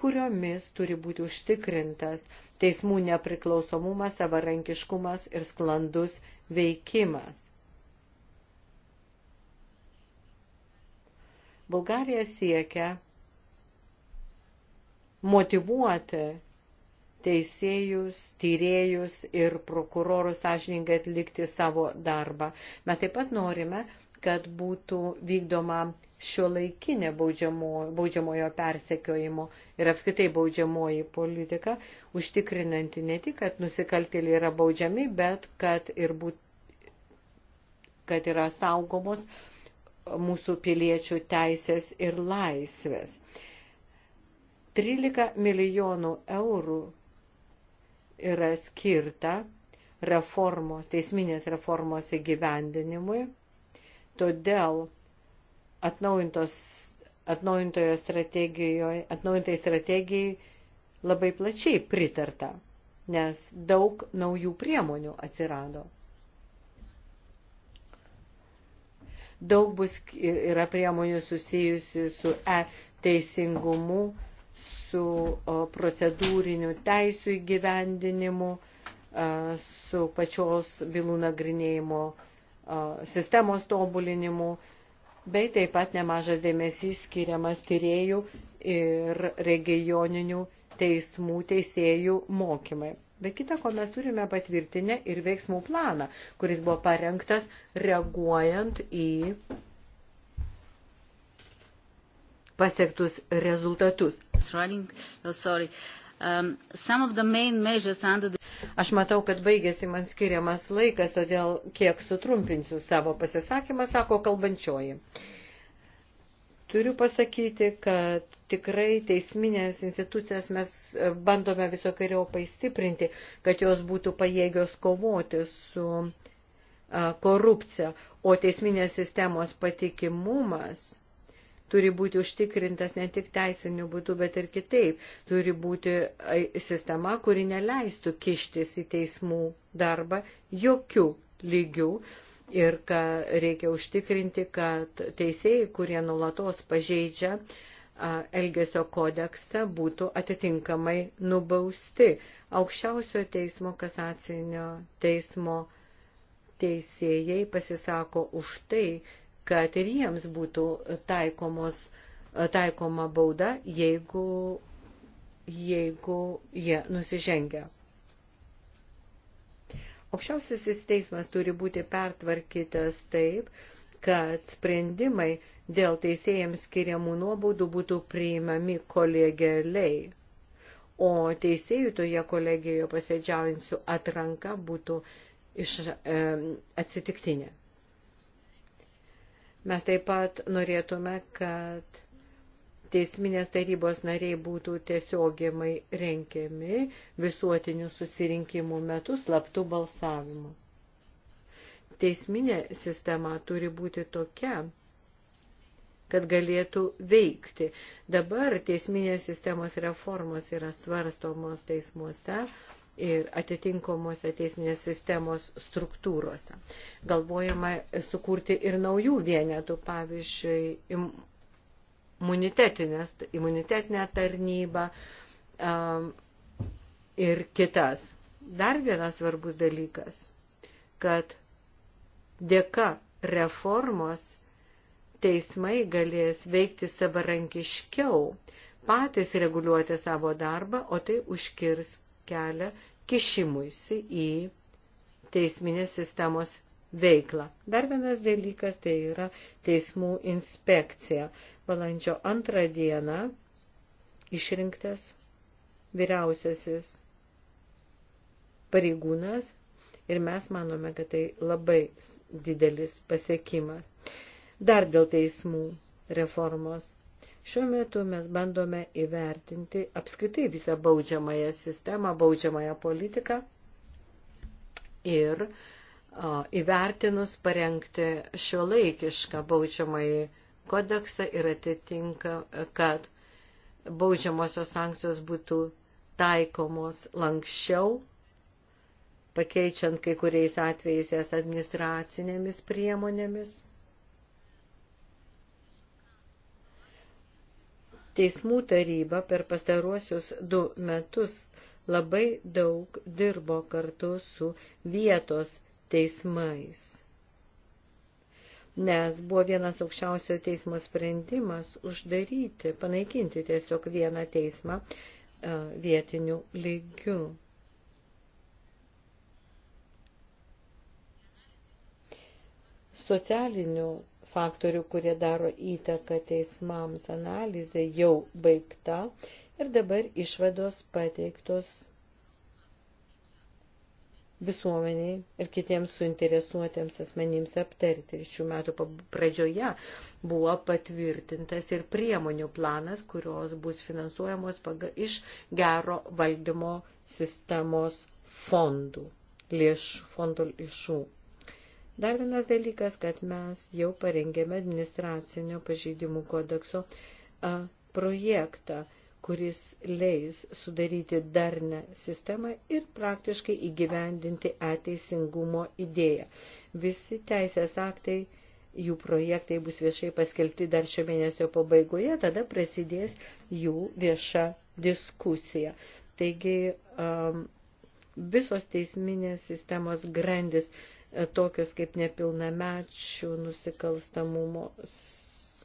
kuriomis turi būti užtikrintas teismų nepriklausomumas, savarankiškumas ir sklandus veikimas. Bulgarija siekia motivuoti teisėjus, tyrėjus ir prokurorus sąžininkai atlikti savo darbą. Mes taip pat norime, kad būtų vykdoma šio laikinė baudžiamo, baudžiamojo persekiojimo ir apskaitai baudžiamoji politika, užtikrinanti ne tik, kad nusikaltėliai yra baudžiami, bet kad ir būt, kad yra saugomos mūsų piliečių teisės ir laisvės. 13 milijonų eurų yra skirta reformos, teisminės reformos įgyvendinimui Todėl atnaujintoje strategijoje, atnaujintai strategijai labai plačiai pritarta, nes daug naujų priemonių atsirado. Daug bus yra priemonių susijusių su e-teisingumu, su procedūriniu teisų įgyvendinimu, su pačios bylų nagrinėjimo sistemos tobulinimu, bei taip pat nemažas dėmesys skiriamas tyriejų ir regioninių teismų teisėjų mokymai. Be kita ko, mes turime patvirtinę ir veiksmų planą, kuris buvo parengtas reaguojant į pasiektus rezultatus. Running, no, sorry. Uh, Um, the... Aš matau, kad baigėsi man skiriamas laikas, todėl kiek sutrumpinsiu savo pasisakymą, sako kalbančioji. Turiu pasakyti, kad tikrai teisminės institucijas mes e, bandome visokiojopai stiprinti, kad jos būtų pajėgios kovoti su e, korupcija, o teisminės sistemos patikimumas turi būti užtikrintas ne tik teisiniu būdu, bet ir kitaip. Turi būti sistema, kuri neleistų kištis į teismų darbą jokių lygių. Ir ka reikia užtikrinti, kad teisėjai, kurie nulatos pažeidžia Elgesio kodeksą, būtų atitinkamai nubausti. Aukščiausio teismo kasacinio teismo teisėjai pasisako už tai, kad ir jiems būtų taikomos, taikoma bauda, jeigu, jeigu jie nusižengia. Aukščiausiasis teismas turi būti pertvarkytas taip, kad sprendimai dėl teisėjams skiriamų nuobaudų būtų priimami kolegialiai, o teisėjų toje kolegijoje pasėdžiaujančių atranka būtų iš, e, atsitiktinė. Mes taip pat norėtume, kad teisminės tarybos nariai būtų tiesiogiamai renkiami visuotinių susirinkimų metu slaptų balsavimu. Teisminė sistema turi būti tokia, kad galėtų veikti. Dabar teisminės sistemos reformos yra svarstomos teismuose, ir atitinkamuose teisminės sistemos struktūrose. Galvojama sukurti ir naujų vienetų, pavyzdžiui, imunitetinę tarnybą um, ir kitas. Dar vienas svarbus dalykas, kad dėka reformos teismai galės veikti savarankiškiau, patys reguliuoti savo darbą, o tai užkirs kelią kišimuisi į teisminės sistemos veiklą. Dar vienas dalykas tai yra teismų inspekcija. Valandžio antrą dieną išrinktas vyriausiasis pareigūnas ir mes manome, kad tai labai didelis pasiekimas. Dar dėl teismų reformos Šiuo metu mes bandome įvertinti apskritai visą baudžiamąją sistemą, baudžiamąją politiką ir a, įvertinus parengti šio laikišką baudžiamąjį kodeksą ir atitinka, kad baudžiamosios sankcijos būtų taikomos lankščiau, pakeičiant kai kuriais atvejais jas administracinėmis priemonėmis Teismų taryba per pastaruosius du metus labai daug dirbo kartu su vietos teismais. Nes buvo vienas aukščiausio teismo sprendimas uždaryti, panaikinti tiesiog vieną teismą e, vietinių lygių. Socialinių faktorių, kurie daro įtaką teismams. Analizė jau baigta ir dabar išvados pateiktos visuomeniai ir kitiems suinteresuotiems asmenims aptarti. Šių metų pradžioje buvo patvirtintas ir priemonių planas, kurios bus finansuojamos iš gero valdymo sistemos fondų, lėšų, fondo lėšų. Dar vienas dalykas, kad mes jau parengėme administracinio pažeidimų kodekso a, projektą, kuris leis sudaryti darnę sistemą ir praktiškai įgyvendinti ateisingumo idėją. Visi teisės aktai jų projektai bus viešai paskelbti dar šio mėnesio pabaigoje, tada prasidės jų vieša diskusija. Taigi um, visos teisminės sistemos grandis tokios kaip nepilnamečių nusikalstamumo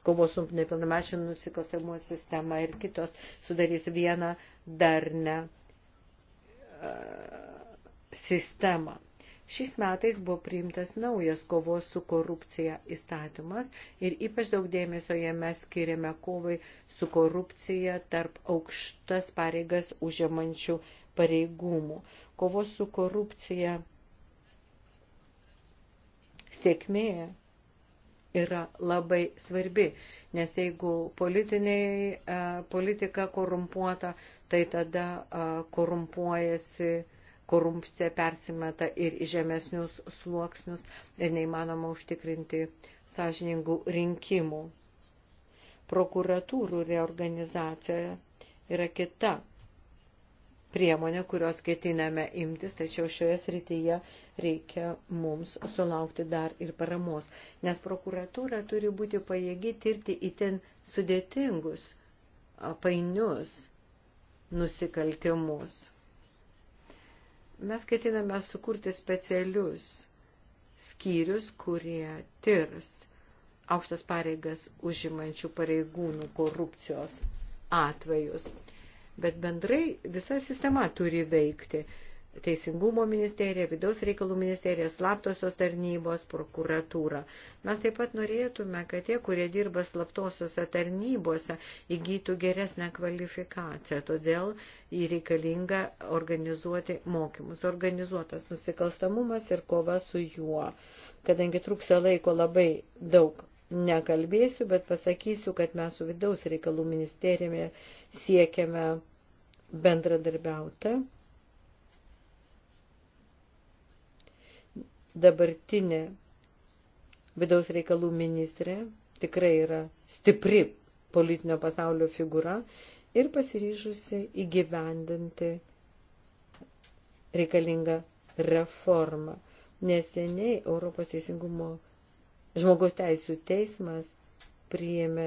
kovos su nepilnamečių nusikalstamumo sistema ir kitos sudarys vieną darnę sistemą. Šiais metais buvo priimtas naujas kovos su korupcija įstatymas ir ypač daug dėmesio jame skiriame kovai su korupcija tarp aukštas pareigas užimančių pareigūnų. Kovos su korupcija sėkmė yra labai svarbi, nes jeigu politiniai, e, politika korumpuota, tai tada e, korumpuojasi, korupcija persimeta ir į žemesnius sluoksnius ir neįmanoma užtikrinti sąžiningų rinkimų. Prokuratūrų reorganizacija yra kita priemonė, kurios ketiname imtis, tačiau šioje srityje reikia mums sulaukti dar ir paramos, nes prokuratūra turi būti pajėgi tirti itin sudėtingus, painius nusikaltimus. Mes ketiname sukurti specialius skyrius, kurie tirs aukštas pareigas užimančių pareigūnų korupcijos atvejus bet bendrai visa sistema turi veikti. Teisingumo ministerija, vidaus reikalų ministerija, slaptosios tarnybos, prokuratūra. Mes taip pat norėtume, kad tie, kurie dirba slaptosiose tarnybose, įgytų geresnę kvalifikaciją. Todėl įreikalinga organizuoti mokymus. Organizuotas nusikalstamumas ir kova su juo. Kadangi trūksia laiko labai daug nekalbėsiu, bet pasakysiu, kad mes su vidaus reikalų ministerijame siekiame bendradarbiauti. Dabartinė vidaus reikalų ministrė tikrai yra stipri politinio pasaulio figūra ir pasiryžusi įgyvendinti reikalingą reformą. Neseniai Europos teisingumo Žmogaus teisų teismas priėmė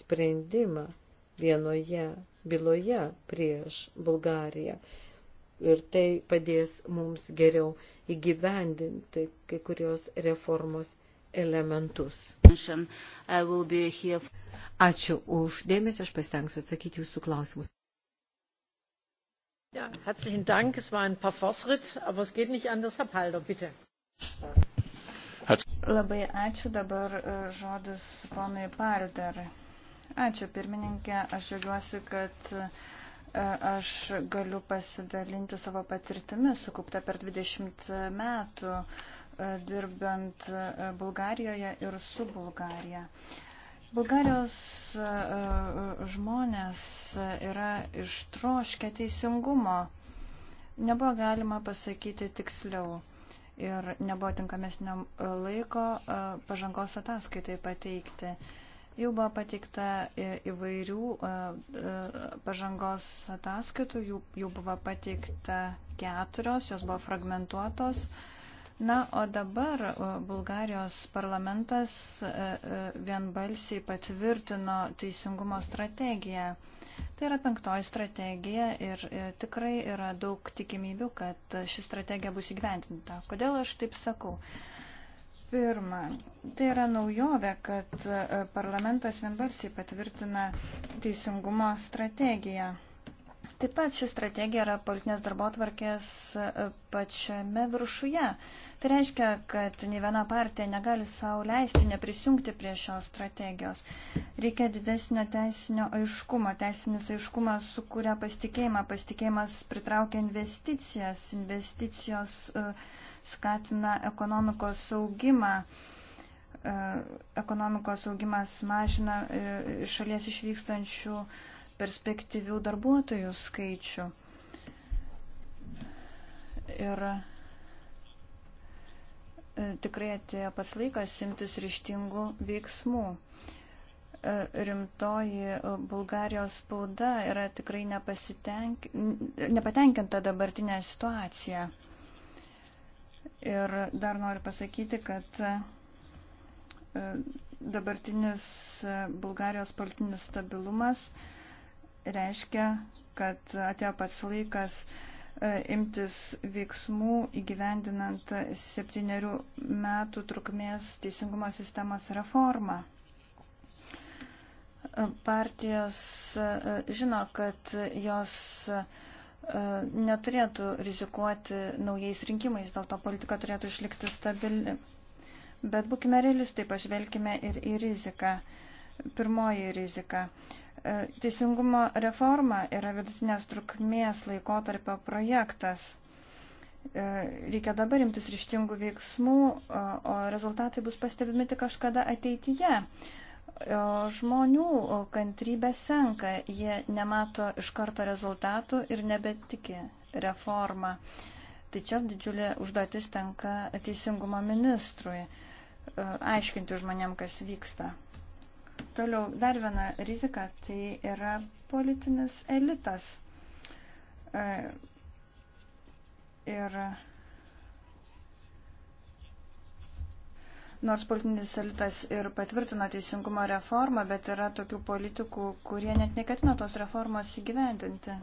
sprendimą vienoje byloje prieš Bulgariją. Ir tai padės mums geriau įgyvendinti kai kurios reformos elementus. Ačiū už dėmesį, aš pasitengsiu atsakyti jūsų klausimus. Ja, herzlichen Dank. Es war ein Parforceritt, aber es geht nicht anders. Herr Palder, bitte. Labai ačiū dabar e, žodis ponui Palderai. Ačiū pirmininkė, aš džiaugiuosi, kad e, aš galiu pasidalinti savo patirtimi, sukaupta per 20 metų e, dirbant Bulgarijoje ir su Bulgarija. Bulgarijos žmonės yra ištroškę teisingumo. Nebuvo galima pasakyti tiksliau ir nebuvo tinkamesnio e, laiko e, pažangos ataskaitai pateikti. Jau buvo pateikta e, įvairių pažangos ataskaitų, jų, jų buvo pateikta keturios, jos buvo fragmentuotos. Na, o dabar Bulgarijos parlamentas e, e, vienbalsiai patvirtino teisingumo strategiją. Tai yra penktoji strategija ir e, tikrai yra daug tikimybių, kad ši strategija bus įgyventinta. Kodėl aš taip sakau? Pirma, tai yra naujovė, kad parlamentas vienbalsiai patvirtina teisingumo strategiją. Taip pat ši strategija yra politinės darbotvarkės e, pačiame viršuje. Tai reiškia, kad ne viena partija negali savo leisti neprisijungti prie šios strategijos. Reikia didesnio teisinio aiškumo. Teisinis aiškumas sukuria pasitikėjimą. Pasitikėjimas pritraukia investicijas. Investicijos e, skatina ekonomikos saugimą. E, ekonomikos saugimas mažina šalies išvykstančių perspektyvių darbuotojų skaičių. Ir e, tikrai atėjo pats laikas imtis ryštingų veiksmų. E, rimtoji e, Bulgarijos spauda yra tikrai nepatenkinta dabartinė situacija. Ir dar noriu pasakyti, kad dabartinis Bulgarijos politinis stabilumas uh, reiškia, kad atėjo pats laikas e, imtis veiksmų įgyvendinant septyniarių metų trukmės teisingumo sistemos reformą. E, partijos e, žino, kad jos neturėtų rizikuoti naujais rinkimais, dėl to politika turėtų išlikti stabili. Bet būkime realistai, pažvelkime ir į riziką. Pirmoji rizika. Uh, E, teisingumo reforma yra vidutinės trukmės laikotarpio projektas. E, reikia dabar imtis ryštingų veiksmų, o rezultatai bus pastebimi tik kažkada ateityje. E, žmonių kantrybė senka, jie nemato iš karto rezultatų ir nebetiki reformą. Tai čia didžiulė užduotis tenka teisingumo ministrui aiškinti žmonėm, kas vyksta. Toliau dar viena rizika - tai yra politinis elitas. E, ir nors politinis elitas ir patvirtino teisingumo reformą, bet yra tokių politikų, kurie net nekatino tos reformos įgyvendinti.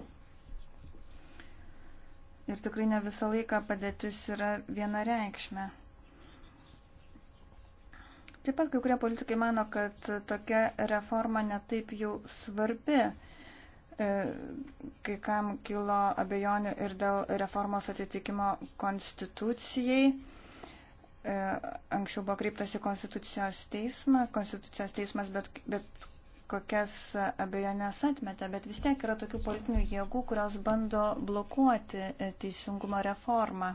Ir tikrai ne visą laiką padėtis yra viena reikšmė. Taip pat kai kurie politikai mano, kad tokia reforma netaip jau svarbi. E, kai kam kilo abejonių ir dėl reformos atitikimo konstitucijai. E, anksčiau buvo kreiptas į konstitucijos teismą. Konstitucijos teismas bet, bet kokias abejonės atmetė, bet vis tiek yra tokių politinių jėgų, kurios bando blokuoti teisingumo reformą.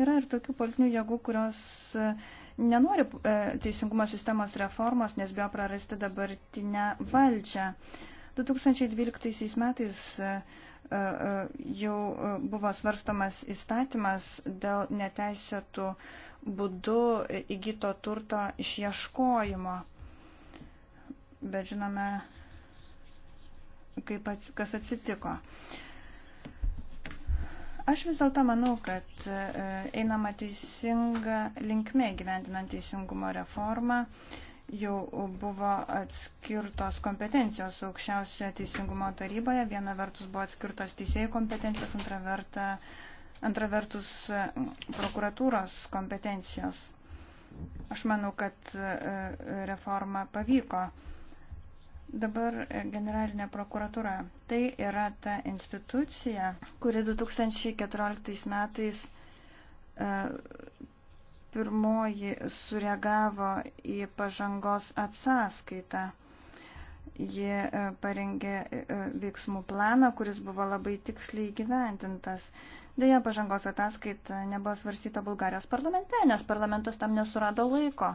Yra ir tokių politinių jėgų, kurios uh, nenori e, teisingumo sistemos reformos, nes bijo prarasti dabartinę valdžią. 2012 metais e, e, jau buvo svarstomas įstatymas dėl neteisėtų būdų įgyto turto išieškojimo. Bet žinome, kaip, kas atsitiko. Uh, Aš vis dėlto manau, kad e, einama teisinga linkme gyventinant teisingumo reformą. Jau buvo atskirtos kompetencijos aukščiausioje teisingumo taryboje. Viena vertus buvo atskirtos teisėjų kompetencijos, antra, verta, antra vertus e, prokuratūros kompetencijos. Aš manau, kad e, reforma pavyko. Dabar e, generalinė prokuratura. Tai yra ta institucija, kuri 2014 metais e, pirmoji sureagavo į pažangos atsaskaitą. Ji e, parengė veiksmų planą, kuris buvo labai tiksliai gyventintas. Deja, pažangos ataskaita nebuvo svarstyta Bulgarijos parlamente, nes parlamentas tam nesurado laiko.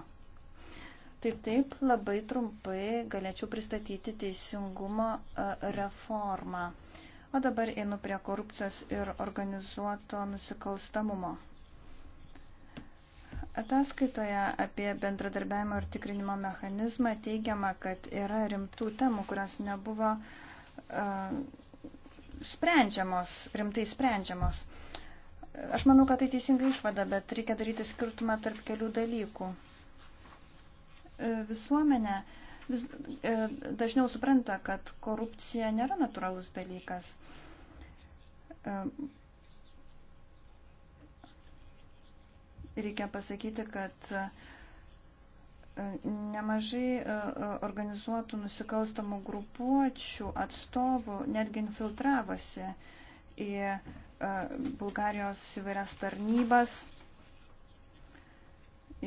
Taip, taip, labai trumpai galėčiau pristatyti teisingumo e, reformą. O dabar einu prie korupcijos ir organizuoto nusikalstamumo. Ataskaitoje apie bendradarbiavimo ir tikrinimo mechanizmą teigiama, kad yra rimtų temų, kurios nebuvo uh, sprendžiamos, rimtai sprendžiamos. Aš manau, kad tai teisinga išvada, bet reikia daryti skirtumą tarp kelių dalykų. E, visuomenė vis, e, dažniau supranta, kad korupcija nėra natūralus dalykas. E, reikia pasakyti, kad nemažai organizuotų nusikalstamų grupuočių atstovų netgi infiltravosi į Bulgarijos įvairias tarnybas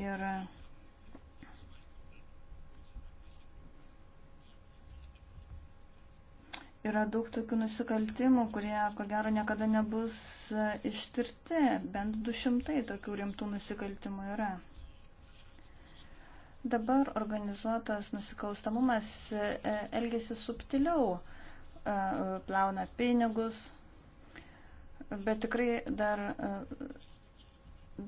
ir Yra daug tokių nusikaltimų, kurie, ko gero, niekada nebus e, ištirti. Bent 200 tokių rimtų nusikaltimų yra. Dabar organizuotas nusikalstamumas e, e, elgesi subtiliau, plauna pinigus, bet tikrai dar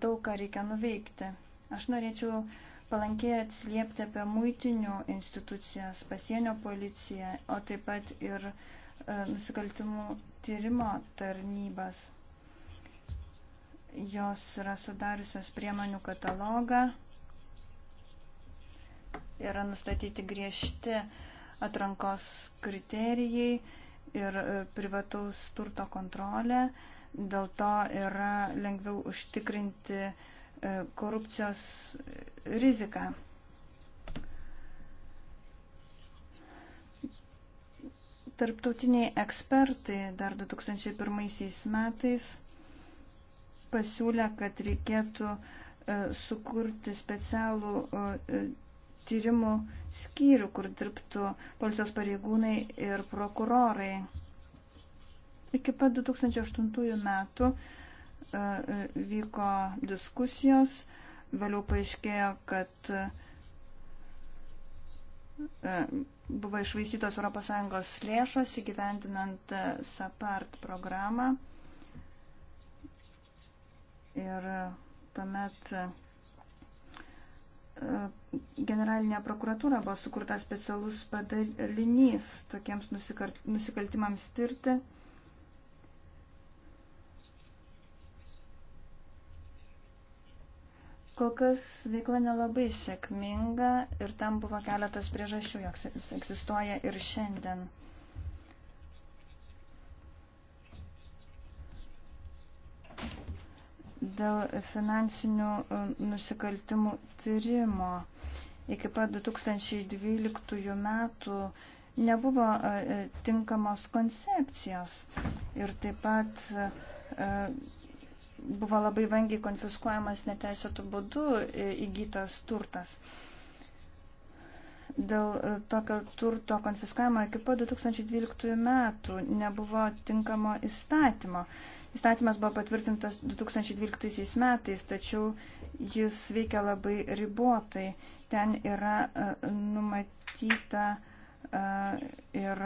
daug ką reikia nuveikti. Aš norėčiau uh, palankiai atsiliepti apie muitinių institucijas, pasienio policiją, o taip pat ir e, nusikaltimų tyrimo tarnybas. Jos yra sudariusios priemonių katalogą, yra nustatyti griežti atrankos kriterijai ir e, privataus turto kontrolė, dėl to yra lengviau užtikrinti e, E, korupcijos riziką. Tarptautiniai ekspertai dar 2001 metais pasiūlė, kad reikėtų e, sukurti specialų e, tyrimų skyrių, kur dirbtų policijos pareigūnai ir prokurorai. Iki pat 2008 metų E, vyko diskusijos, vėliau paaiškėjo, kad e, buvo išvaistytos ES lėšos įgyvendinant e, SAPART programą. Ir tuomet generalinė prokuratūra buvo sukurtas specialus padalinys tokiems nusikaltimams tirti. Kol kas veikla nelabai sėkminga ir tam buvo keletas priežasčių, jos egzistuoja ir šiandien. Dėl finansinių e, nusikaltimų tyrimo iki pat 2012 metų nebuvo e, tinkamos koncepcijos ir taip pat e, buvo labai vangiai konfiskuojamas neteisėtų būdų įgytas turtas. Dėl e, tokio turto konfiskavimo iki po 2012 metų nebuvo tinkamo įstatymo. Įstatymas buvo patvirtintas 2012 metais, tačiau jis veikia labai ribotai. Ten yra e, numatyta e, ir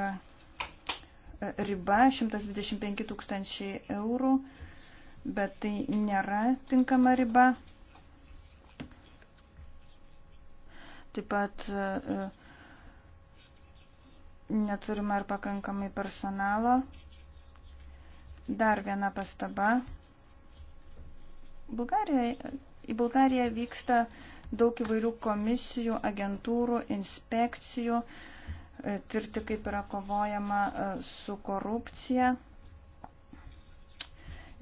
riba 125 tūkstančiai eurų bet tai nėra tinkama riba. Taip pat e, e, neturime ir pakankamai personalo. Dar viena pastaba. Bulgarijoje, į Bulgariją vyksta daug įvairių komisijų, agentūrų, inspekcijų, e, tirti kaip yra kovojama su korupcija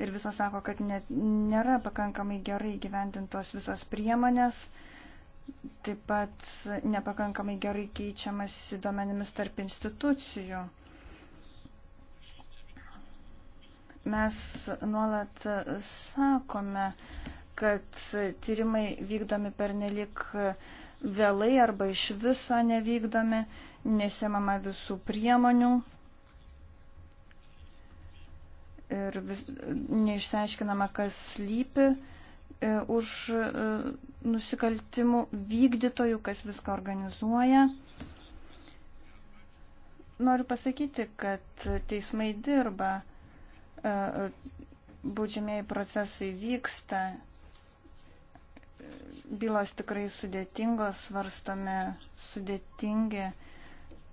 ir visos sako, kad net, nėra pakankamai gerai gyventintos visos priemonės, taip pat nepakankamai gerai keičiamas duomenimis tarp institucijų. Mes nuolat sakome, kad tyrimai vykdomi per nelik vėlai arba iš viso nevykdomi, nesimama visų priemonių, ir vis, neišsiaiškinama, kas slypi e, už e, nusikaltimų vykdytojų, kas viską organizuoja. Noriu pasakyti, kad teismai dirba, e, būdžiamieji procesai vyksta, bylos tikrai sudėtingos, svarstome sudėtingi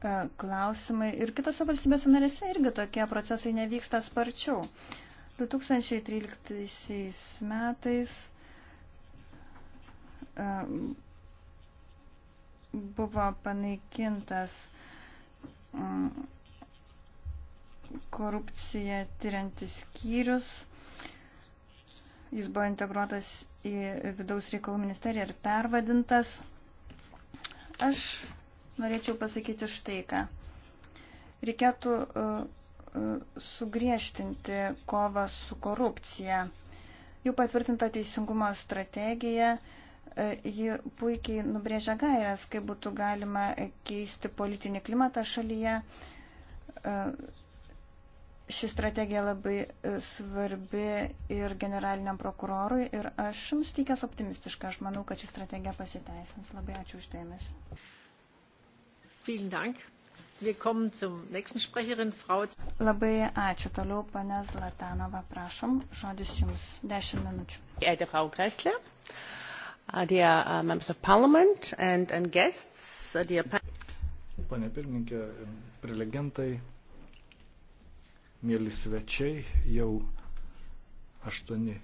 E, klausimai ir kitose valstybėse narėse irgi tokie procesai nevyksta sparčiau. 2013 metais e, buvo panaikintas e, korupciją tyriantis skyrius. Jis buvo integruotas į vidaus reikalų ministeriją ir pervadintas. Aš norėčiau pasakyti štai ką. Reikėtų e, e, sugriežtinti kovą su korupcija. Jų patvirtinta teisingumo strategija, e, ji puikiai nubrėžia gairias, kaip būtų galima keisti politinį klimatą šalyje. Ši strategija labai svarbi ir generaliniam prokurorui ir aš nusteikęs optimistiškai, aš manau, kad ši strategija pasiteisins. Labai ačiū uždėmesi. Vielen Dank. Wir kommen zum nächsten Sprecherin, Frau. Labai ačiū. Toliau, pane Zlatanova, prašom, žodis jums 10 minučių. Geehrte Frau Gressle, uh, dear uh, members of parliament and, and guests, uh, dear Pane pirmininkė, prelegentai, mėly svečiai, jau aštuoni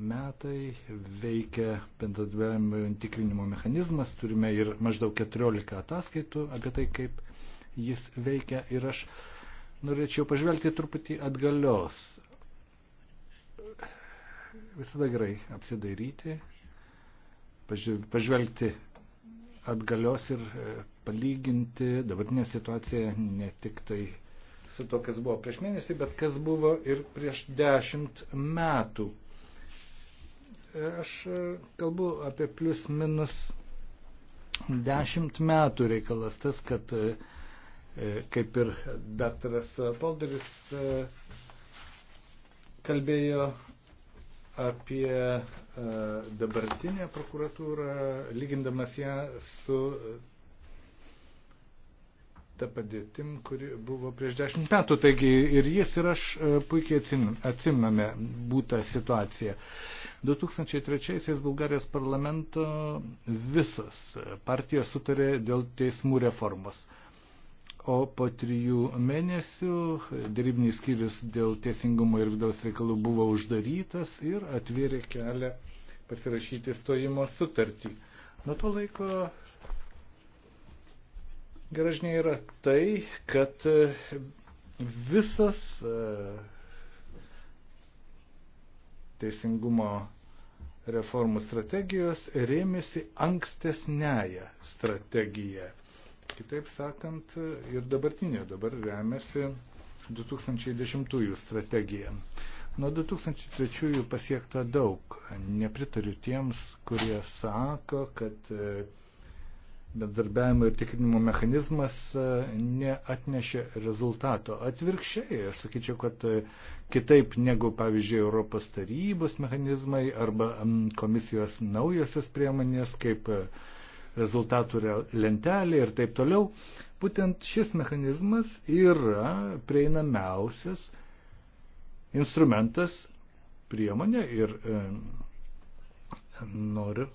metai veikia bendradarbiavimo tikrinimo mechanizmas, turime ir maždaug 14 ataskaitų apie tai, kaip jis veikia ir aš norėčiau pažvelgti truputį atgalios. Visada gerai apsidairyti, pažvelgti atgalios ir e, palyginti dabartinę situaciją ne tik tai su to, kas buvo prieš mėnesį, bet kas buvo ir prieš dešimt metų. Aš e, kalbu apie plius minus dešimt metų reikalas tas, kad e, e, kaip ir daktaras Polderis kalbėjo apie dabartinę prokuratūrą, lygindamas ją su tą padėtim, kuri buvo prieš dešimt metų. Taigi ir jis ir aš e, puikiai atsimname būtą situaciją. 2003-aisiais Bulgarijos parlamento visos partijos sutarė dėl teismų reformos. O po trijų mėnesių dėrybinis skyrius dėl teisingumo ir vidaus reikalų buvo uždarytas ir atvėrė kelią pasirašyti stojimo sutartį. Nuo to laiko gražinė yra tai, kad e, visas e, teisingumo reformų strategijos rėmėsi ankstesnėje strategija. Kitaip sakant, e, ir dabartinė dabar remiasi 2010 strategija. Nuo 2003 pasiekta daug. Nepritariu tiems, kurie sako, kad bendarbiavimo ir tikrinimo mechanizmas e, neatnešė rezultato. Atvirkščiai, aš sakyčiau, kad e, kitaip negu, pavyzdžiui, Europos tarybos mechanizmai arba komisijos naujosios priemonės, kaip e, rezultatų lentelė ir taip toliau, būtent šis mechanizmas yra prieinamiausias instrumentas priemonė ir e, noriu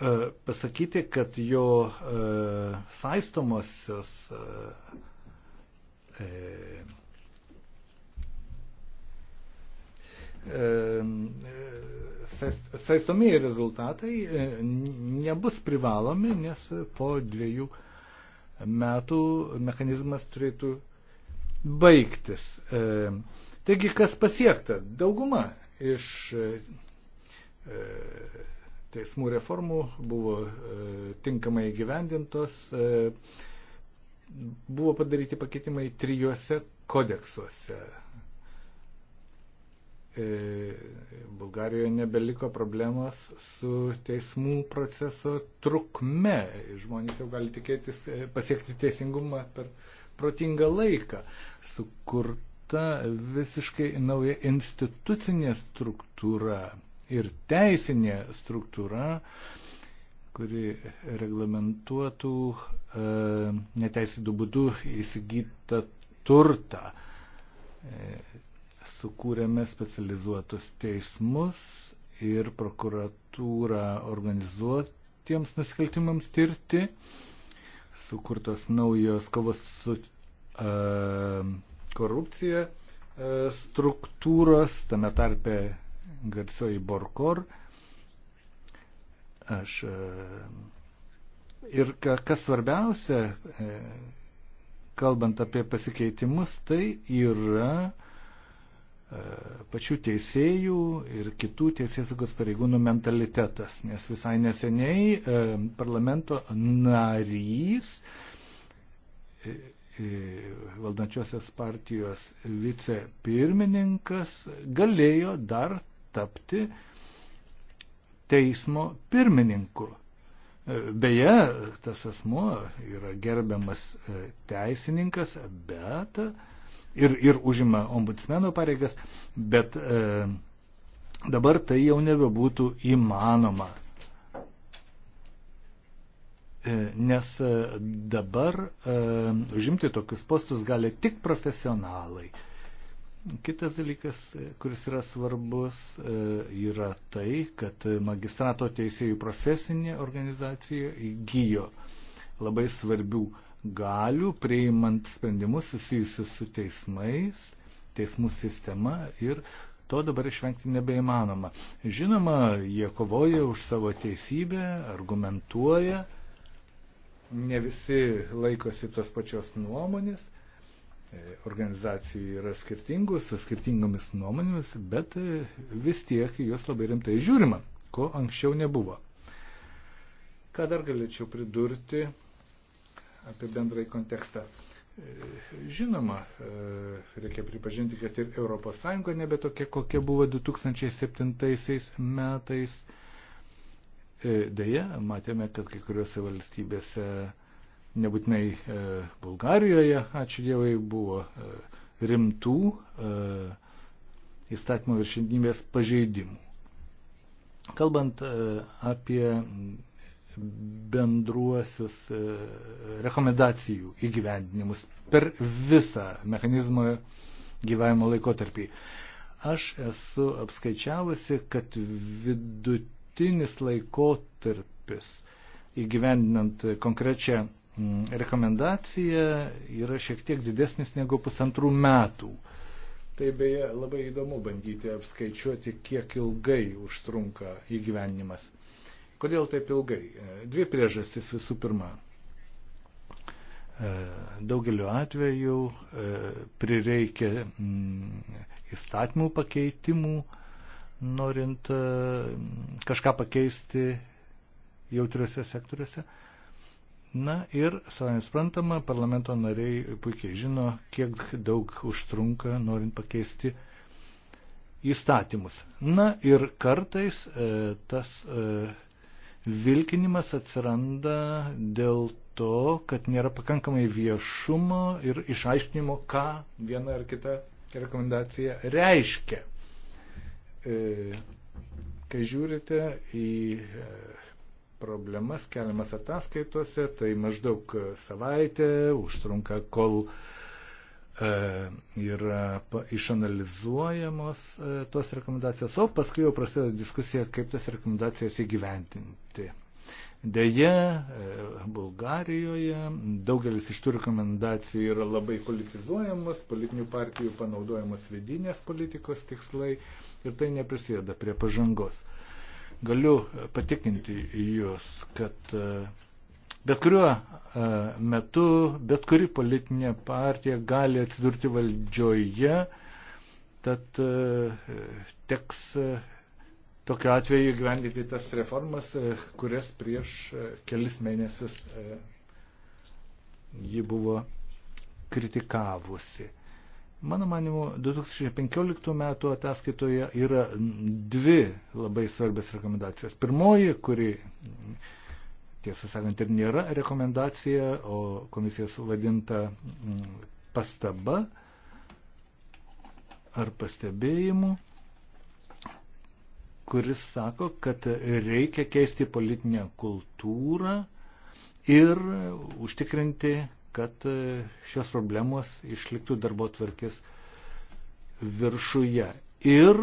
E, pasakyti, kad jo e, saistomosios e, saistomieji rezultatai nebus privalomi, nes po dviejų metų mechanizmas turėtų baigtis. Taigi, kas pasiekta? Dauguma iš teismų reformų buvo e, tinkamai gyvendintos, e, buvo padaryti pakeitimai trijuose kodeksuose. E, Bulgarijoje nebeliko problemos su teismų proceso trukme. Žmonės jau gali tikėtis pasiekti teisingumą per protingą laiką. Sukurta visiškai nauja institucinė struktūra ir teisinė struktūra, kuri reglamentuotų e, neteisėtų būdų įsigytą turtą. E, sukūrėme specializuotus teismus ir prokuratūrą organizuotiems nusikaltimams tirti. Sukurtos naujos kovos su e, korupcija e, struktūros, tame tarpe garsioji Borkor. Aš, e, ir kas svarbiausia, e, kalbant apie pasikeitimus, tai yra e, pačių teisėjų ir kitų teisėsaugos pareigūnų mentalitetas, nes visai neseniai parlamento narys valdančiosios partijos vicepirmininkas galėjo dar tapti teismo pirmininku. Beje, tas asmo yra gerbiamas e, teisininkas, bet ir, ir užima ombudsmeno pareigas, bet e, dabar tai jau nebebūtų įmanoma. E, nes e, dabar e, užimti tokius postus gali tik profesionalai. E, Kitas dalykas, e, kuris yra svarbus, e, yra tai, kad magistrato teisėjų profesinė organizacija įgyjo labai svarbių galių, priimant sprendimus susijusius su teismais, teismų sistema ir to dabar išvengti nebeįmanoma. Žinoma, jie kovoja už savo teisybę, argumentuoja, ne visi laikosi tos pačios nuomonės, E, organizacijų yra skirtingų, su skirtingomis nuomonėmis, bet e, vis tiek juos labai rimtai žiūrima, ko anksčiau nebuvo. Ką dar galėčiau pridurti apie bendrai kontekstą? E, žinoma, reikia pripažinti, kad ir ES nebe tokia, kokia buvo 2007 metais. Deja, matėme, kad kai kuriuose valstybėse nebūtinai e, Bulgarijoje, ačiū Dievai, buvo e, rimtų e, įstatymo viršinybės pažeidimų. Kalbant apie bendruosius rekomendacijų įgyvendinimus per visą mechanizmo gyvavimo laikotarpį. Aš esu apskaičiavusi, kad vidutinis laikotarpis įgyvendinant konkrečią Mm, rekomendacija yra šiek tiek didesnis negu pusantrų metų. Tai beje labai įdomu bandyti apskaičiuoti, kiek ilgai užtrunka įgyvenimas. Kodėl taip ilgai? E, dvi priežastys visų pirma. E, daugeliu atveju e, prireikia mm, įstatymų pakeitimų, norint kažką pakeisti jautriuose sektoriuose. Na ir, savai suprantama, parlamento nariai puikiai žino, kiek daug užtrunka, norint pakeisti įstatymus. Na ir kartais e, tas e, vilkinimas atsiranda dėl to, kad nėra pakankamai viešumo ir išaiškinimo, ką viena ar kita rekomendacija reiškia. E, kai žiūrite į. E, problemas keliamas ataskaitose, tai maždaug savaitę užtrunka, kol e, yra išanalizuojamos e, tos rekomendacijos, o paskui jau prasideda diskusija, kaip tas rekomendacijas įgyventinti. Deja, e, Bulgarijoje daugelis iš tų rekomendacijų yra labai politizuojamos, politinių partijų panaudojamos vidinės politikos tikslai ir tai neprisideda prie pažangos. Galiu patikinti jūs, kad e, bet kuriuo e, metu, bet kuri politinė partija gali atsidurti valdžioje, tad e, teks tokiu atveju gyvendyti tas reformas, kurias prieš kelis mėnesius ji buvo kritikavusi. Mano manimu, 2015 metų ataskaitoje yra dvi labai svarbios rekomendacijos. Pirmoji, kuri, tiesą sakant, ir nėra rekomendacija, o komisijos vadinta mm, pastaba ar pastebėjimu, kuris sako, kad reikia keisti politinę kultūrą ir užtikrinti kad e, šios problemos išliktų darbo tvarkės viršuje ir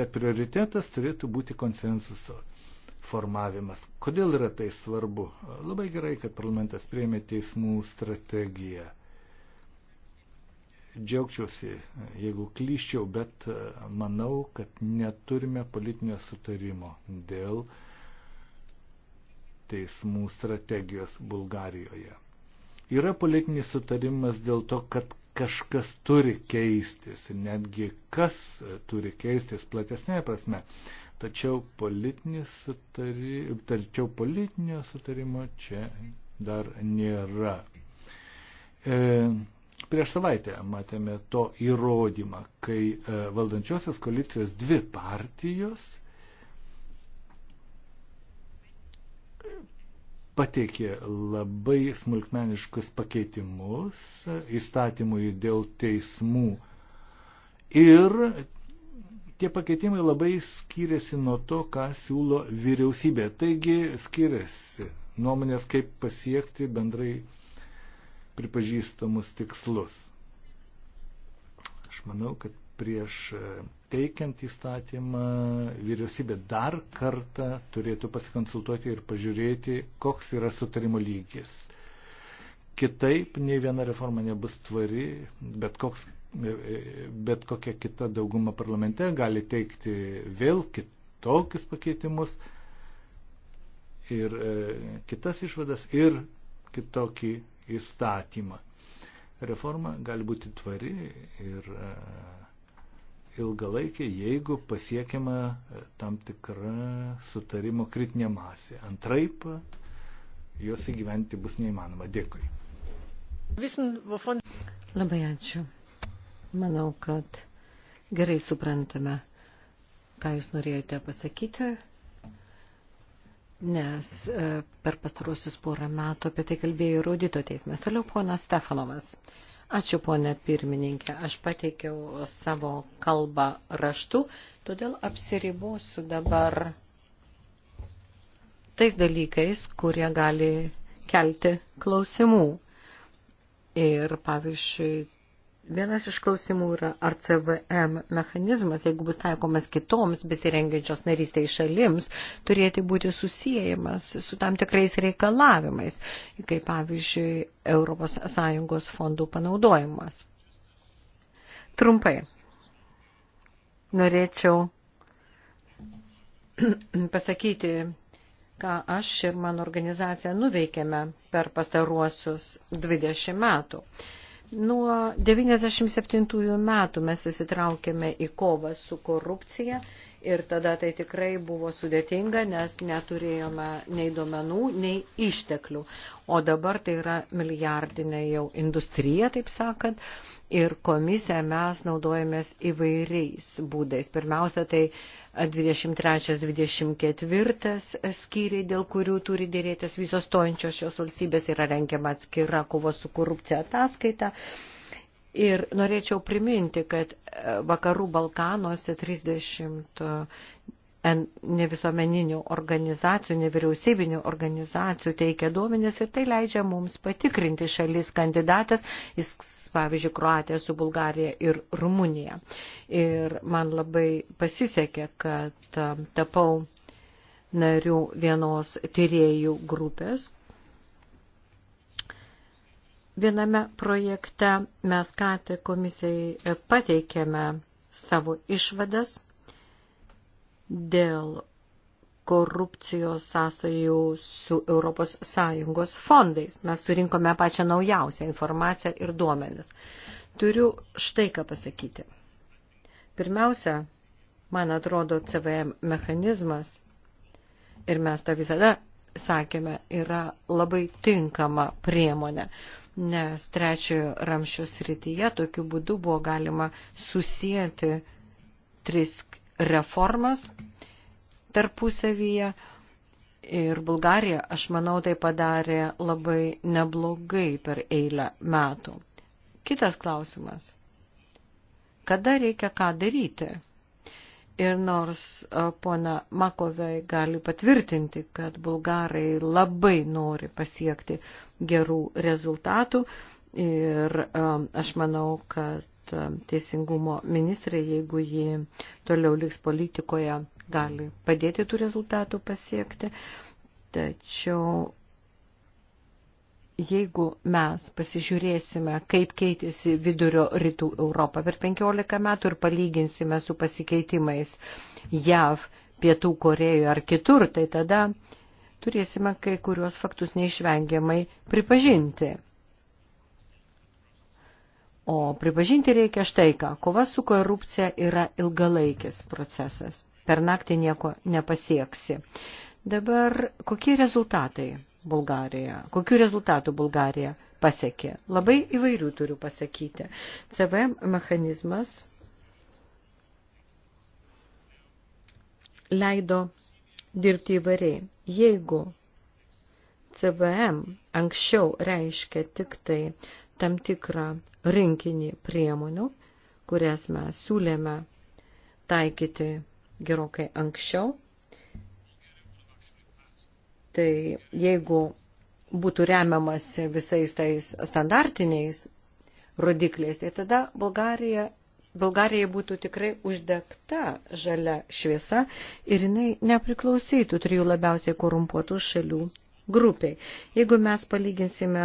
kad prioritetas turėtų būti konsensuso formavimas. Kodėl yra tai svarbu? Labai gerai, kad parlamentas prieimė teismų strategiją. Džiaugčiausi, jeigu klyščiau, bet e, manau, kad neturime politinio sutarimo dėl teismų strategijos Bulgarijoje. Yra politinis sutarimas dėl to, kad kažkas turi keistis, netgi kas turi keistis platesnė prasme. Tačiau, sutari, tačiau politinio sutarimo čia dar nėra. E, prieš savaitę matėme to įrodymą, kai e, valdančiosios koalicijos dvi partijos pateikė labai smulkmeniškus pakeitimus įstatymui dėl teismų. Ir tie pakeitimai labai skiriasi nuo to, ką siūlo vyriausybė. Taigi skiriasi nuomonės, kaip pasiekti bendrai pripažįstamus tikslus. Aš manau, kad prieš e, teikiant įstatymą vyriausybė dar kartą turėtų pasikonsultuoti ir pažiūrėti, koks yra sutarimo lygis. Kitaip nei viena reforma nebus tvari, bet, koks, e, e, bet kokia kita dauguma parlamente gali teikti vėl kitokius pakeitimus ir kitas išvadas ir kitokį įstatymą reforma gali būti tvari ir ilgalaikė, jeigu pasiekiama e, tam tikra sutarimo kritinė masė. Antraip, e, juos įgyventi bus neįmanoma. Dėkui. Labai ačiū. Manau, kad gerai suprantame, ką jūs norėjote pasakyti, nes e, per pastarosius porą metų apie tai kalbėjo ir audito teismas. Toliau ponas Stefanovas. Ačiū, ponė pirmininkė. Aš pateikiau savo kalbą raštu, todėl apsiribosiu dabar tais dalykais, kurie gali kelti klausimų. Ir, pavyzdžiui, Vienas iš klausimų yra, ar CVM mechanizmas, jeigu bus taikomas kitoms besirengiančios narystėje šalims, turėtų būti susijęjimas su tam tikrais reikalavimais, kaip pavyzdžiui ES fondų panaudojimas. Trumpai. Norėčiau pasakyti, ką aš ir mano organizacija nuveikėme per pastaruosius 20 metų. Nuo 1997 metų mes įsitraukėme į kovą su korupcija Ir tada tai tikrai buvo sudėtinga, nes neturėjome nei duomenų, nei išteklių. O dabar tai yra milijardinė jau industrija, taip sakant. Ir komisija mes naudojamės įvairiais būdais. Pirmiausia, tai 23-24 skyriai, dėl kurių turi dėrėtis visos stojančios šios valstybės, yra rengiama atskira kovos su korupcija ataskaita Ir norėčiau priminti, kad e, vakarų Balkanuose 30 e, ne visuomeninių organizacijų, nevyriausybinių organizacijų teikia duomenis ir tai leidžia mums patikrinti šalis kandidatas, jis, pavyzdžiui, Kroatija su Bulgarija ir Rumunija. Ir man labai pasisekė, kad e, tapau narių vienos tyriejų grupės, Viename projekte mes ką tik komisijai e, pateikėme savo išvadas dėl korupcijos sąsajų su ES fondais. Mes surinkome pačią naujausią informaciją ir duomenis. Turiu štai ką pasakyti. Pirmiausia, man atrodo, CVM mechanizmas, ir mes tą visada sakėme, yra labai tinkama priemonė nes trečiojo ramščio srityje tokiu būdu buvo galima susijęti tris reformas tarpusavyje. Ir Bulgarija, aš manau, tai padarė labai neblogai per eilę metų. Kitas klausimas. Kada reikia ką daryti? Ir nors e, pona Makovei gali patvirtinti, kad bulgarai labai nori pasiekti gerų rezultatų ir um, aš manau, kad um, teisingumo ministrė, jeigu ji toliau liks politikoje, gali padėti tų rezultatų pasiekti. Tačiau jeigu mes pasižiūrėsime, kaip keitėsi vidurio rytų Europą per 15 metų ir palyginsime su pasikeitimais JAV, Pietų Korejoje ar kitur, tai tada uh, turėsime kai kuriuos faktus neišvengiamai pripažinti. O pripažinti reikia štai ką. Kova su korupcija yra ilgalaikis procesas. Per naktį nieko nepasieksi. Dabar kokie rezultatai Bulgarija? Kokių rezultatų Bulgarija pasiekė? Labai įvairių turiu pasakyti. CVM mechanizmas leido dirbti įvairiai. Jeigu CVM anksčiau reiškia tik tai tam tikrą rinkinį priemonių, kurias mes siūlėme taikyti gerokai anksčiau, tai jeigu būtų remiamasi visais tais standartiniais rodikliais, tai tada Bulgarija Bulgarijai būtų tikrai uždegta žalia šviesa ir jinai nepriklausytų trijų labiausiai korumpuotų šalių grupiai. Jeigu mes palyginsime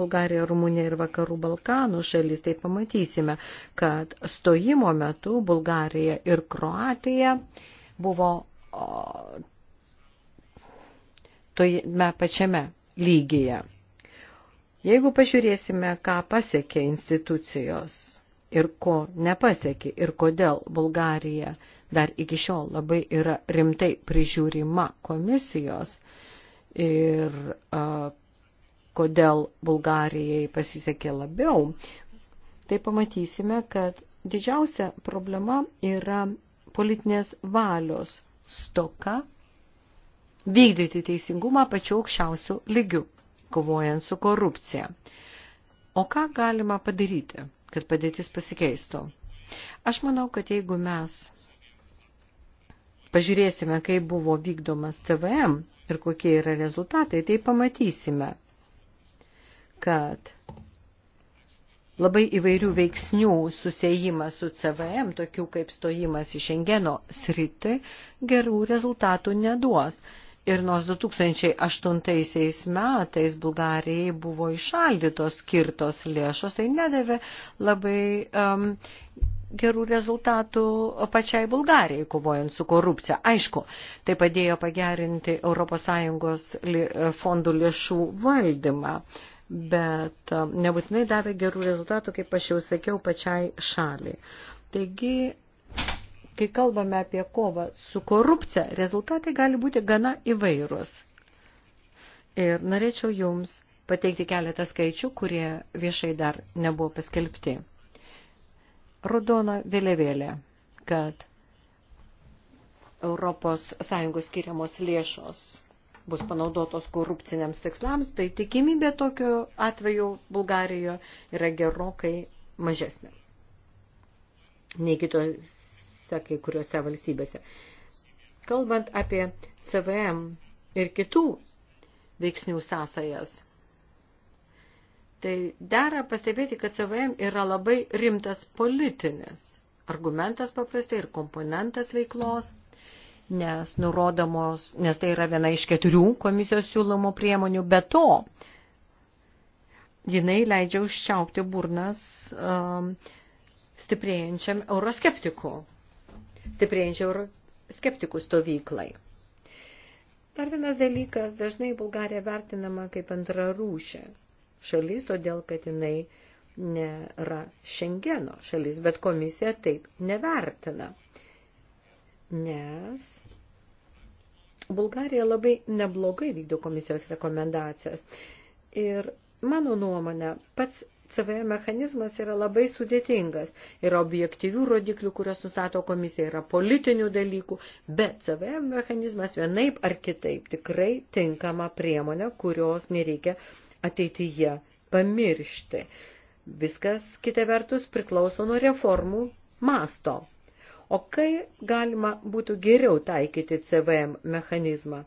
Bulgariją, Rumuniją ir Vakarų Balkanų šalis, tai pamatysime, kad stojimo metu Bulgarija ir Kroatija buvo o, tojame pačiame lygyje. Jeigu pažiūrėsime, ką pasiekė institucijos ir ko nepasiekė ir kodėl Bulgarija dar iki šiol labai yra rimtai prižiūrima komisijos ir a, kodėl Bulgarijai pasisekė labiau, tai pamatysime, kad didžiausia problema yra politinės valios stoka vykdyti teisingumą pačiu aukščiausiu lygiu, kovojant su korupcija. O ką galima padaryti? kad padėtis pasikeistų. Aš manau, kad jeigu mes pažiūrėsime, kaip buvo vykdomas CVM ir kokie yra rezultatai, tai pamatysime, kad labai įvairių veiksnių susijimas su CVM, tokių kaip stojimas į Šengeno sritį, gerų rezultatų neduos. Ir nors 2008 metais Bulgarijai buvo išaldytos skirtos lėšos, tai nedavė labai um, gerų rezultatų pačiai Bulgarijai, kovojant su korupcija. Aišku, tai padėjo pagerinti ES fondų lėšų valdymą, bet um, nebūtinai davė gerų rezultatų, kaip aš jau sakiau, pačiai šaliai. Taigi Kai kalbame apie kovą su korupcija, rezultatai gali būti gana įvairūs. Ir norėčiau Jums pateikti keletą skaičių, kurie viešai dar nebuvo paskelbti. Rodona vėliavėlė, kad ES skiriamos lėšos bus panaudotos korupciniams tikslams, tai tikimybė tokiu atveju Bulgarijoje yra gerokai mažesnė nei kitos procesą kai kuriuose valstybėse. Kalbant apie CVM ir kitų veiksnių sąsajas, tai dera pastebėti, kad CVM yra labai rimtas politinis argumentas paprastai ir komponentas veiklos, nes nurodomos, nes tai yra viena iš keturių komisijos siūlomų priemonių, bet to jinai leidžia užčiaupti burnas um, stiprėjančiam euroskeptikų stiprėjančiai euroskeptikų stovyklai. Dar vienas dalykas, dažnai Bulgarija vertinama kaip antra rūšė šalis, todėl kad jinai nėra Šengeno šalis, bet komisija taip nevertina, nes Bulgarija labai neblogai vykdo komisijos rekomendacijas. Ir mano nuomonė, pats CVE mechanizmas yra labai sudėtingas. Yra objektyvių rodiklių, kurios nustato komisija, yra politinių dalykų, bet CVE mechanizmas vienaip ar kitaip tikrai tinkama priemonė, kurios nereikia ateityje pamiršti. Viskas, kita vertus, priklauso nuo reformų masto. O kai galima būtų geriau taikyti CVM mechanizmą?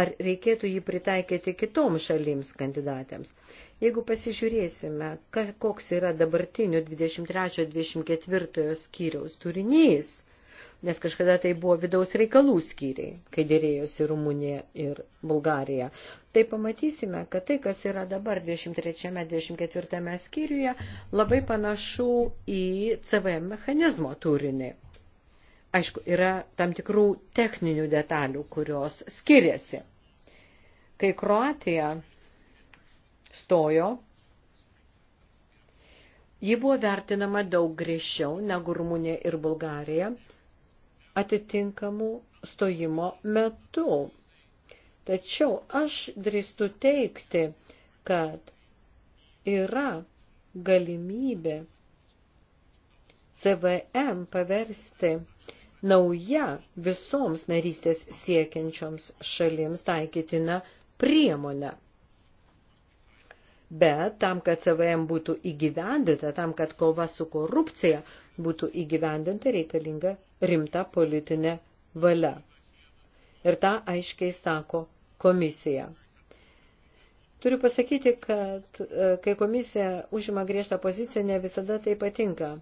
Ar reikėtų jį pritaikyti kitoms šalims kandidatėms? Jeigu pasižiūrėsime, kas, koks yra dabartinių 23-24 skyriaus turinys, nes kažkada tai buvo vidaus reikalų skyriai, kai dėrėjosi Rumunija ir Bulgarija. Tai pamatysime, kad tai, kas yra dabar 23-24 skyriuje, labai panašu į CVM mechanizmo turinį. Aišku, yra tam tikrų techninių detalių, kurios skiriasi. Kai Kroatija stojo, ji buvo vertinama daug griežčiau negu Rumunija ir Bulgarija atitinkamų stojimo metu. Tačiau aš drįstu teikti, kad yra galimybė CVM paversti nauja visoms narystės siekiančioms šalims taikytina priemonė. Bet tam, kad CVM būtų įgyvendinta, tam, kad kova su korupcija būtų įgyvendinta, reikalinga rimta politinė valia. Ir tą aiškiai sako komisija. Turiu pasakyti, kad e, kai komisija užima griežtą poziciją, ne visada tai patinka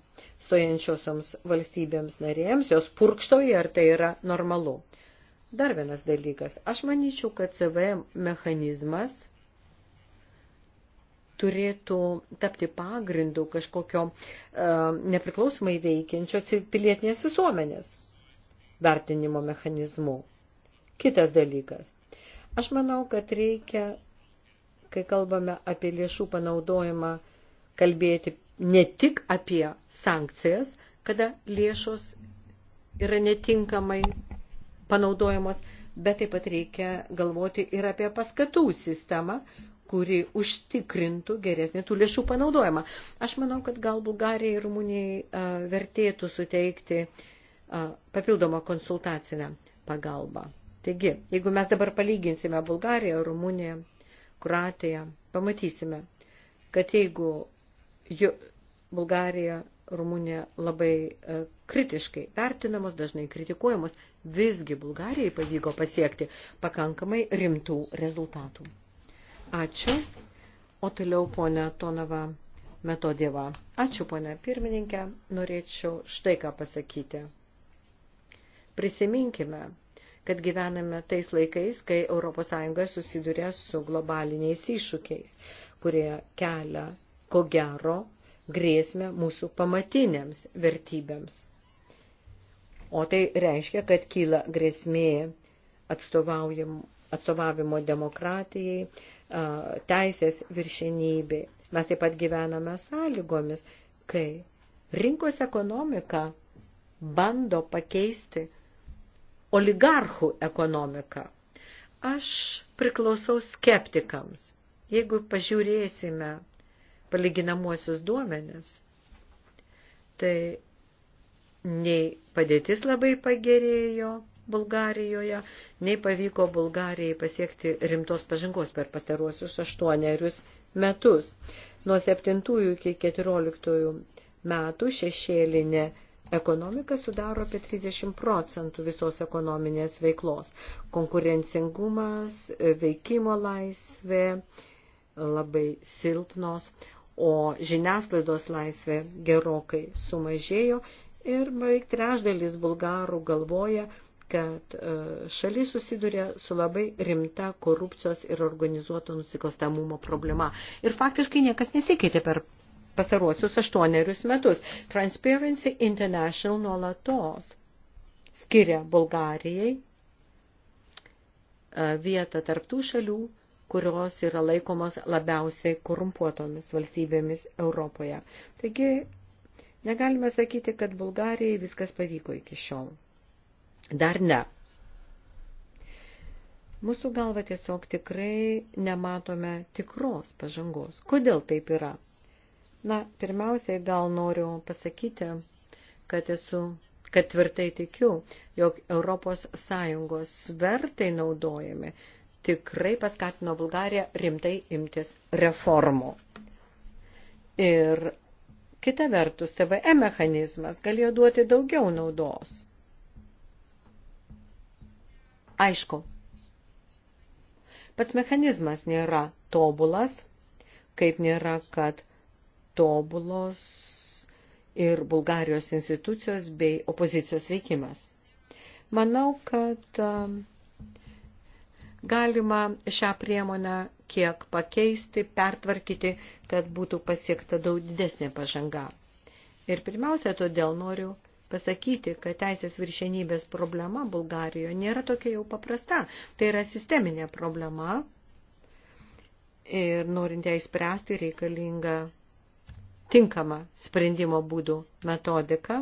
stojančiosioms valstybėms narėms, jos purkštauja, ar tai yra normalu. Dar vienas dalykas. Aš manyčiau, kad CVM mechanizmas – turėtų tapti pagrindu kažkokio e, nepriklausomai veikiančio pilietinės visuomenės vertinimo mechanizmų. Kitas dalykas. Aš manau, kad reikia, kai kalbame apie lėšų panaudojimą, kalbėti ne tik apie sankcijas, kada lėšos yra netinkamai panaudojamos, bet taip pat reikia galvoti ir apie paskatų sistemą, kuri užtikrintų geresnį tų lėšų panaudojimą. Aš manau, kad gal Bulgarijai ir Rumunijai vertėtų suteikti papildomą konsultacinę pagalbą. Taigi, jeigu mes dabar palyginsime Bulgariją, Rumuniją, Kroatiją, pamatysime, kad jeigu Bulgarija, Rumunija labai kritiškai vertinamos, dažnai kritikuojamos, visgi Bulgarijai pavyko pasiekti pakankamai rimtų rezultatų. Ačiū. O toliau ponia Tonava Metodieva. Ačiū ponia pirmininkė. Norėčiau štai ką pasakyti. Prisiminkime, kad gyvename tais laikais, kai ES susiduria su globaliniais iššūkiais, kurie kelia, ko gero, grėsmę mūsų pamatinėms vertybėms. O tai reiškia, kad kyla grėsmė atstovaujam, atstovavimo demokratijai, teisės viršenybei. Mes taip pat gyvename sąlygomis, kai rinkos ekonomika bando pakeisti oligarchų ekonomiką. Aš priklausau skeptikams. Jeigu pažiūrėsime palyginamuosius duomenis, tai nei padėtis labai pagerėjo, Bulgarijoje, nei pavyko Bulgarijai pasiekti rimtos pažangos per pastaruosius aštuonerius metus. Nuo 7 iki 14 metų šešėlinė ekonomika sudaro apie 30 procentų visos ekonominės veiklos. Konkurencingumas, veikimo laisvė labai silpnos, o žiniasklaidos laisvė gerokai sumažėjo ir beveik trešdalis bulgarų galvoja, kad e, šalis susiduria su labai rimta korupcijos ir organizuoto nusikalstamumo problema. Ir faktiškai niekas nesikeitė per pastaruosius aštuonerius metus. Transparency International nuolatos skiria Bulgarijai e, vietą tarptų šalių, kurios yra laikomos labiausiai korumpuotomis valstybėmis Europoje. Taigi, negalime sakyti, kad Bulgarijai viskas pavyko iki šiol. Dar ne. Mūsų galva tiesiog tikrai nematome tikros pažangos. Kodėl taip yra? Na, pirmiausiai gal noriu pasakyti, kad esu kad tvirtai tikiu, jog Europos Sąjungos svertai naudojami tikrai paskatino Bulgariją rimtai imtis reformų. Ir kita vertus, TVE mechanizmas galėjo duoti daugiau naudos. Aišku, pats mechanizmas nėra tobulas, kaip nėra, kad tobulos ir Bulgarijos institucijos bei opozicijos veikimas. Manau, kad um, galima šią priemonę kiek pakeisti, pertvarkyti, kad būtų pasiekta daug didesnė pažanga. Ir pirmiausia, todėl noriu pasakyti, kad teisės viršenybės problema Bulgarijoje nėra tokia jau paprasta. Tai yra sisteminė problema ir norint ją įspręsti reikalinga tinkama sprendimo būdų metodika.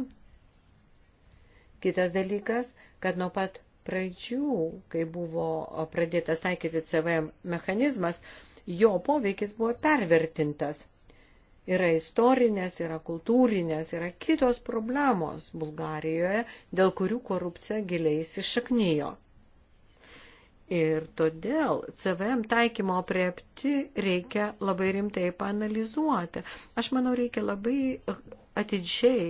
Kitas dalykas, kad nuo pat pradžių, kai buvo pradėtas taikyti CVM mechanizmas, jo poveikis buvo pervertintas – Yra istorinės, yra kultūrinės, yra kitos problemos Bulgarijoje, dėl kurių korupcija giliai įsišaknyjo. Ir todėl CVM taikymo priepti reikia labai rimtai panalizuoti. Aš manau, reikia labai atidžiai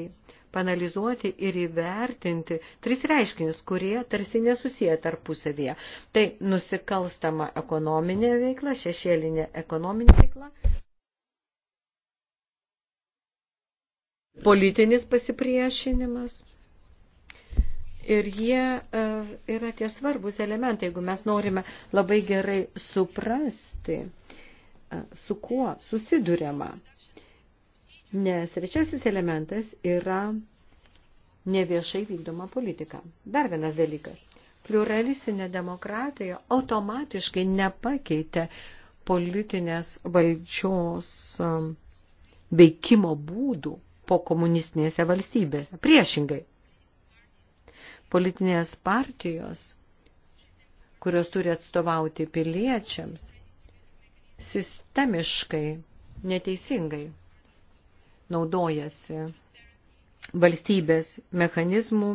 panalizuoti ir įvertinti tris reiškinius, kurie tarsi nesusiję tarpusavėje. Tai nusikalstama ekonominė veikla, šešėlinė ekonominė veikla politinis pasipriešinimas. Ir jie e, yra tie svarbus elementai, jeigu mes norime labai gerai suprasti, e, su kuo susidurėma. Nes trečiasis elementas yra neviešai vykdoma politika. Dar vienas dalykas. Pluralistinė demokratija automatiškai nepakeitė politinės valdžios e, veikimo būdų po komunistinėse valstybėse. Priešingai, politinės partijos, kurios turi atstovauti piliečiams, sistemiškai, neteisingai naudojasi valstybės mechanizmų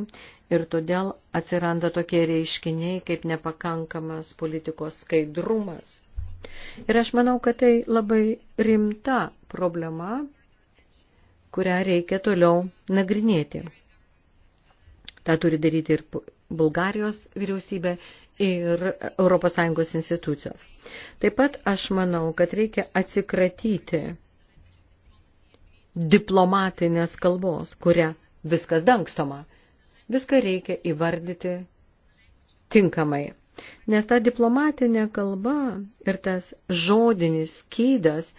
ir todėl atsiranda tokie reiškiniai kaip nepakankamas politikos skaidrumas. Ir aš manau, kad tai labai rimta problema, kurią reikia toliau nagrinėti. Ta turi daryti ir Bulgarijos vyriausybė, ir ES institucijos. Taip pat aš manau, kad reikia atsikratyti diplomatinės kalbos, kuria viskas dangstoma. Viską reikia įvardyti tinkamai. Nes ta diplomatinė kalba ir tas žodinis skydas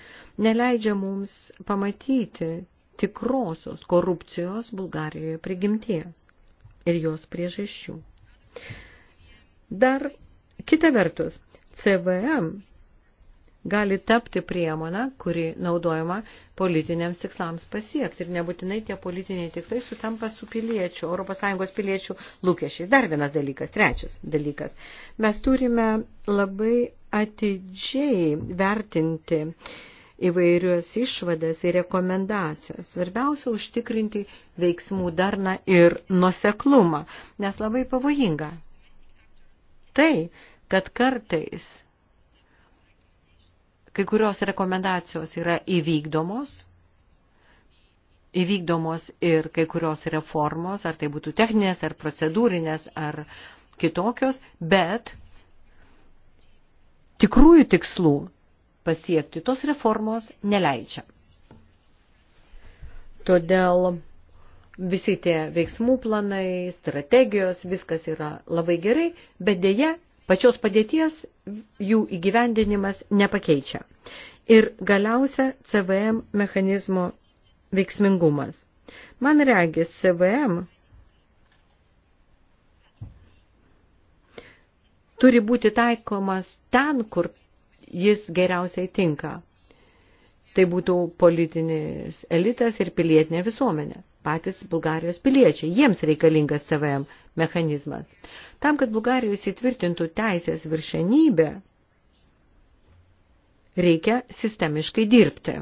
neleidžia mums pamatyti tikrosios korupcijos Bulgarijoje prigimties ir jos priežasčių. Dar kita vertus, CVM gali tapti priemonę, kuri naudojama politiniams tikslams pasiekti. Ir nebūtinai tie politiniai tikslai sutampa su piliečių, ES piliečių lūkesčiais. Dar vienas dalykas, trečias dalykas. Mes turime labai atidžiai vertinti uh, įvairios išvadas ir rekomendacijas. Svarbiausia užtikrinti veiksmų darną ir nuseklumą, nes labai pavojinga. Tai, kad kartais kai kurios rekomendacijos yra įvykdomos, įvykdomos ir kai kurios reformos, ar tai būtų techninės, ar procedūrinės, ar kitokios, bet tikrųjų tikslų pasiekti, tos reformos neleidžia. Todėl visi tie veiksmų planai, strategijos, viskas yra labai gerai, bet dėja pačios padėties jų įgyvendinimas nepakeičia. Ir galiausia CVM mechanizmo veiksmingumas. Man regis CVM turi būti taikomas ten, kur jis geriausiai tinka. Tai būtų politinis elitas ir pilietinė visuomenė, patys Bulgarijos piliečiai, jiems reikalingas CVM mechanizmas. Tam, kad Bulgarijos įtvirtintų teisės viršenybę, reikia sistemiškai dirbti,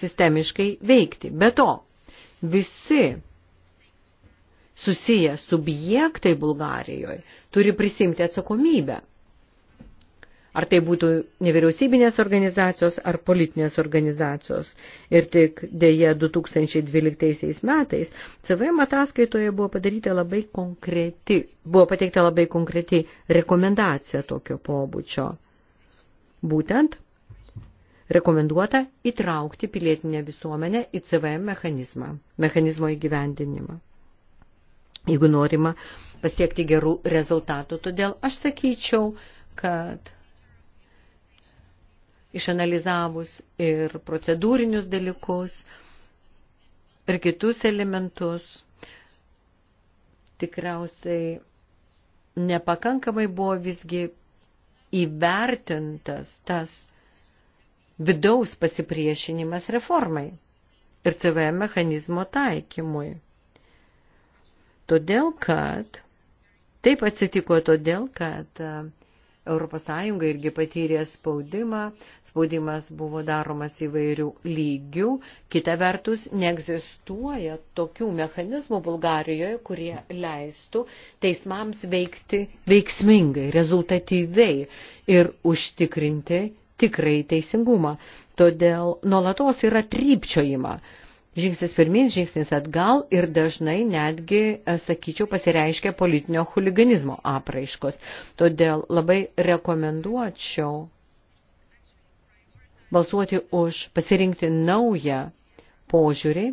sistemiškai veikti. Be to, visi susiję subjektai Bulgarijoje turi prisimti atsakomybę Ar tai būtų nevyriausybinės organizacijos ar politinės organizacijos. Ir tik dėja 2012 metais CVM ataskaitoje buvo padaryta labai konkreti, buvo pateikta labai konkreti rekomendacija tokio pobūdžio. Būtent rekomenduota įtraukti pilietinę visuomenę į CVM mechanizmą, mechanizmo įgyvendinimą. Jeigu norima pasiekti gerų rezultatų, todėl aš sakyčiau, kad išanalizavus ir procedūrinius dalykus, ir kitus elementus, tikriausiai nepakankamai buvo visgi įvertintas tas vidaus pasipriešinimas reformai ir CVM mechanizmo taikymui. Todėl, kad taip atsitiko todėl, kad uh, ES irgi patyrė spaudimą, spaudimas buvo daromas įvairių lygių, kita vertus neegzistuoja tokių mechanizmų Bulgarijoje, kurie leistų teismams veikti veiksmingai, rezultatyviai ir užtikrinti tikrai teisingumą. Todėl nuolatos yra trypčiojima žingsnis pirmin, žingsnis atgal ir dažnai netgi, e, sakyčiau, pasireiškia politinio huliganizmo apraiškos. Todėl labai rekomenduočiau balsuoti už pasirinkti naują požiūrį,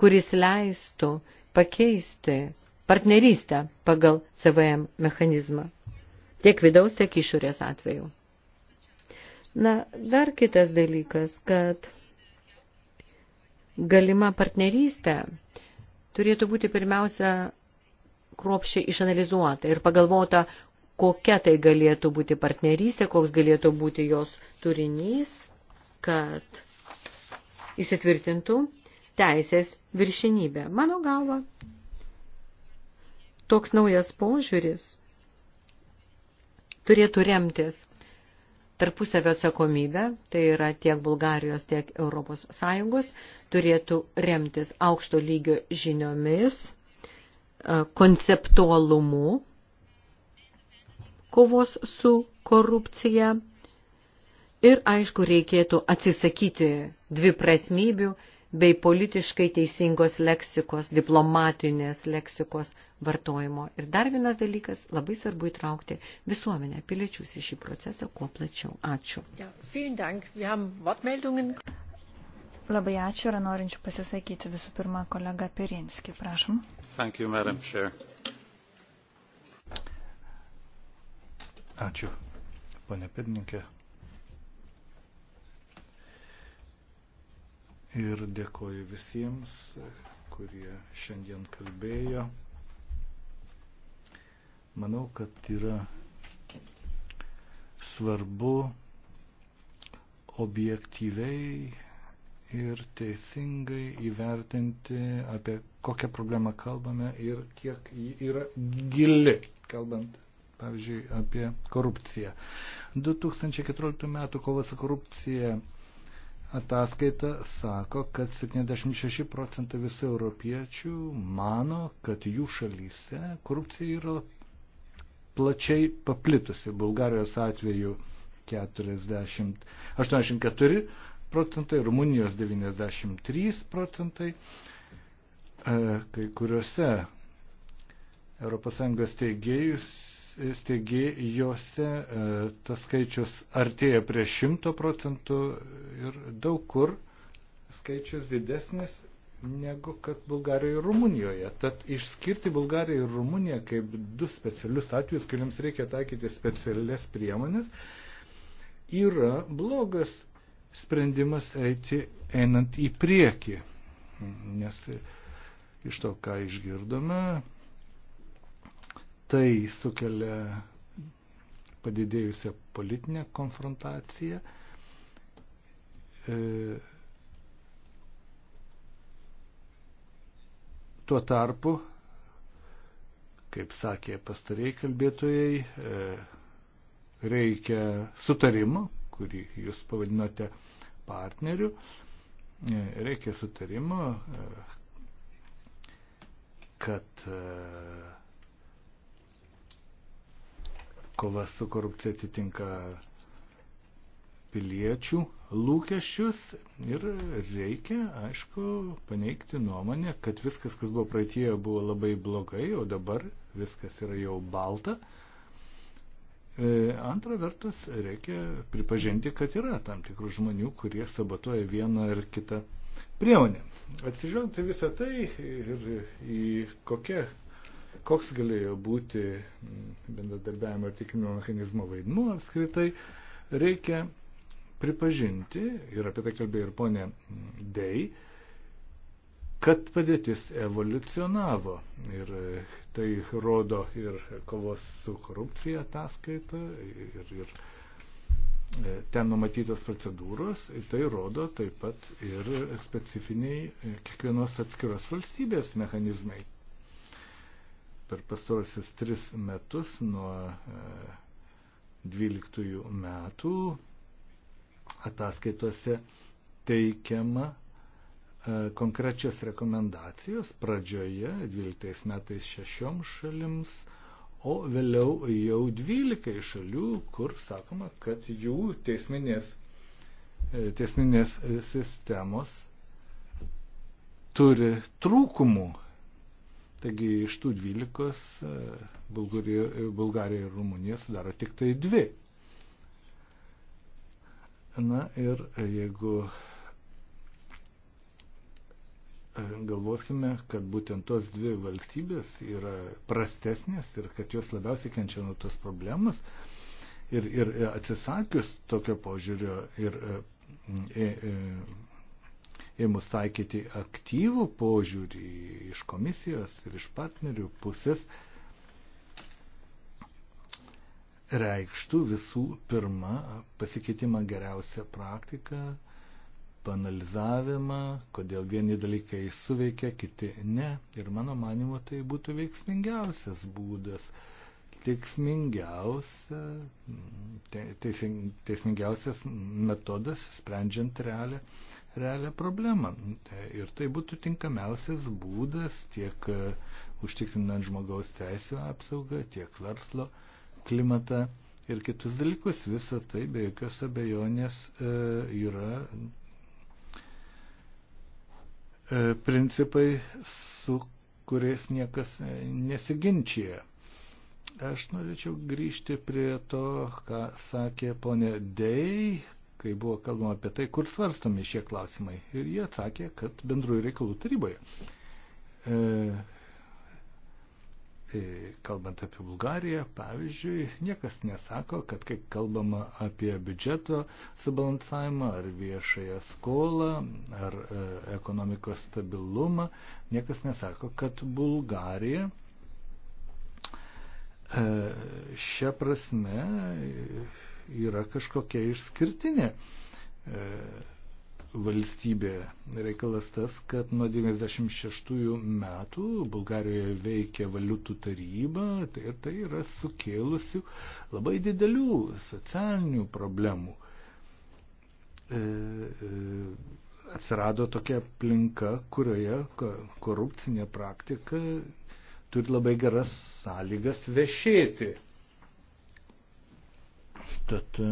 kuris leistų pakeisti partnerystę pagal CVM mechanizmą tiek vidaus, tiek išorės atveju. Na, dar kitas dalykas, kad galima partnerystė turėtų būti pirmiausia kruopščiai išanalizuota ir pagalvota, kokia tai galėtų būti partnerystė, koks galėtų būti jos turinys, kad įsitvirtintų teisės viršinybė. Mano galva, toks naujas požiūris turėtų remtis tarpusavio atsakomybę, tai yra tiek Bulgarijos, tiek Europos Sąjungos, turėtų remtis aukšto lygio žiniomis, e, konceptualumu, kovos su korupcija ir, aišku, reikėtų atsisakyti dviprasmybių bei politiškai teisingos leksikos, diplomatinės leksikos vartojimo. Ir dar vienas dalykas, labai svarbu įtraukti visuomenę, piliečius į šį procesą kuo plačiau. Ačiū. Ja, Labai ačiū ir norinčių pasisakyti visų pirma kolega Pirinski, prašom. Thank you, Madam Chair. Ačiū, ponė pirmininkė. ir dėkoju visiems, kurie šiandien kalbėjo. Manau, kad yra svarbu objektyviai ir teisingai įvertinti, apie kokią problemą kalbame ir kiek ji yra gili, kalbant, pavyzdžiui, apie korupciją. 2014 m. kova su korupcija ataskaita sako, kad 76 procentai visų europiečių mano, kad jų šalyse korupcija yra plačiai paplitusi. Bulgarijos atveju 40, 84 procentai, Rumunijos 93 procentai. E, kai kuriuose ES teigėjus steigi, juose e, tas skaičius artėja prie 100 procentų ir daug kur skaičius didesnis negu kad Bulgarijoje ir Rumunijoje. Tad išskirti Bulgariją ir Rumuniją kaip du specialius atvejus, kuriems reikia taikyti specialias priemonės, yra blogas sprendimas eiti einant į priekį. Nes iš to, ką išgirdome, tai sukelia padidėjusią politinę konfrontaciją. E, tuo tarpu, kaip sakė pastarėjai kalbėtojai, e, reikia sutarimo, kurį jūs pavadinote partneriu, e, reikia sutarimo, kad kova su korupcija atitinka piliečių lūkesčius ir reikia, aišku, paneigti nuomonę, kad viskas, kas buvo praeitie, buvo labai blogai, o dabar viskas yra jau balta. E, antra vertus, reikia pripažinti, kad yra tam tikrų žmonių, kurie sabotuoja vieną ar kitą priemonę. Atsižvelgti visą tai ir į kokia koks galėjo būti mm, bendradarbiavimo ir tikrinimo mechanizmo vaidmuo apskritai, reikia pripažinti, ir apie tai kalbėjo ir ponė mm, Dei, kad padėtis evoliucionavo. Ir e, tai rodo ir kovos su korupcija ataskaita, ir, ir e, ten numatytos procedūros, ir tai rodo taip pat ir specifiniai e, kiekvienos atskiros valstybės mechanizmai per pastarosius tris metus nuo 12 e, metų ataskaitose teikiama e, konkrečios rekomendacijos pradžioje 12 metais šešiom šalims, o vėliau jau 12 šalių, kur sakoma, kad jų teisminės, e, teisminės sistemos turi trūkumų Taigi iš tų 12 e, Bulgarija, e, Bulgarija ir Rumunija sudaro tik tai dvi. Na ir e, jeigu galvosime, kad būtent tos dvi valstybės yra prastesnės ir kad jos labiausiai kenčia nuo tos problemas ir, ir atsisakius tokio požiūrio ir, ir, ir ėmus taikyti aktyvų požiūrį iš komisijos ir iš partnerių pusės, reikštų visų pirma pasikeitimą geriausią praktiką, panalizavimą, kodėl vieni dalykai suveikia, kiti ne. Ir mano manimo tai būtų veiksmingiausias būdas tiksmingiausia, teising, teismingiausias metodas, sprendžiant realią realią problemą. Tai ir tai būtų tinkamiausias būdas tiek e, užtikrinant žmogaus teisų apsaugą, tiek verslo klimatą ir kitus dalykus. Visa tai be jokios abejonės e, yra e, principai, su kuriais niekas nesiginčia. Aš norėčiau grįžti prie to, ką sakė ponė Dei, kai buvo kalbama apie tai, kur svarstomi šie klausimai. Ir jie atsakė, kad bendrųjų reikalų taryboje. E, e, kalbant apie Bulgariją, pavyzdžiui, niekas nesako, kad kai kalbama apie biudžeto subalansavimą ar viešąją skolą ar e, ekonomikos stabilumą, niekas nesako, kad Bulgarija e, šią prasme yra kažkokia išskirtinė e, valstybė. Reikalas tas, kad nuo 96 metų Bulgarijoje veikia valiutų taryba tai ir tai yra sukėlusių labai didelių socialinių problemų. E, e, atsirado tokia aplinka, kurioje korupcinė praktika turi labai geras sąlygas vešėti. Tad e,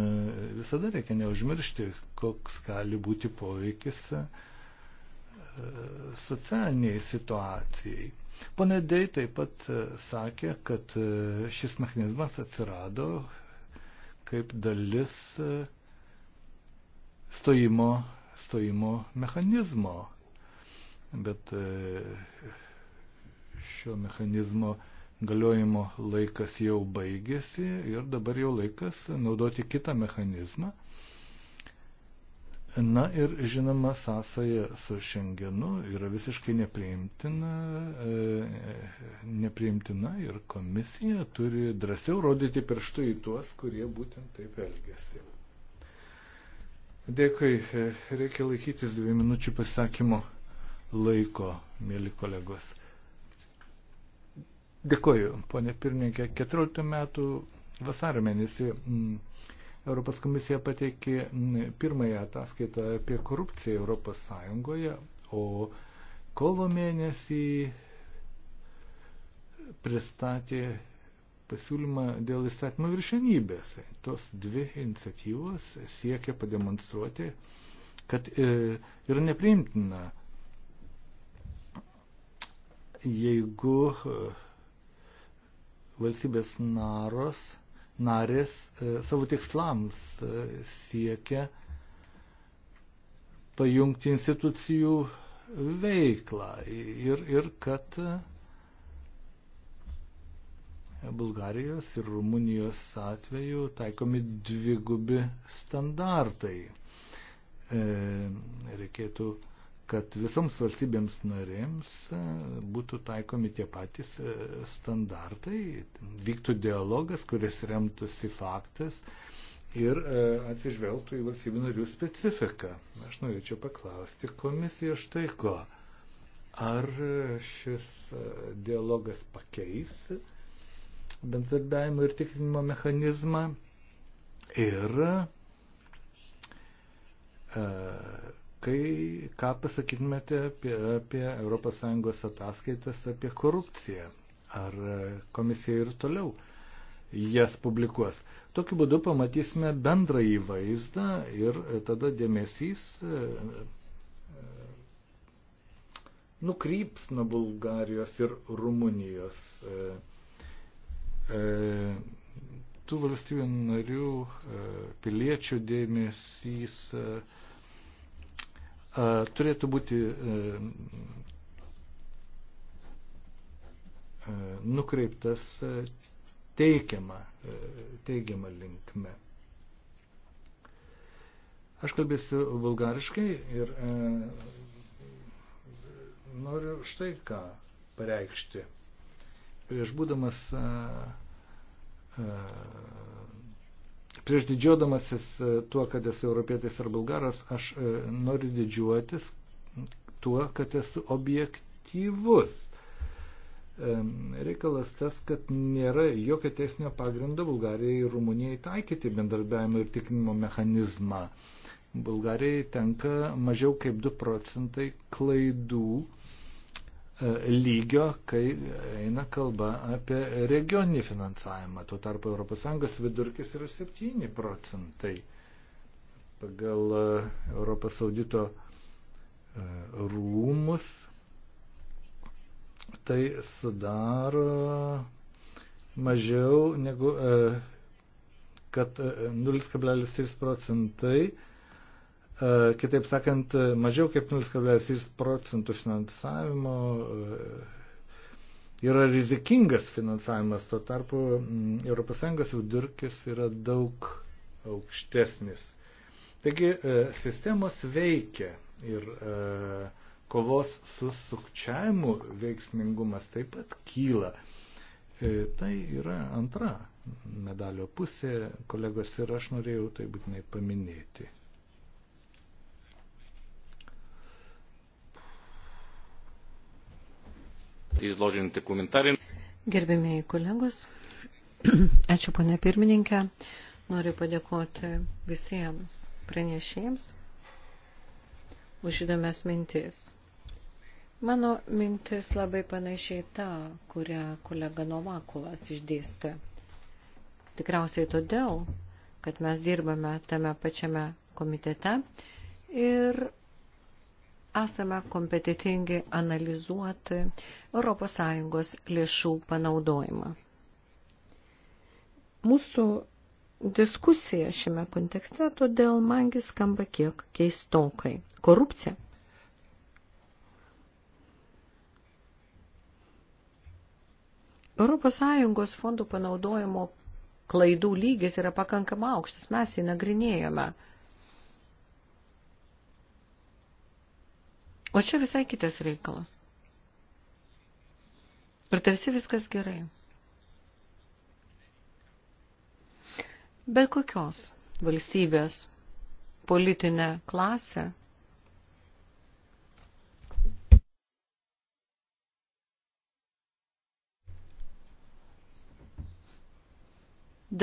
visada reikia neužmiršti, koks gali būti poveikis e, socialiniai situacijai. Pone Dei taip pat e, sakė, kad šis mechanizmas atsirado kaip dalis stojimo, stojimo mechanizmo. Bet šio mechanizmo uh, galiojimo laikas jau baigėsi ir dabar jau laikas naudoti kitą mechanizmą. Na ir žinoma, sąsaja su Šengenu yra visiškai nepriimtina, e, nepriimtina ir komisija turi drąsiau rodyti pirštų į tuos, kurie būtent taip elgesi. Dėkui, e, reikia laikytis dviejų minučių pasakymo laiko, mėly kolegos. Dėkoju, ponė pirmininkė. 14 metų vasario mėnesį mm, Europos komisija pateikė mm, pirmąją ataskaitą apie korupciją Europos Sąjungoje, o kovo mėnesį pristatė pasiūlymą dėl įstatymų viršenybės. Tos dvi iniciatyvos siekia pademonstruoti, kad e, yra nepriimtina, jeigu e, valstybės naros, narės e, savo tikslams e, siekia pajungti institucijų veiklą ir, ir kad e, Bulgarijos ir Rumunijos atveju taikomi dvigubi standartai. Reikėtų kad visoms valstybėms narėms e, būtų taikomi tie patys e, standartai, vyktų dialogas, kuris remtųsi faktas ir e, atsižvelgtų į valstybių narių specifiką. Aš norėčiau paklausti komisiją štai ko. Ar šis dialogas pakeis bendradarbiavimo ir tikrinimo mechanizmą ir kai, ką pasakytumėte apie, apie ES ataskaitas apie korupciją? Ar e, komisija ir toliau jas publikuos? Tokiu būdu pamatysime bendrą įvaizdą ir e, tada dėmesys e, nukryps nuo Bulgarijos ir Rumunijos. Tų valstybių narių piliečių dėmesys turėtų būti e, e, nukreiptas e, teikiama, teigiama linkme. Aš kalbėsiu bulgariškai ir e, noriu štai ką pareikšti. Prieš būdamas e, e, prieš didžiuodamasis e, tuo, kad esu europietis ar bulgaras, aš e, noriu didžiuotis tuo, kad esu objektyvus. E, reikalas tas, kad nėra jokio teisinio pagrindo Bulgarijai ir Rumunijai taikyti bendarbiavimo ir tikrinimo mechanizmą. Bulgarijai tenka mažiau kaip 2 procentai klaidų lygio, kai eina kalba apie regioninį finansavimą. Tuo tarpu ES vidurkis yra 7 procentai. Pagal e, Europos audito e, rūmus tai sudaro mažiau negu e, kad 0,3 procentai E, kitaip sakant, mažiau kaip 0,6 procentų finansavimo e, yra rizikingas finansavimas, tuo tarpu mm, ES vidurkis yra daug aukštesnis. Taigi e, sistemos veikia ir kovos su sukčiavimu veiksmingumas taip pat kyla. Tai yra antra medalio pusė, kolegos ir aš norėjau tai būtinai paminėti. Izložinti komentarai. Gerbėmiai kolegos, ačiū ponė pirmininkė. Noriu padėkoti visiems pranešėjams už įdomias mintis. Mano mintis labai panašiai ta, kurią kolega Novakovas išdėstė. Tikriausiai todėl, kad mes dirbame tame pačiame komitete ir esame kompetitingi analizuoti ES lėšų panaudojimą. Mūsų diskusija šiame kontekste, todėl mangi skamba kiek keistokai. Korupcija. ES fondų panaudojimo klaidų lygis yra pakankamai aukštas, mes jį nagrinėjome. O čia visai kitas reikalas. Ir tarsi viskas gerai. Bet kokios valstybės politinė klasė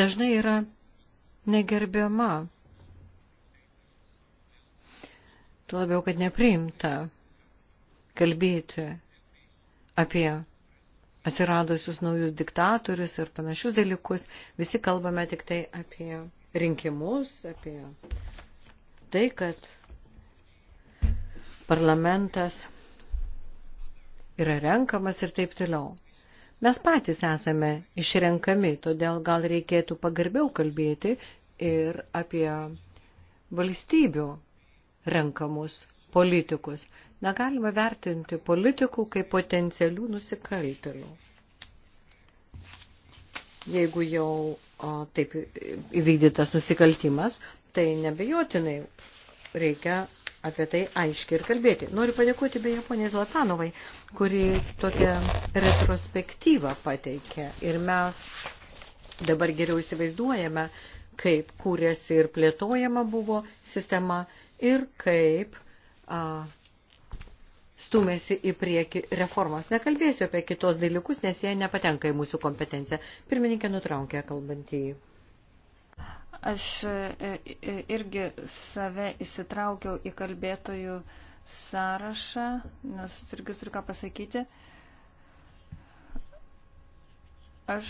dažnai yra negerbiama. Tuo labiau, kad nepriimta kalbėti apie atsiradusius naujus diktatorius ir panašius dalykus, visi kalbame tik tai apie rinkimus, apie tai, kad parlamentas yra renkamas ir taip toliau. Mes patys esame išrenkami, todėl gal reikėtų pagarbiau kalbėti ir apie valstybių renkamus politikus. Negalima vertinti politikų kaip potencialių nusikaltelių. Jeigu jau o, taip įvykdytas nusikaltimas, tai nebejotinai reikia apie tai aiškiai ir kalbėti. Noriu padėkoti beje poniai Zlatanovai, kuri tokią retrospektyvą pateikė ir mes dabar geriau įsivaizduojame, kaip kūrėsi ir plėtojama buvo sistema ir kaip stumėsi į priekį reformas. Nekalbėsiu apie kitos dalykus, nes jie nepatenka į mūsų kompetenciją. Pirmininkė nutraukė kalbantį. Aš e, e, e, irgi save įsitraukiau į kalbėtojų sąrašą, nes irgi turiu ką pasakyti. Aš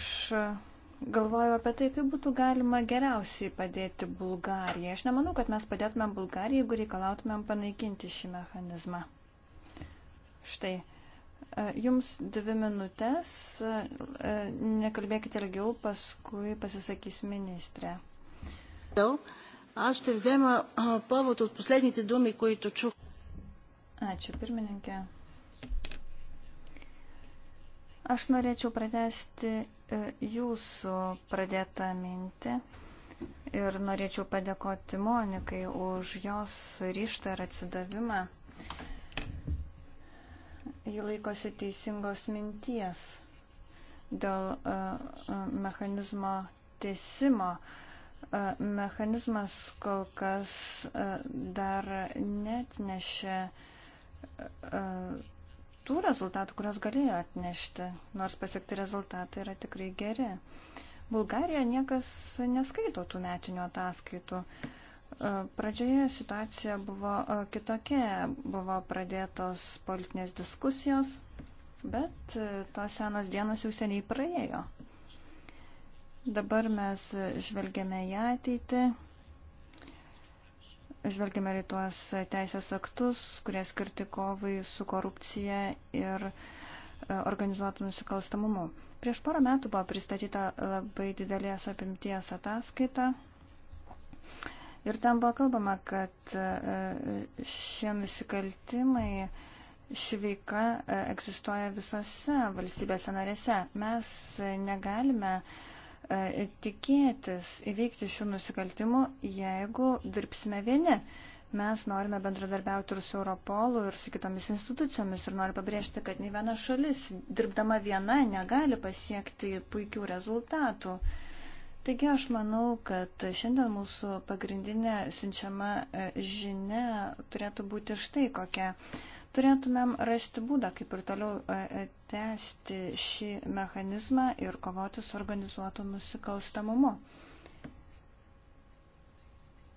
galvojau apie tai, kaip būtų galima geriausiai padėti Bulgarijai. Aš nemanau, kad mes padėtumėm Bulgarijai, jeigu reikalautumėm panaikinti šį mechanizmą. Štai, e, jums dvi minutės, e, e, nekalbėkite ilgiau, paskui pasisakys ministrė. Aš tai взема повод от последните думи, които чух. Ačiū, pirmininkė. Aš norėčiau pratesti E, jūsų pradėtą mintį ir norėčiau padėkoti Monikai už jos ryštą ir atsidavimą. Ji laikosi teisingos minties dėl e, mechanizmo tesimo. E, mechanizmas kol kas dar net nešia tų rezultatų, kurios galėjo atnešti, nors pasiekti rezultatai yra tikrai geri. Bulgarijoje niekas neskaito tų metinių ataskaitų. E, pradžioje situacija buvo e, kitokia, buvo pradėtos politinės diskusijos, bet e, tos senos dienos jau seniai praėjo. Dabar mes žvelgiame į ateitį žvelgime į tuos teisės aktus, kurie skirti kovai su korupcija ir e, organizuotų nusikalstamumu. Prieš porą metų buvo pristatyta labai didelės apimties ataskaita. Ir ten buvo kalbama, kad e, šie nusikaltimai, ši veika e, egzistuoja visose valstybėse narėse. Mes negalime uh, E, tikėtis įveikti šių nusikaltimų, jeigu dirbsime vieni. Mes norime bendradarbiauti ir su Europolu, ir su kitomis institucijomis, ir noriu pabrėžti, kad nei viena šalis, dirbdama viena, negali pasiekti puikių rezultatų. Taigi aš manau, kad šiandien mūsų pagrindinė siunčiama e, žinia turėtų būti štai kokia. Turėtumėm rasti būdą, kaip ir toliau e, e, tęsti šį mechanizmą ir kovoti su organizuotu nusikalstamumu.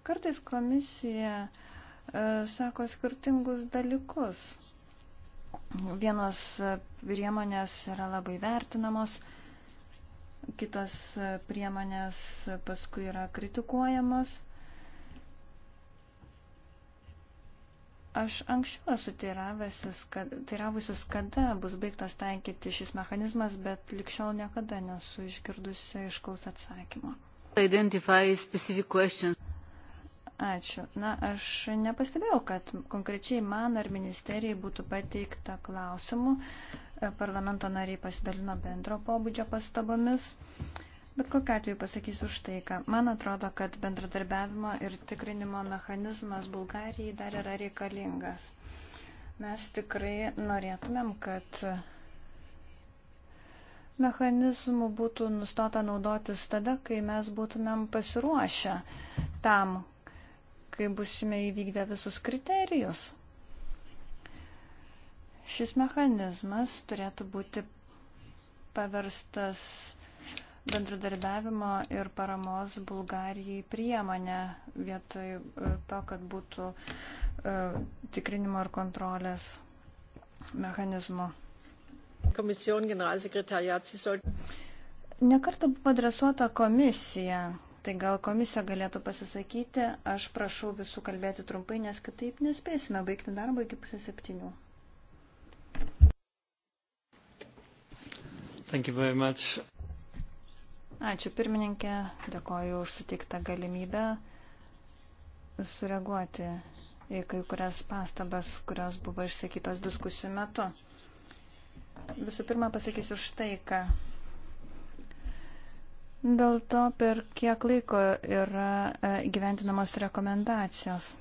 Kartais komisija e, sako skirtingus dalykus. Vienos priemonės yra labai vertinamos, kitos priemonės paskui yra kritikuojamos Aš anksčiau esu teiravęsis, kad, teiravusis, kada bus baigtas taikyti šis mechanizmas, bet likščiau niekada nesu išgirdusi iškaus atsakymo. Ačiū. Na, aš nepastebėjau, kad konkrečiai man ar ministerijai būtų pateikta klausimų. Parlamento nariai pasidalino bendro pobūdžio pastabomis. Uh, Bet kokiu atveju pasakysiu už tai, ką man atrodo, kad bendradarbiavimo ir tikrinimo mechanizmas Bulgarijai dar yra reikalingas. Mes tikrai norėtumėm, kad mechanizmų būtų nustota naudotis tada, kai mes būtumėm pasiruošę tam, kai busime įvykdę visus kriterijus. Šis mechanizmas turėtų būti paverstas bendradarbiavimo ir paramos Bulgarijai priemonę vietoj e, to, kad būtų e, tikrinimo ir kontrolės mechanizmo. Komisijon generalsekretariat, Sie sollten. Nekartą buvo adresuota komisija, tai gal komisija galėtų pasisakyti, aš prašau visų kalbėti trumpai, nes kitaip nespėsime baigti darbą iki pusės septynių. Thank you very much. Ačiū pirmininkė, dėkoju už sutiktą galimybę sureaguoti į kai kurias pastabas, kurios buvo išsakytos diskusijų metu. Visų pirma, pasakysiu štai ką. Dėl to, per kiek laiko yra e, gyventinamos rekomendacijos.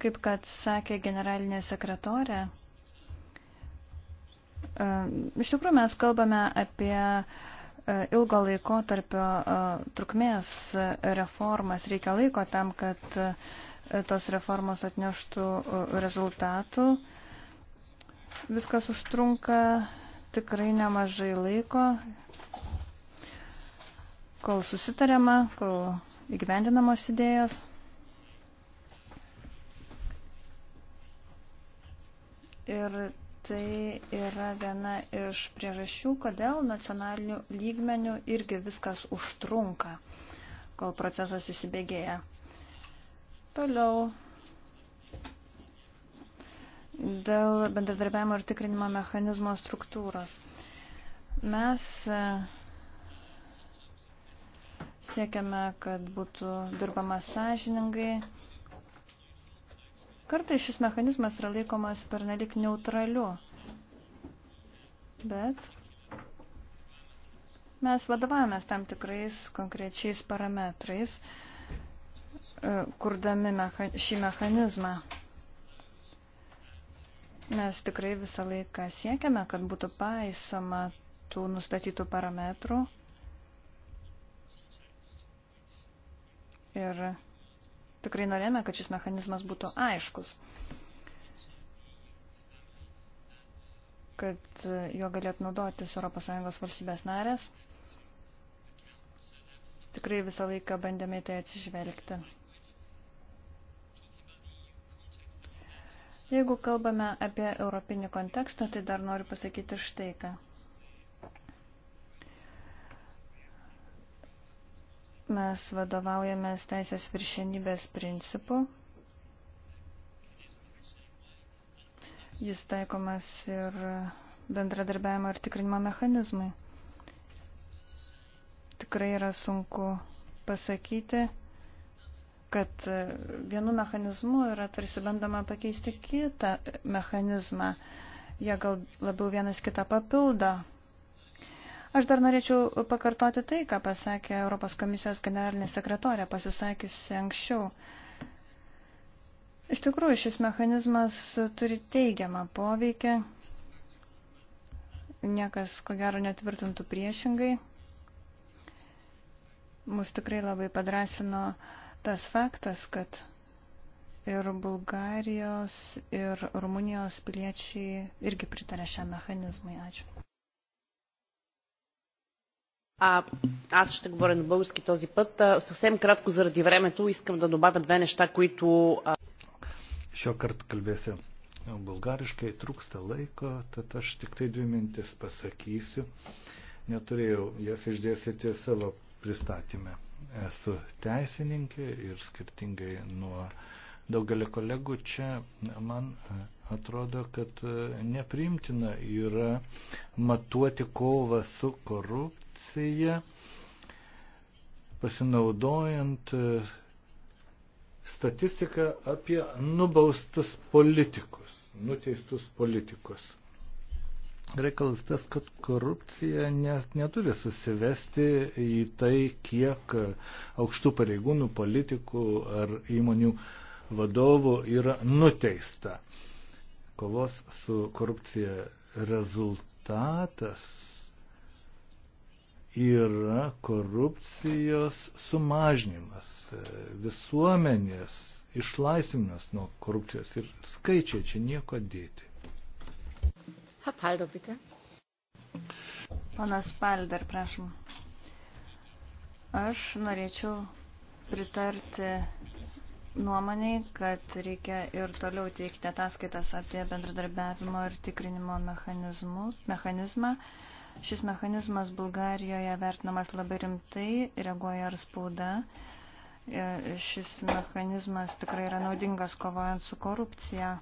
Kaip kad sakė generalinė sekretorė, e, iš tikrųjų mes kalbame apie e, ilgo laiko tarpio e, trukmės reformas. Reikia laiko tam, kad tos reformos atneštų rezultatų. Viskas užtrunka tikrai nemažai laiko, kol susitariama, kol įgyvendinamos idėjos. Ir tai yra viena iš priežasčių, kodėl nacionalinių lygmenių irgi viskas užtrunka, kol procesas įsibėgėja. Toliau. Dėl bendradarbiavimo ir tikrinimo mechanizmo struktūros. Mes e, siekiame, kad būtų dirbama sąžiningai, Kartais šis mechanizmas yra laikomas pernelik neutraliu, bet mes vadovavomės tam tikrais konkrečiais parametrais, e, kurdami mecha šį mechanizmą. Mes tikrai visą laiką siekiame, kad būtų paisoma tų nustatytų parametrų. Ir Tikrai norėjome, kad šis mechanizmas būtų aiškus, kad jo galėtų naudotis ES valstybės narės. Tikrai visą laiką bandėme į tai atsižvelgti. Jeigu kalbame apie europinį kontekstą, tai dar noriu pasakyti štai ką. Mes vadovaujamės teisės viršenybės principu. Jis taikomas ir bendradarbiavimo ir tikrinimo mechanizmai. Tikrai yra sunku pasakyti, kad vienu mechanizmu yra tarsi bandama pakeisti kitą mechanizmą. Jie gal labiau vienas kitą papildo, Aš dar norėčiau pakartoti tai, ką pasakė Europos komisijos generalinė sekretorė, pasisakiusi anksčiau. Iš tikrųjų, šis mechanizmas turi teigiamą poveikį. Niekas, ko gero, netvirtintų priešingai. Mus tikrai labai padrasino tas faktas, kad ir Bulgarijos, ir Rumunijos piliečiai irgi pritarė šiam mechanizmui. Ačiū. А, аз ще говоря на български този път. А, съвсем кратко заради времето искам да добавя две неща, които... А... Šio kartą kalbėsiu bulgariškai, trūksta laiko, tad aš tik tai dvi mintis pasakysiu. Neturėjau jas išdėsyti savo pristatymę. Esu teisininkė ir skirtingai nuo daugelio kolegų čia man atrodo, kad nepriimtina yra matuoti kovą su korupcija komisija, pasinaudojant e, statistiką apie nubaustus politikus, nuteistus politikus. Reikalas tas, kad korupcija net neturi susivesti į tai, kiek aukštų pareigūnų, politikų ar įmonių vadovų yra nuteista. Kovos su korupcija rezultatas yra korupcijos sumažinimas, visuomenės išlaisvinimas nuo korupcijos ir skaičiai čia nieko dėti. Paldo, bitė. Panas Palder, prašom. Aš norėčiau pritarti nuomoniai, kad reikia ir toliau teikti ataskaitas apie bendradarbiavimo ir tikrinimo mechanizmą Šis mechanizmas Bulgarijoje vertinamas labai rimtai, reaguoja ir spauda. E, šis mechanizmas tikrai yra naudingas kovojant su korupcija.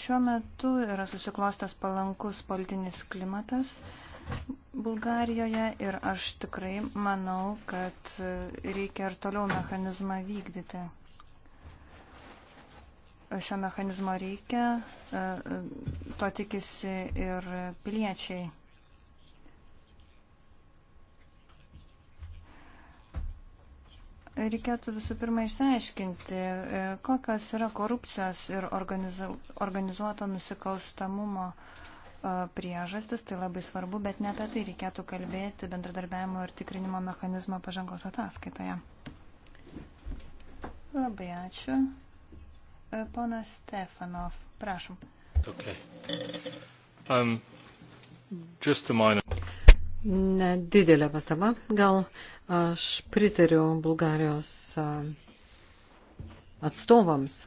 Šiuo metu yra susiklostas palankus politinis klimatas Bulgarijoje ir aš tikrai manau, kad reikia ir toliau mechanizmą vykdyti šio mechanizmo reikia, e, e, to tikisi ir piliečiai. Reikėtų visų pirma išsiaiškinti, e, kokios yra korupcijos ir organizuoto nusikalstamumo priežastis, tai labai svarbu, bet ne apie tai reikėtų kalbėti bendradarbiavimo ir tikrinimo mechanizmo pažangos ataskaitoje. Labai ačiū. Ponas Stefanov, prašom. Okay. Um, just a minor. Nedidelė pastaba. Gal aš pritariu Bulgarijos atstovams,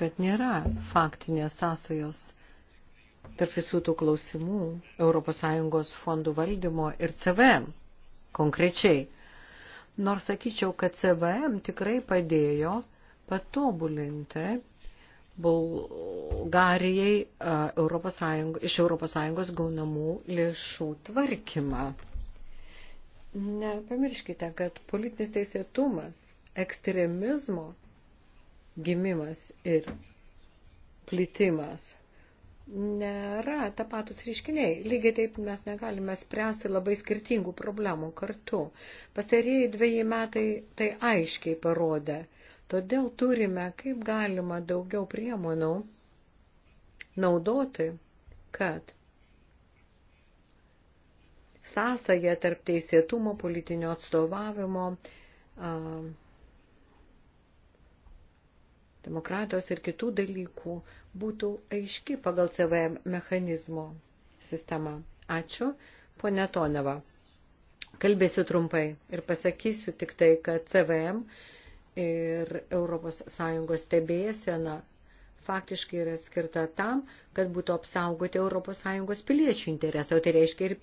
kad nėra faktinės sąsajos tarp visų tų klausimų ES fondų valdymo ir CVM konkrečiai. Nors sakyčiau, kad CVM tikrai padėjo patobulinti Bulgarijai Europos Sąjungo, iš ES gaunamų lėšų tvarkymą. Nepamirškite, kad politinis teisėtumas, ekstremizmo gimimas ir plitimas nėra tapatus reiškiniai. Lygiai taip mes negalime spręsti labai skirtingų problemų kartu. Pastarėjai dviejai metai tai aiškiai parodė Todėl turime kaip galima daugiau priemonų naudoti, kad sąsaja tarp teisėtumo politinio atstovavimo, demokratijos ir kitų dalykų būtų aiški pagal CVM mechanizmo sistemą. Ačiū, ponė Toneva. Kalbėsiu trumpai ir pasakysiu tik tai, kad CVM ir ES stebėsena faktiškai yra skirta tam, kad būtų apsaugoti ES piliečių interesai, o tai reiškia ir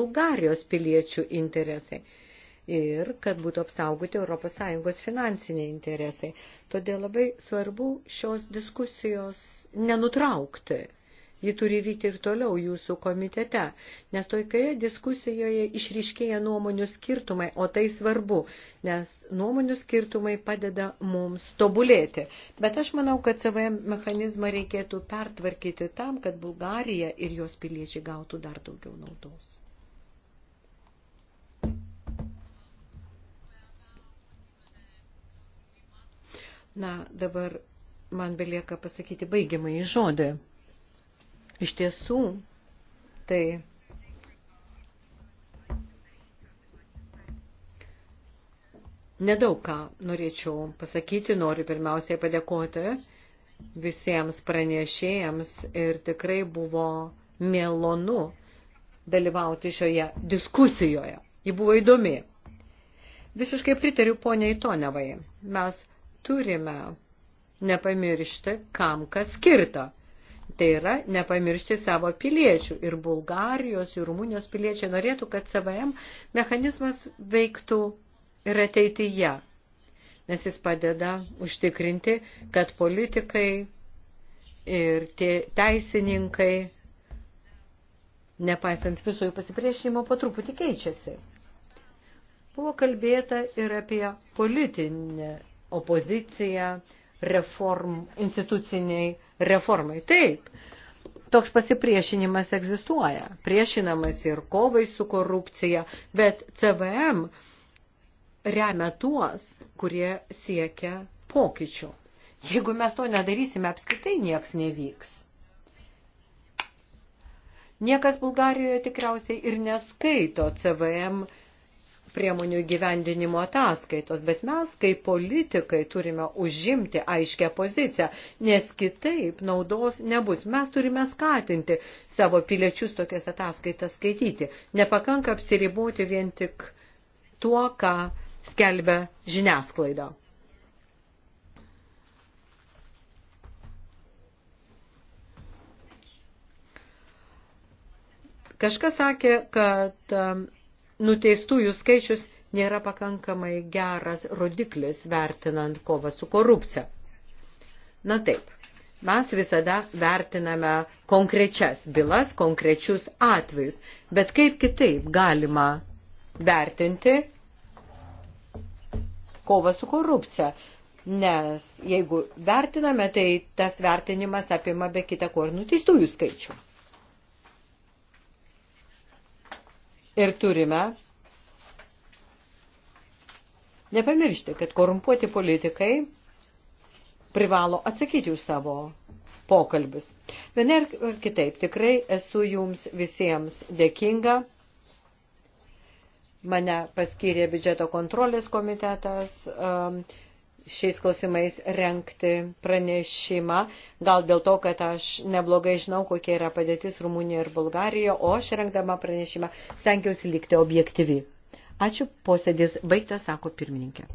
Bulgarijos piliečių interesai. Ir kad būtų apsaugoti ES finansiniai interesai. Todėl labai svarbu šios diskusijos nenutraukti. Ji turi vykti ir toliau jūsų komitete, nes toikioje diskusijoje išryškėja nuomonių skirtumai, o tai svarbu, nes nuomonių skirtumai padeda mums tobulėti. Bet aš manau, kad SVM mechanizmą reikėtų pertvarkyti tam, kad Bulgarija ir jos piliečiai gautų dar daugiau naudos. Na, dabar man belieka pasakyti baigiamąjį žodį. Iš tiesų, tai nedaug ką norėčiau pasakyti, noriu pirmiausiai padėkoti visiems pranešėjams ir tikrai buvo mielonu dalyvauti šioje diskusijoje. Ji buvo įdomi. Visiškai pritariu poniai Tonevai. Mes turime nepamiršti, kam kas skirta. Tai yra nepamiršti savo piliečių. Ir Bulgarijos, ir Rumunijos piliečiai norėtų, kad CVM mechanizmas veiktų ir ateityje, nes jis padeda užtikrinti, kad politikai ir tie teisininkai, nepaisant viso jų pasipriešinimo, po truputį keičiasi. Buvo kalbėta ir apie politinę opoziciją reform instituciniai reformai. Taip, toks pasipriešinimas egzistuoja. Priešinamas ir kovai su korupcija, bet CVM remia tuos, kurie siekia pokyčių. Jeigu mes to nedarysime, apskritai nieks nevyks. Niekas Bulgarijoje tikriausiai ir neskaito CVM priemonių gyvendinimo ataskaitos, bet mes kaip politikai turime užimti aiškę poziciją, nes kitaip naudos nebus. Mes turime skatinti savo piliečius tokias ataskaitas skaityti. Nepakanka apsiriboti vien tik tuo, ką skelbia žiniasklaida. Kažkas sakė, kad um, nuteistųjų skaičius nėra pakankamai geras rodiklis vertinant kovą su korupcija. Na taip, mes visada vertiname konkrečias bylas, konkrečius atvejus, bet kaip kitaip galima vertinti kovą su korupcija. Nes jeigu vertiname, tai tas vertinimas apima be kita ko ir nuteistųjų skaičių. Ir turime nepamiršti, kad korumpuoti politikai privalo atsakyti už savo pokalbis. Viena ir kitaip, tikrai esu jums visiems dėkinga. Mane paskyrė biudžeto kontrolės komitetas. Um, šiais klausimais renkti pranešimą, gal dėl to, kad aš neblogai žinau, kokia yra padėtis Rumunijoje ir Bulgarijoje, o aš renkdama pranešimą stengiausi likti objektyvi. Ačiū, posėdis baigtas, sako pirmininkė.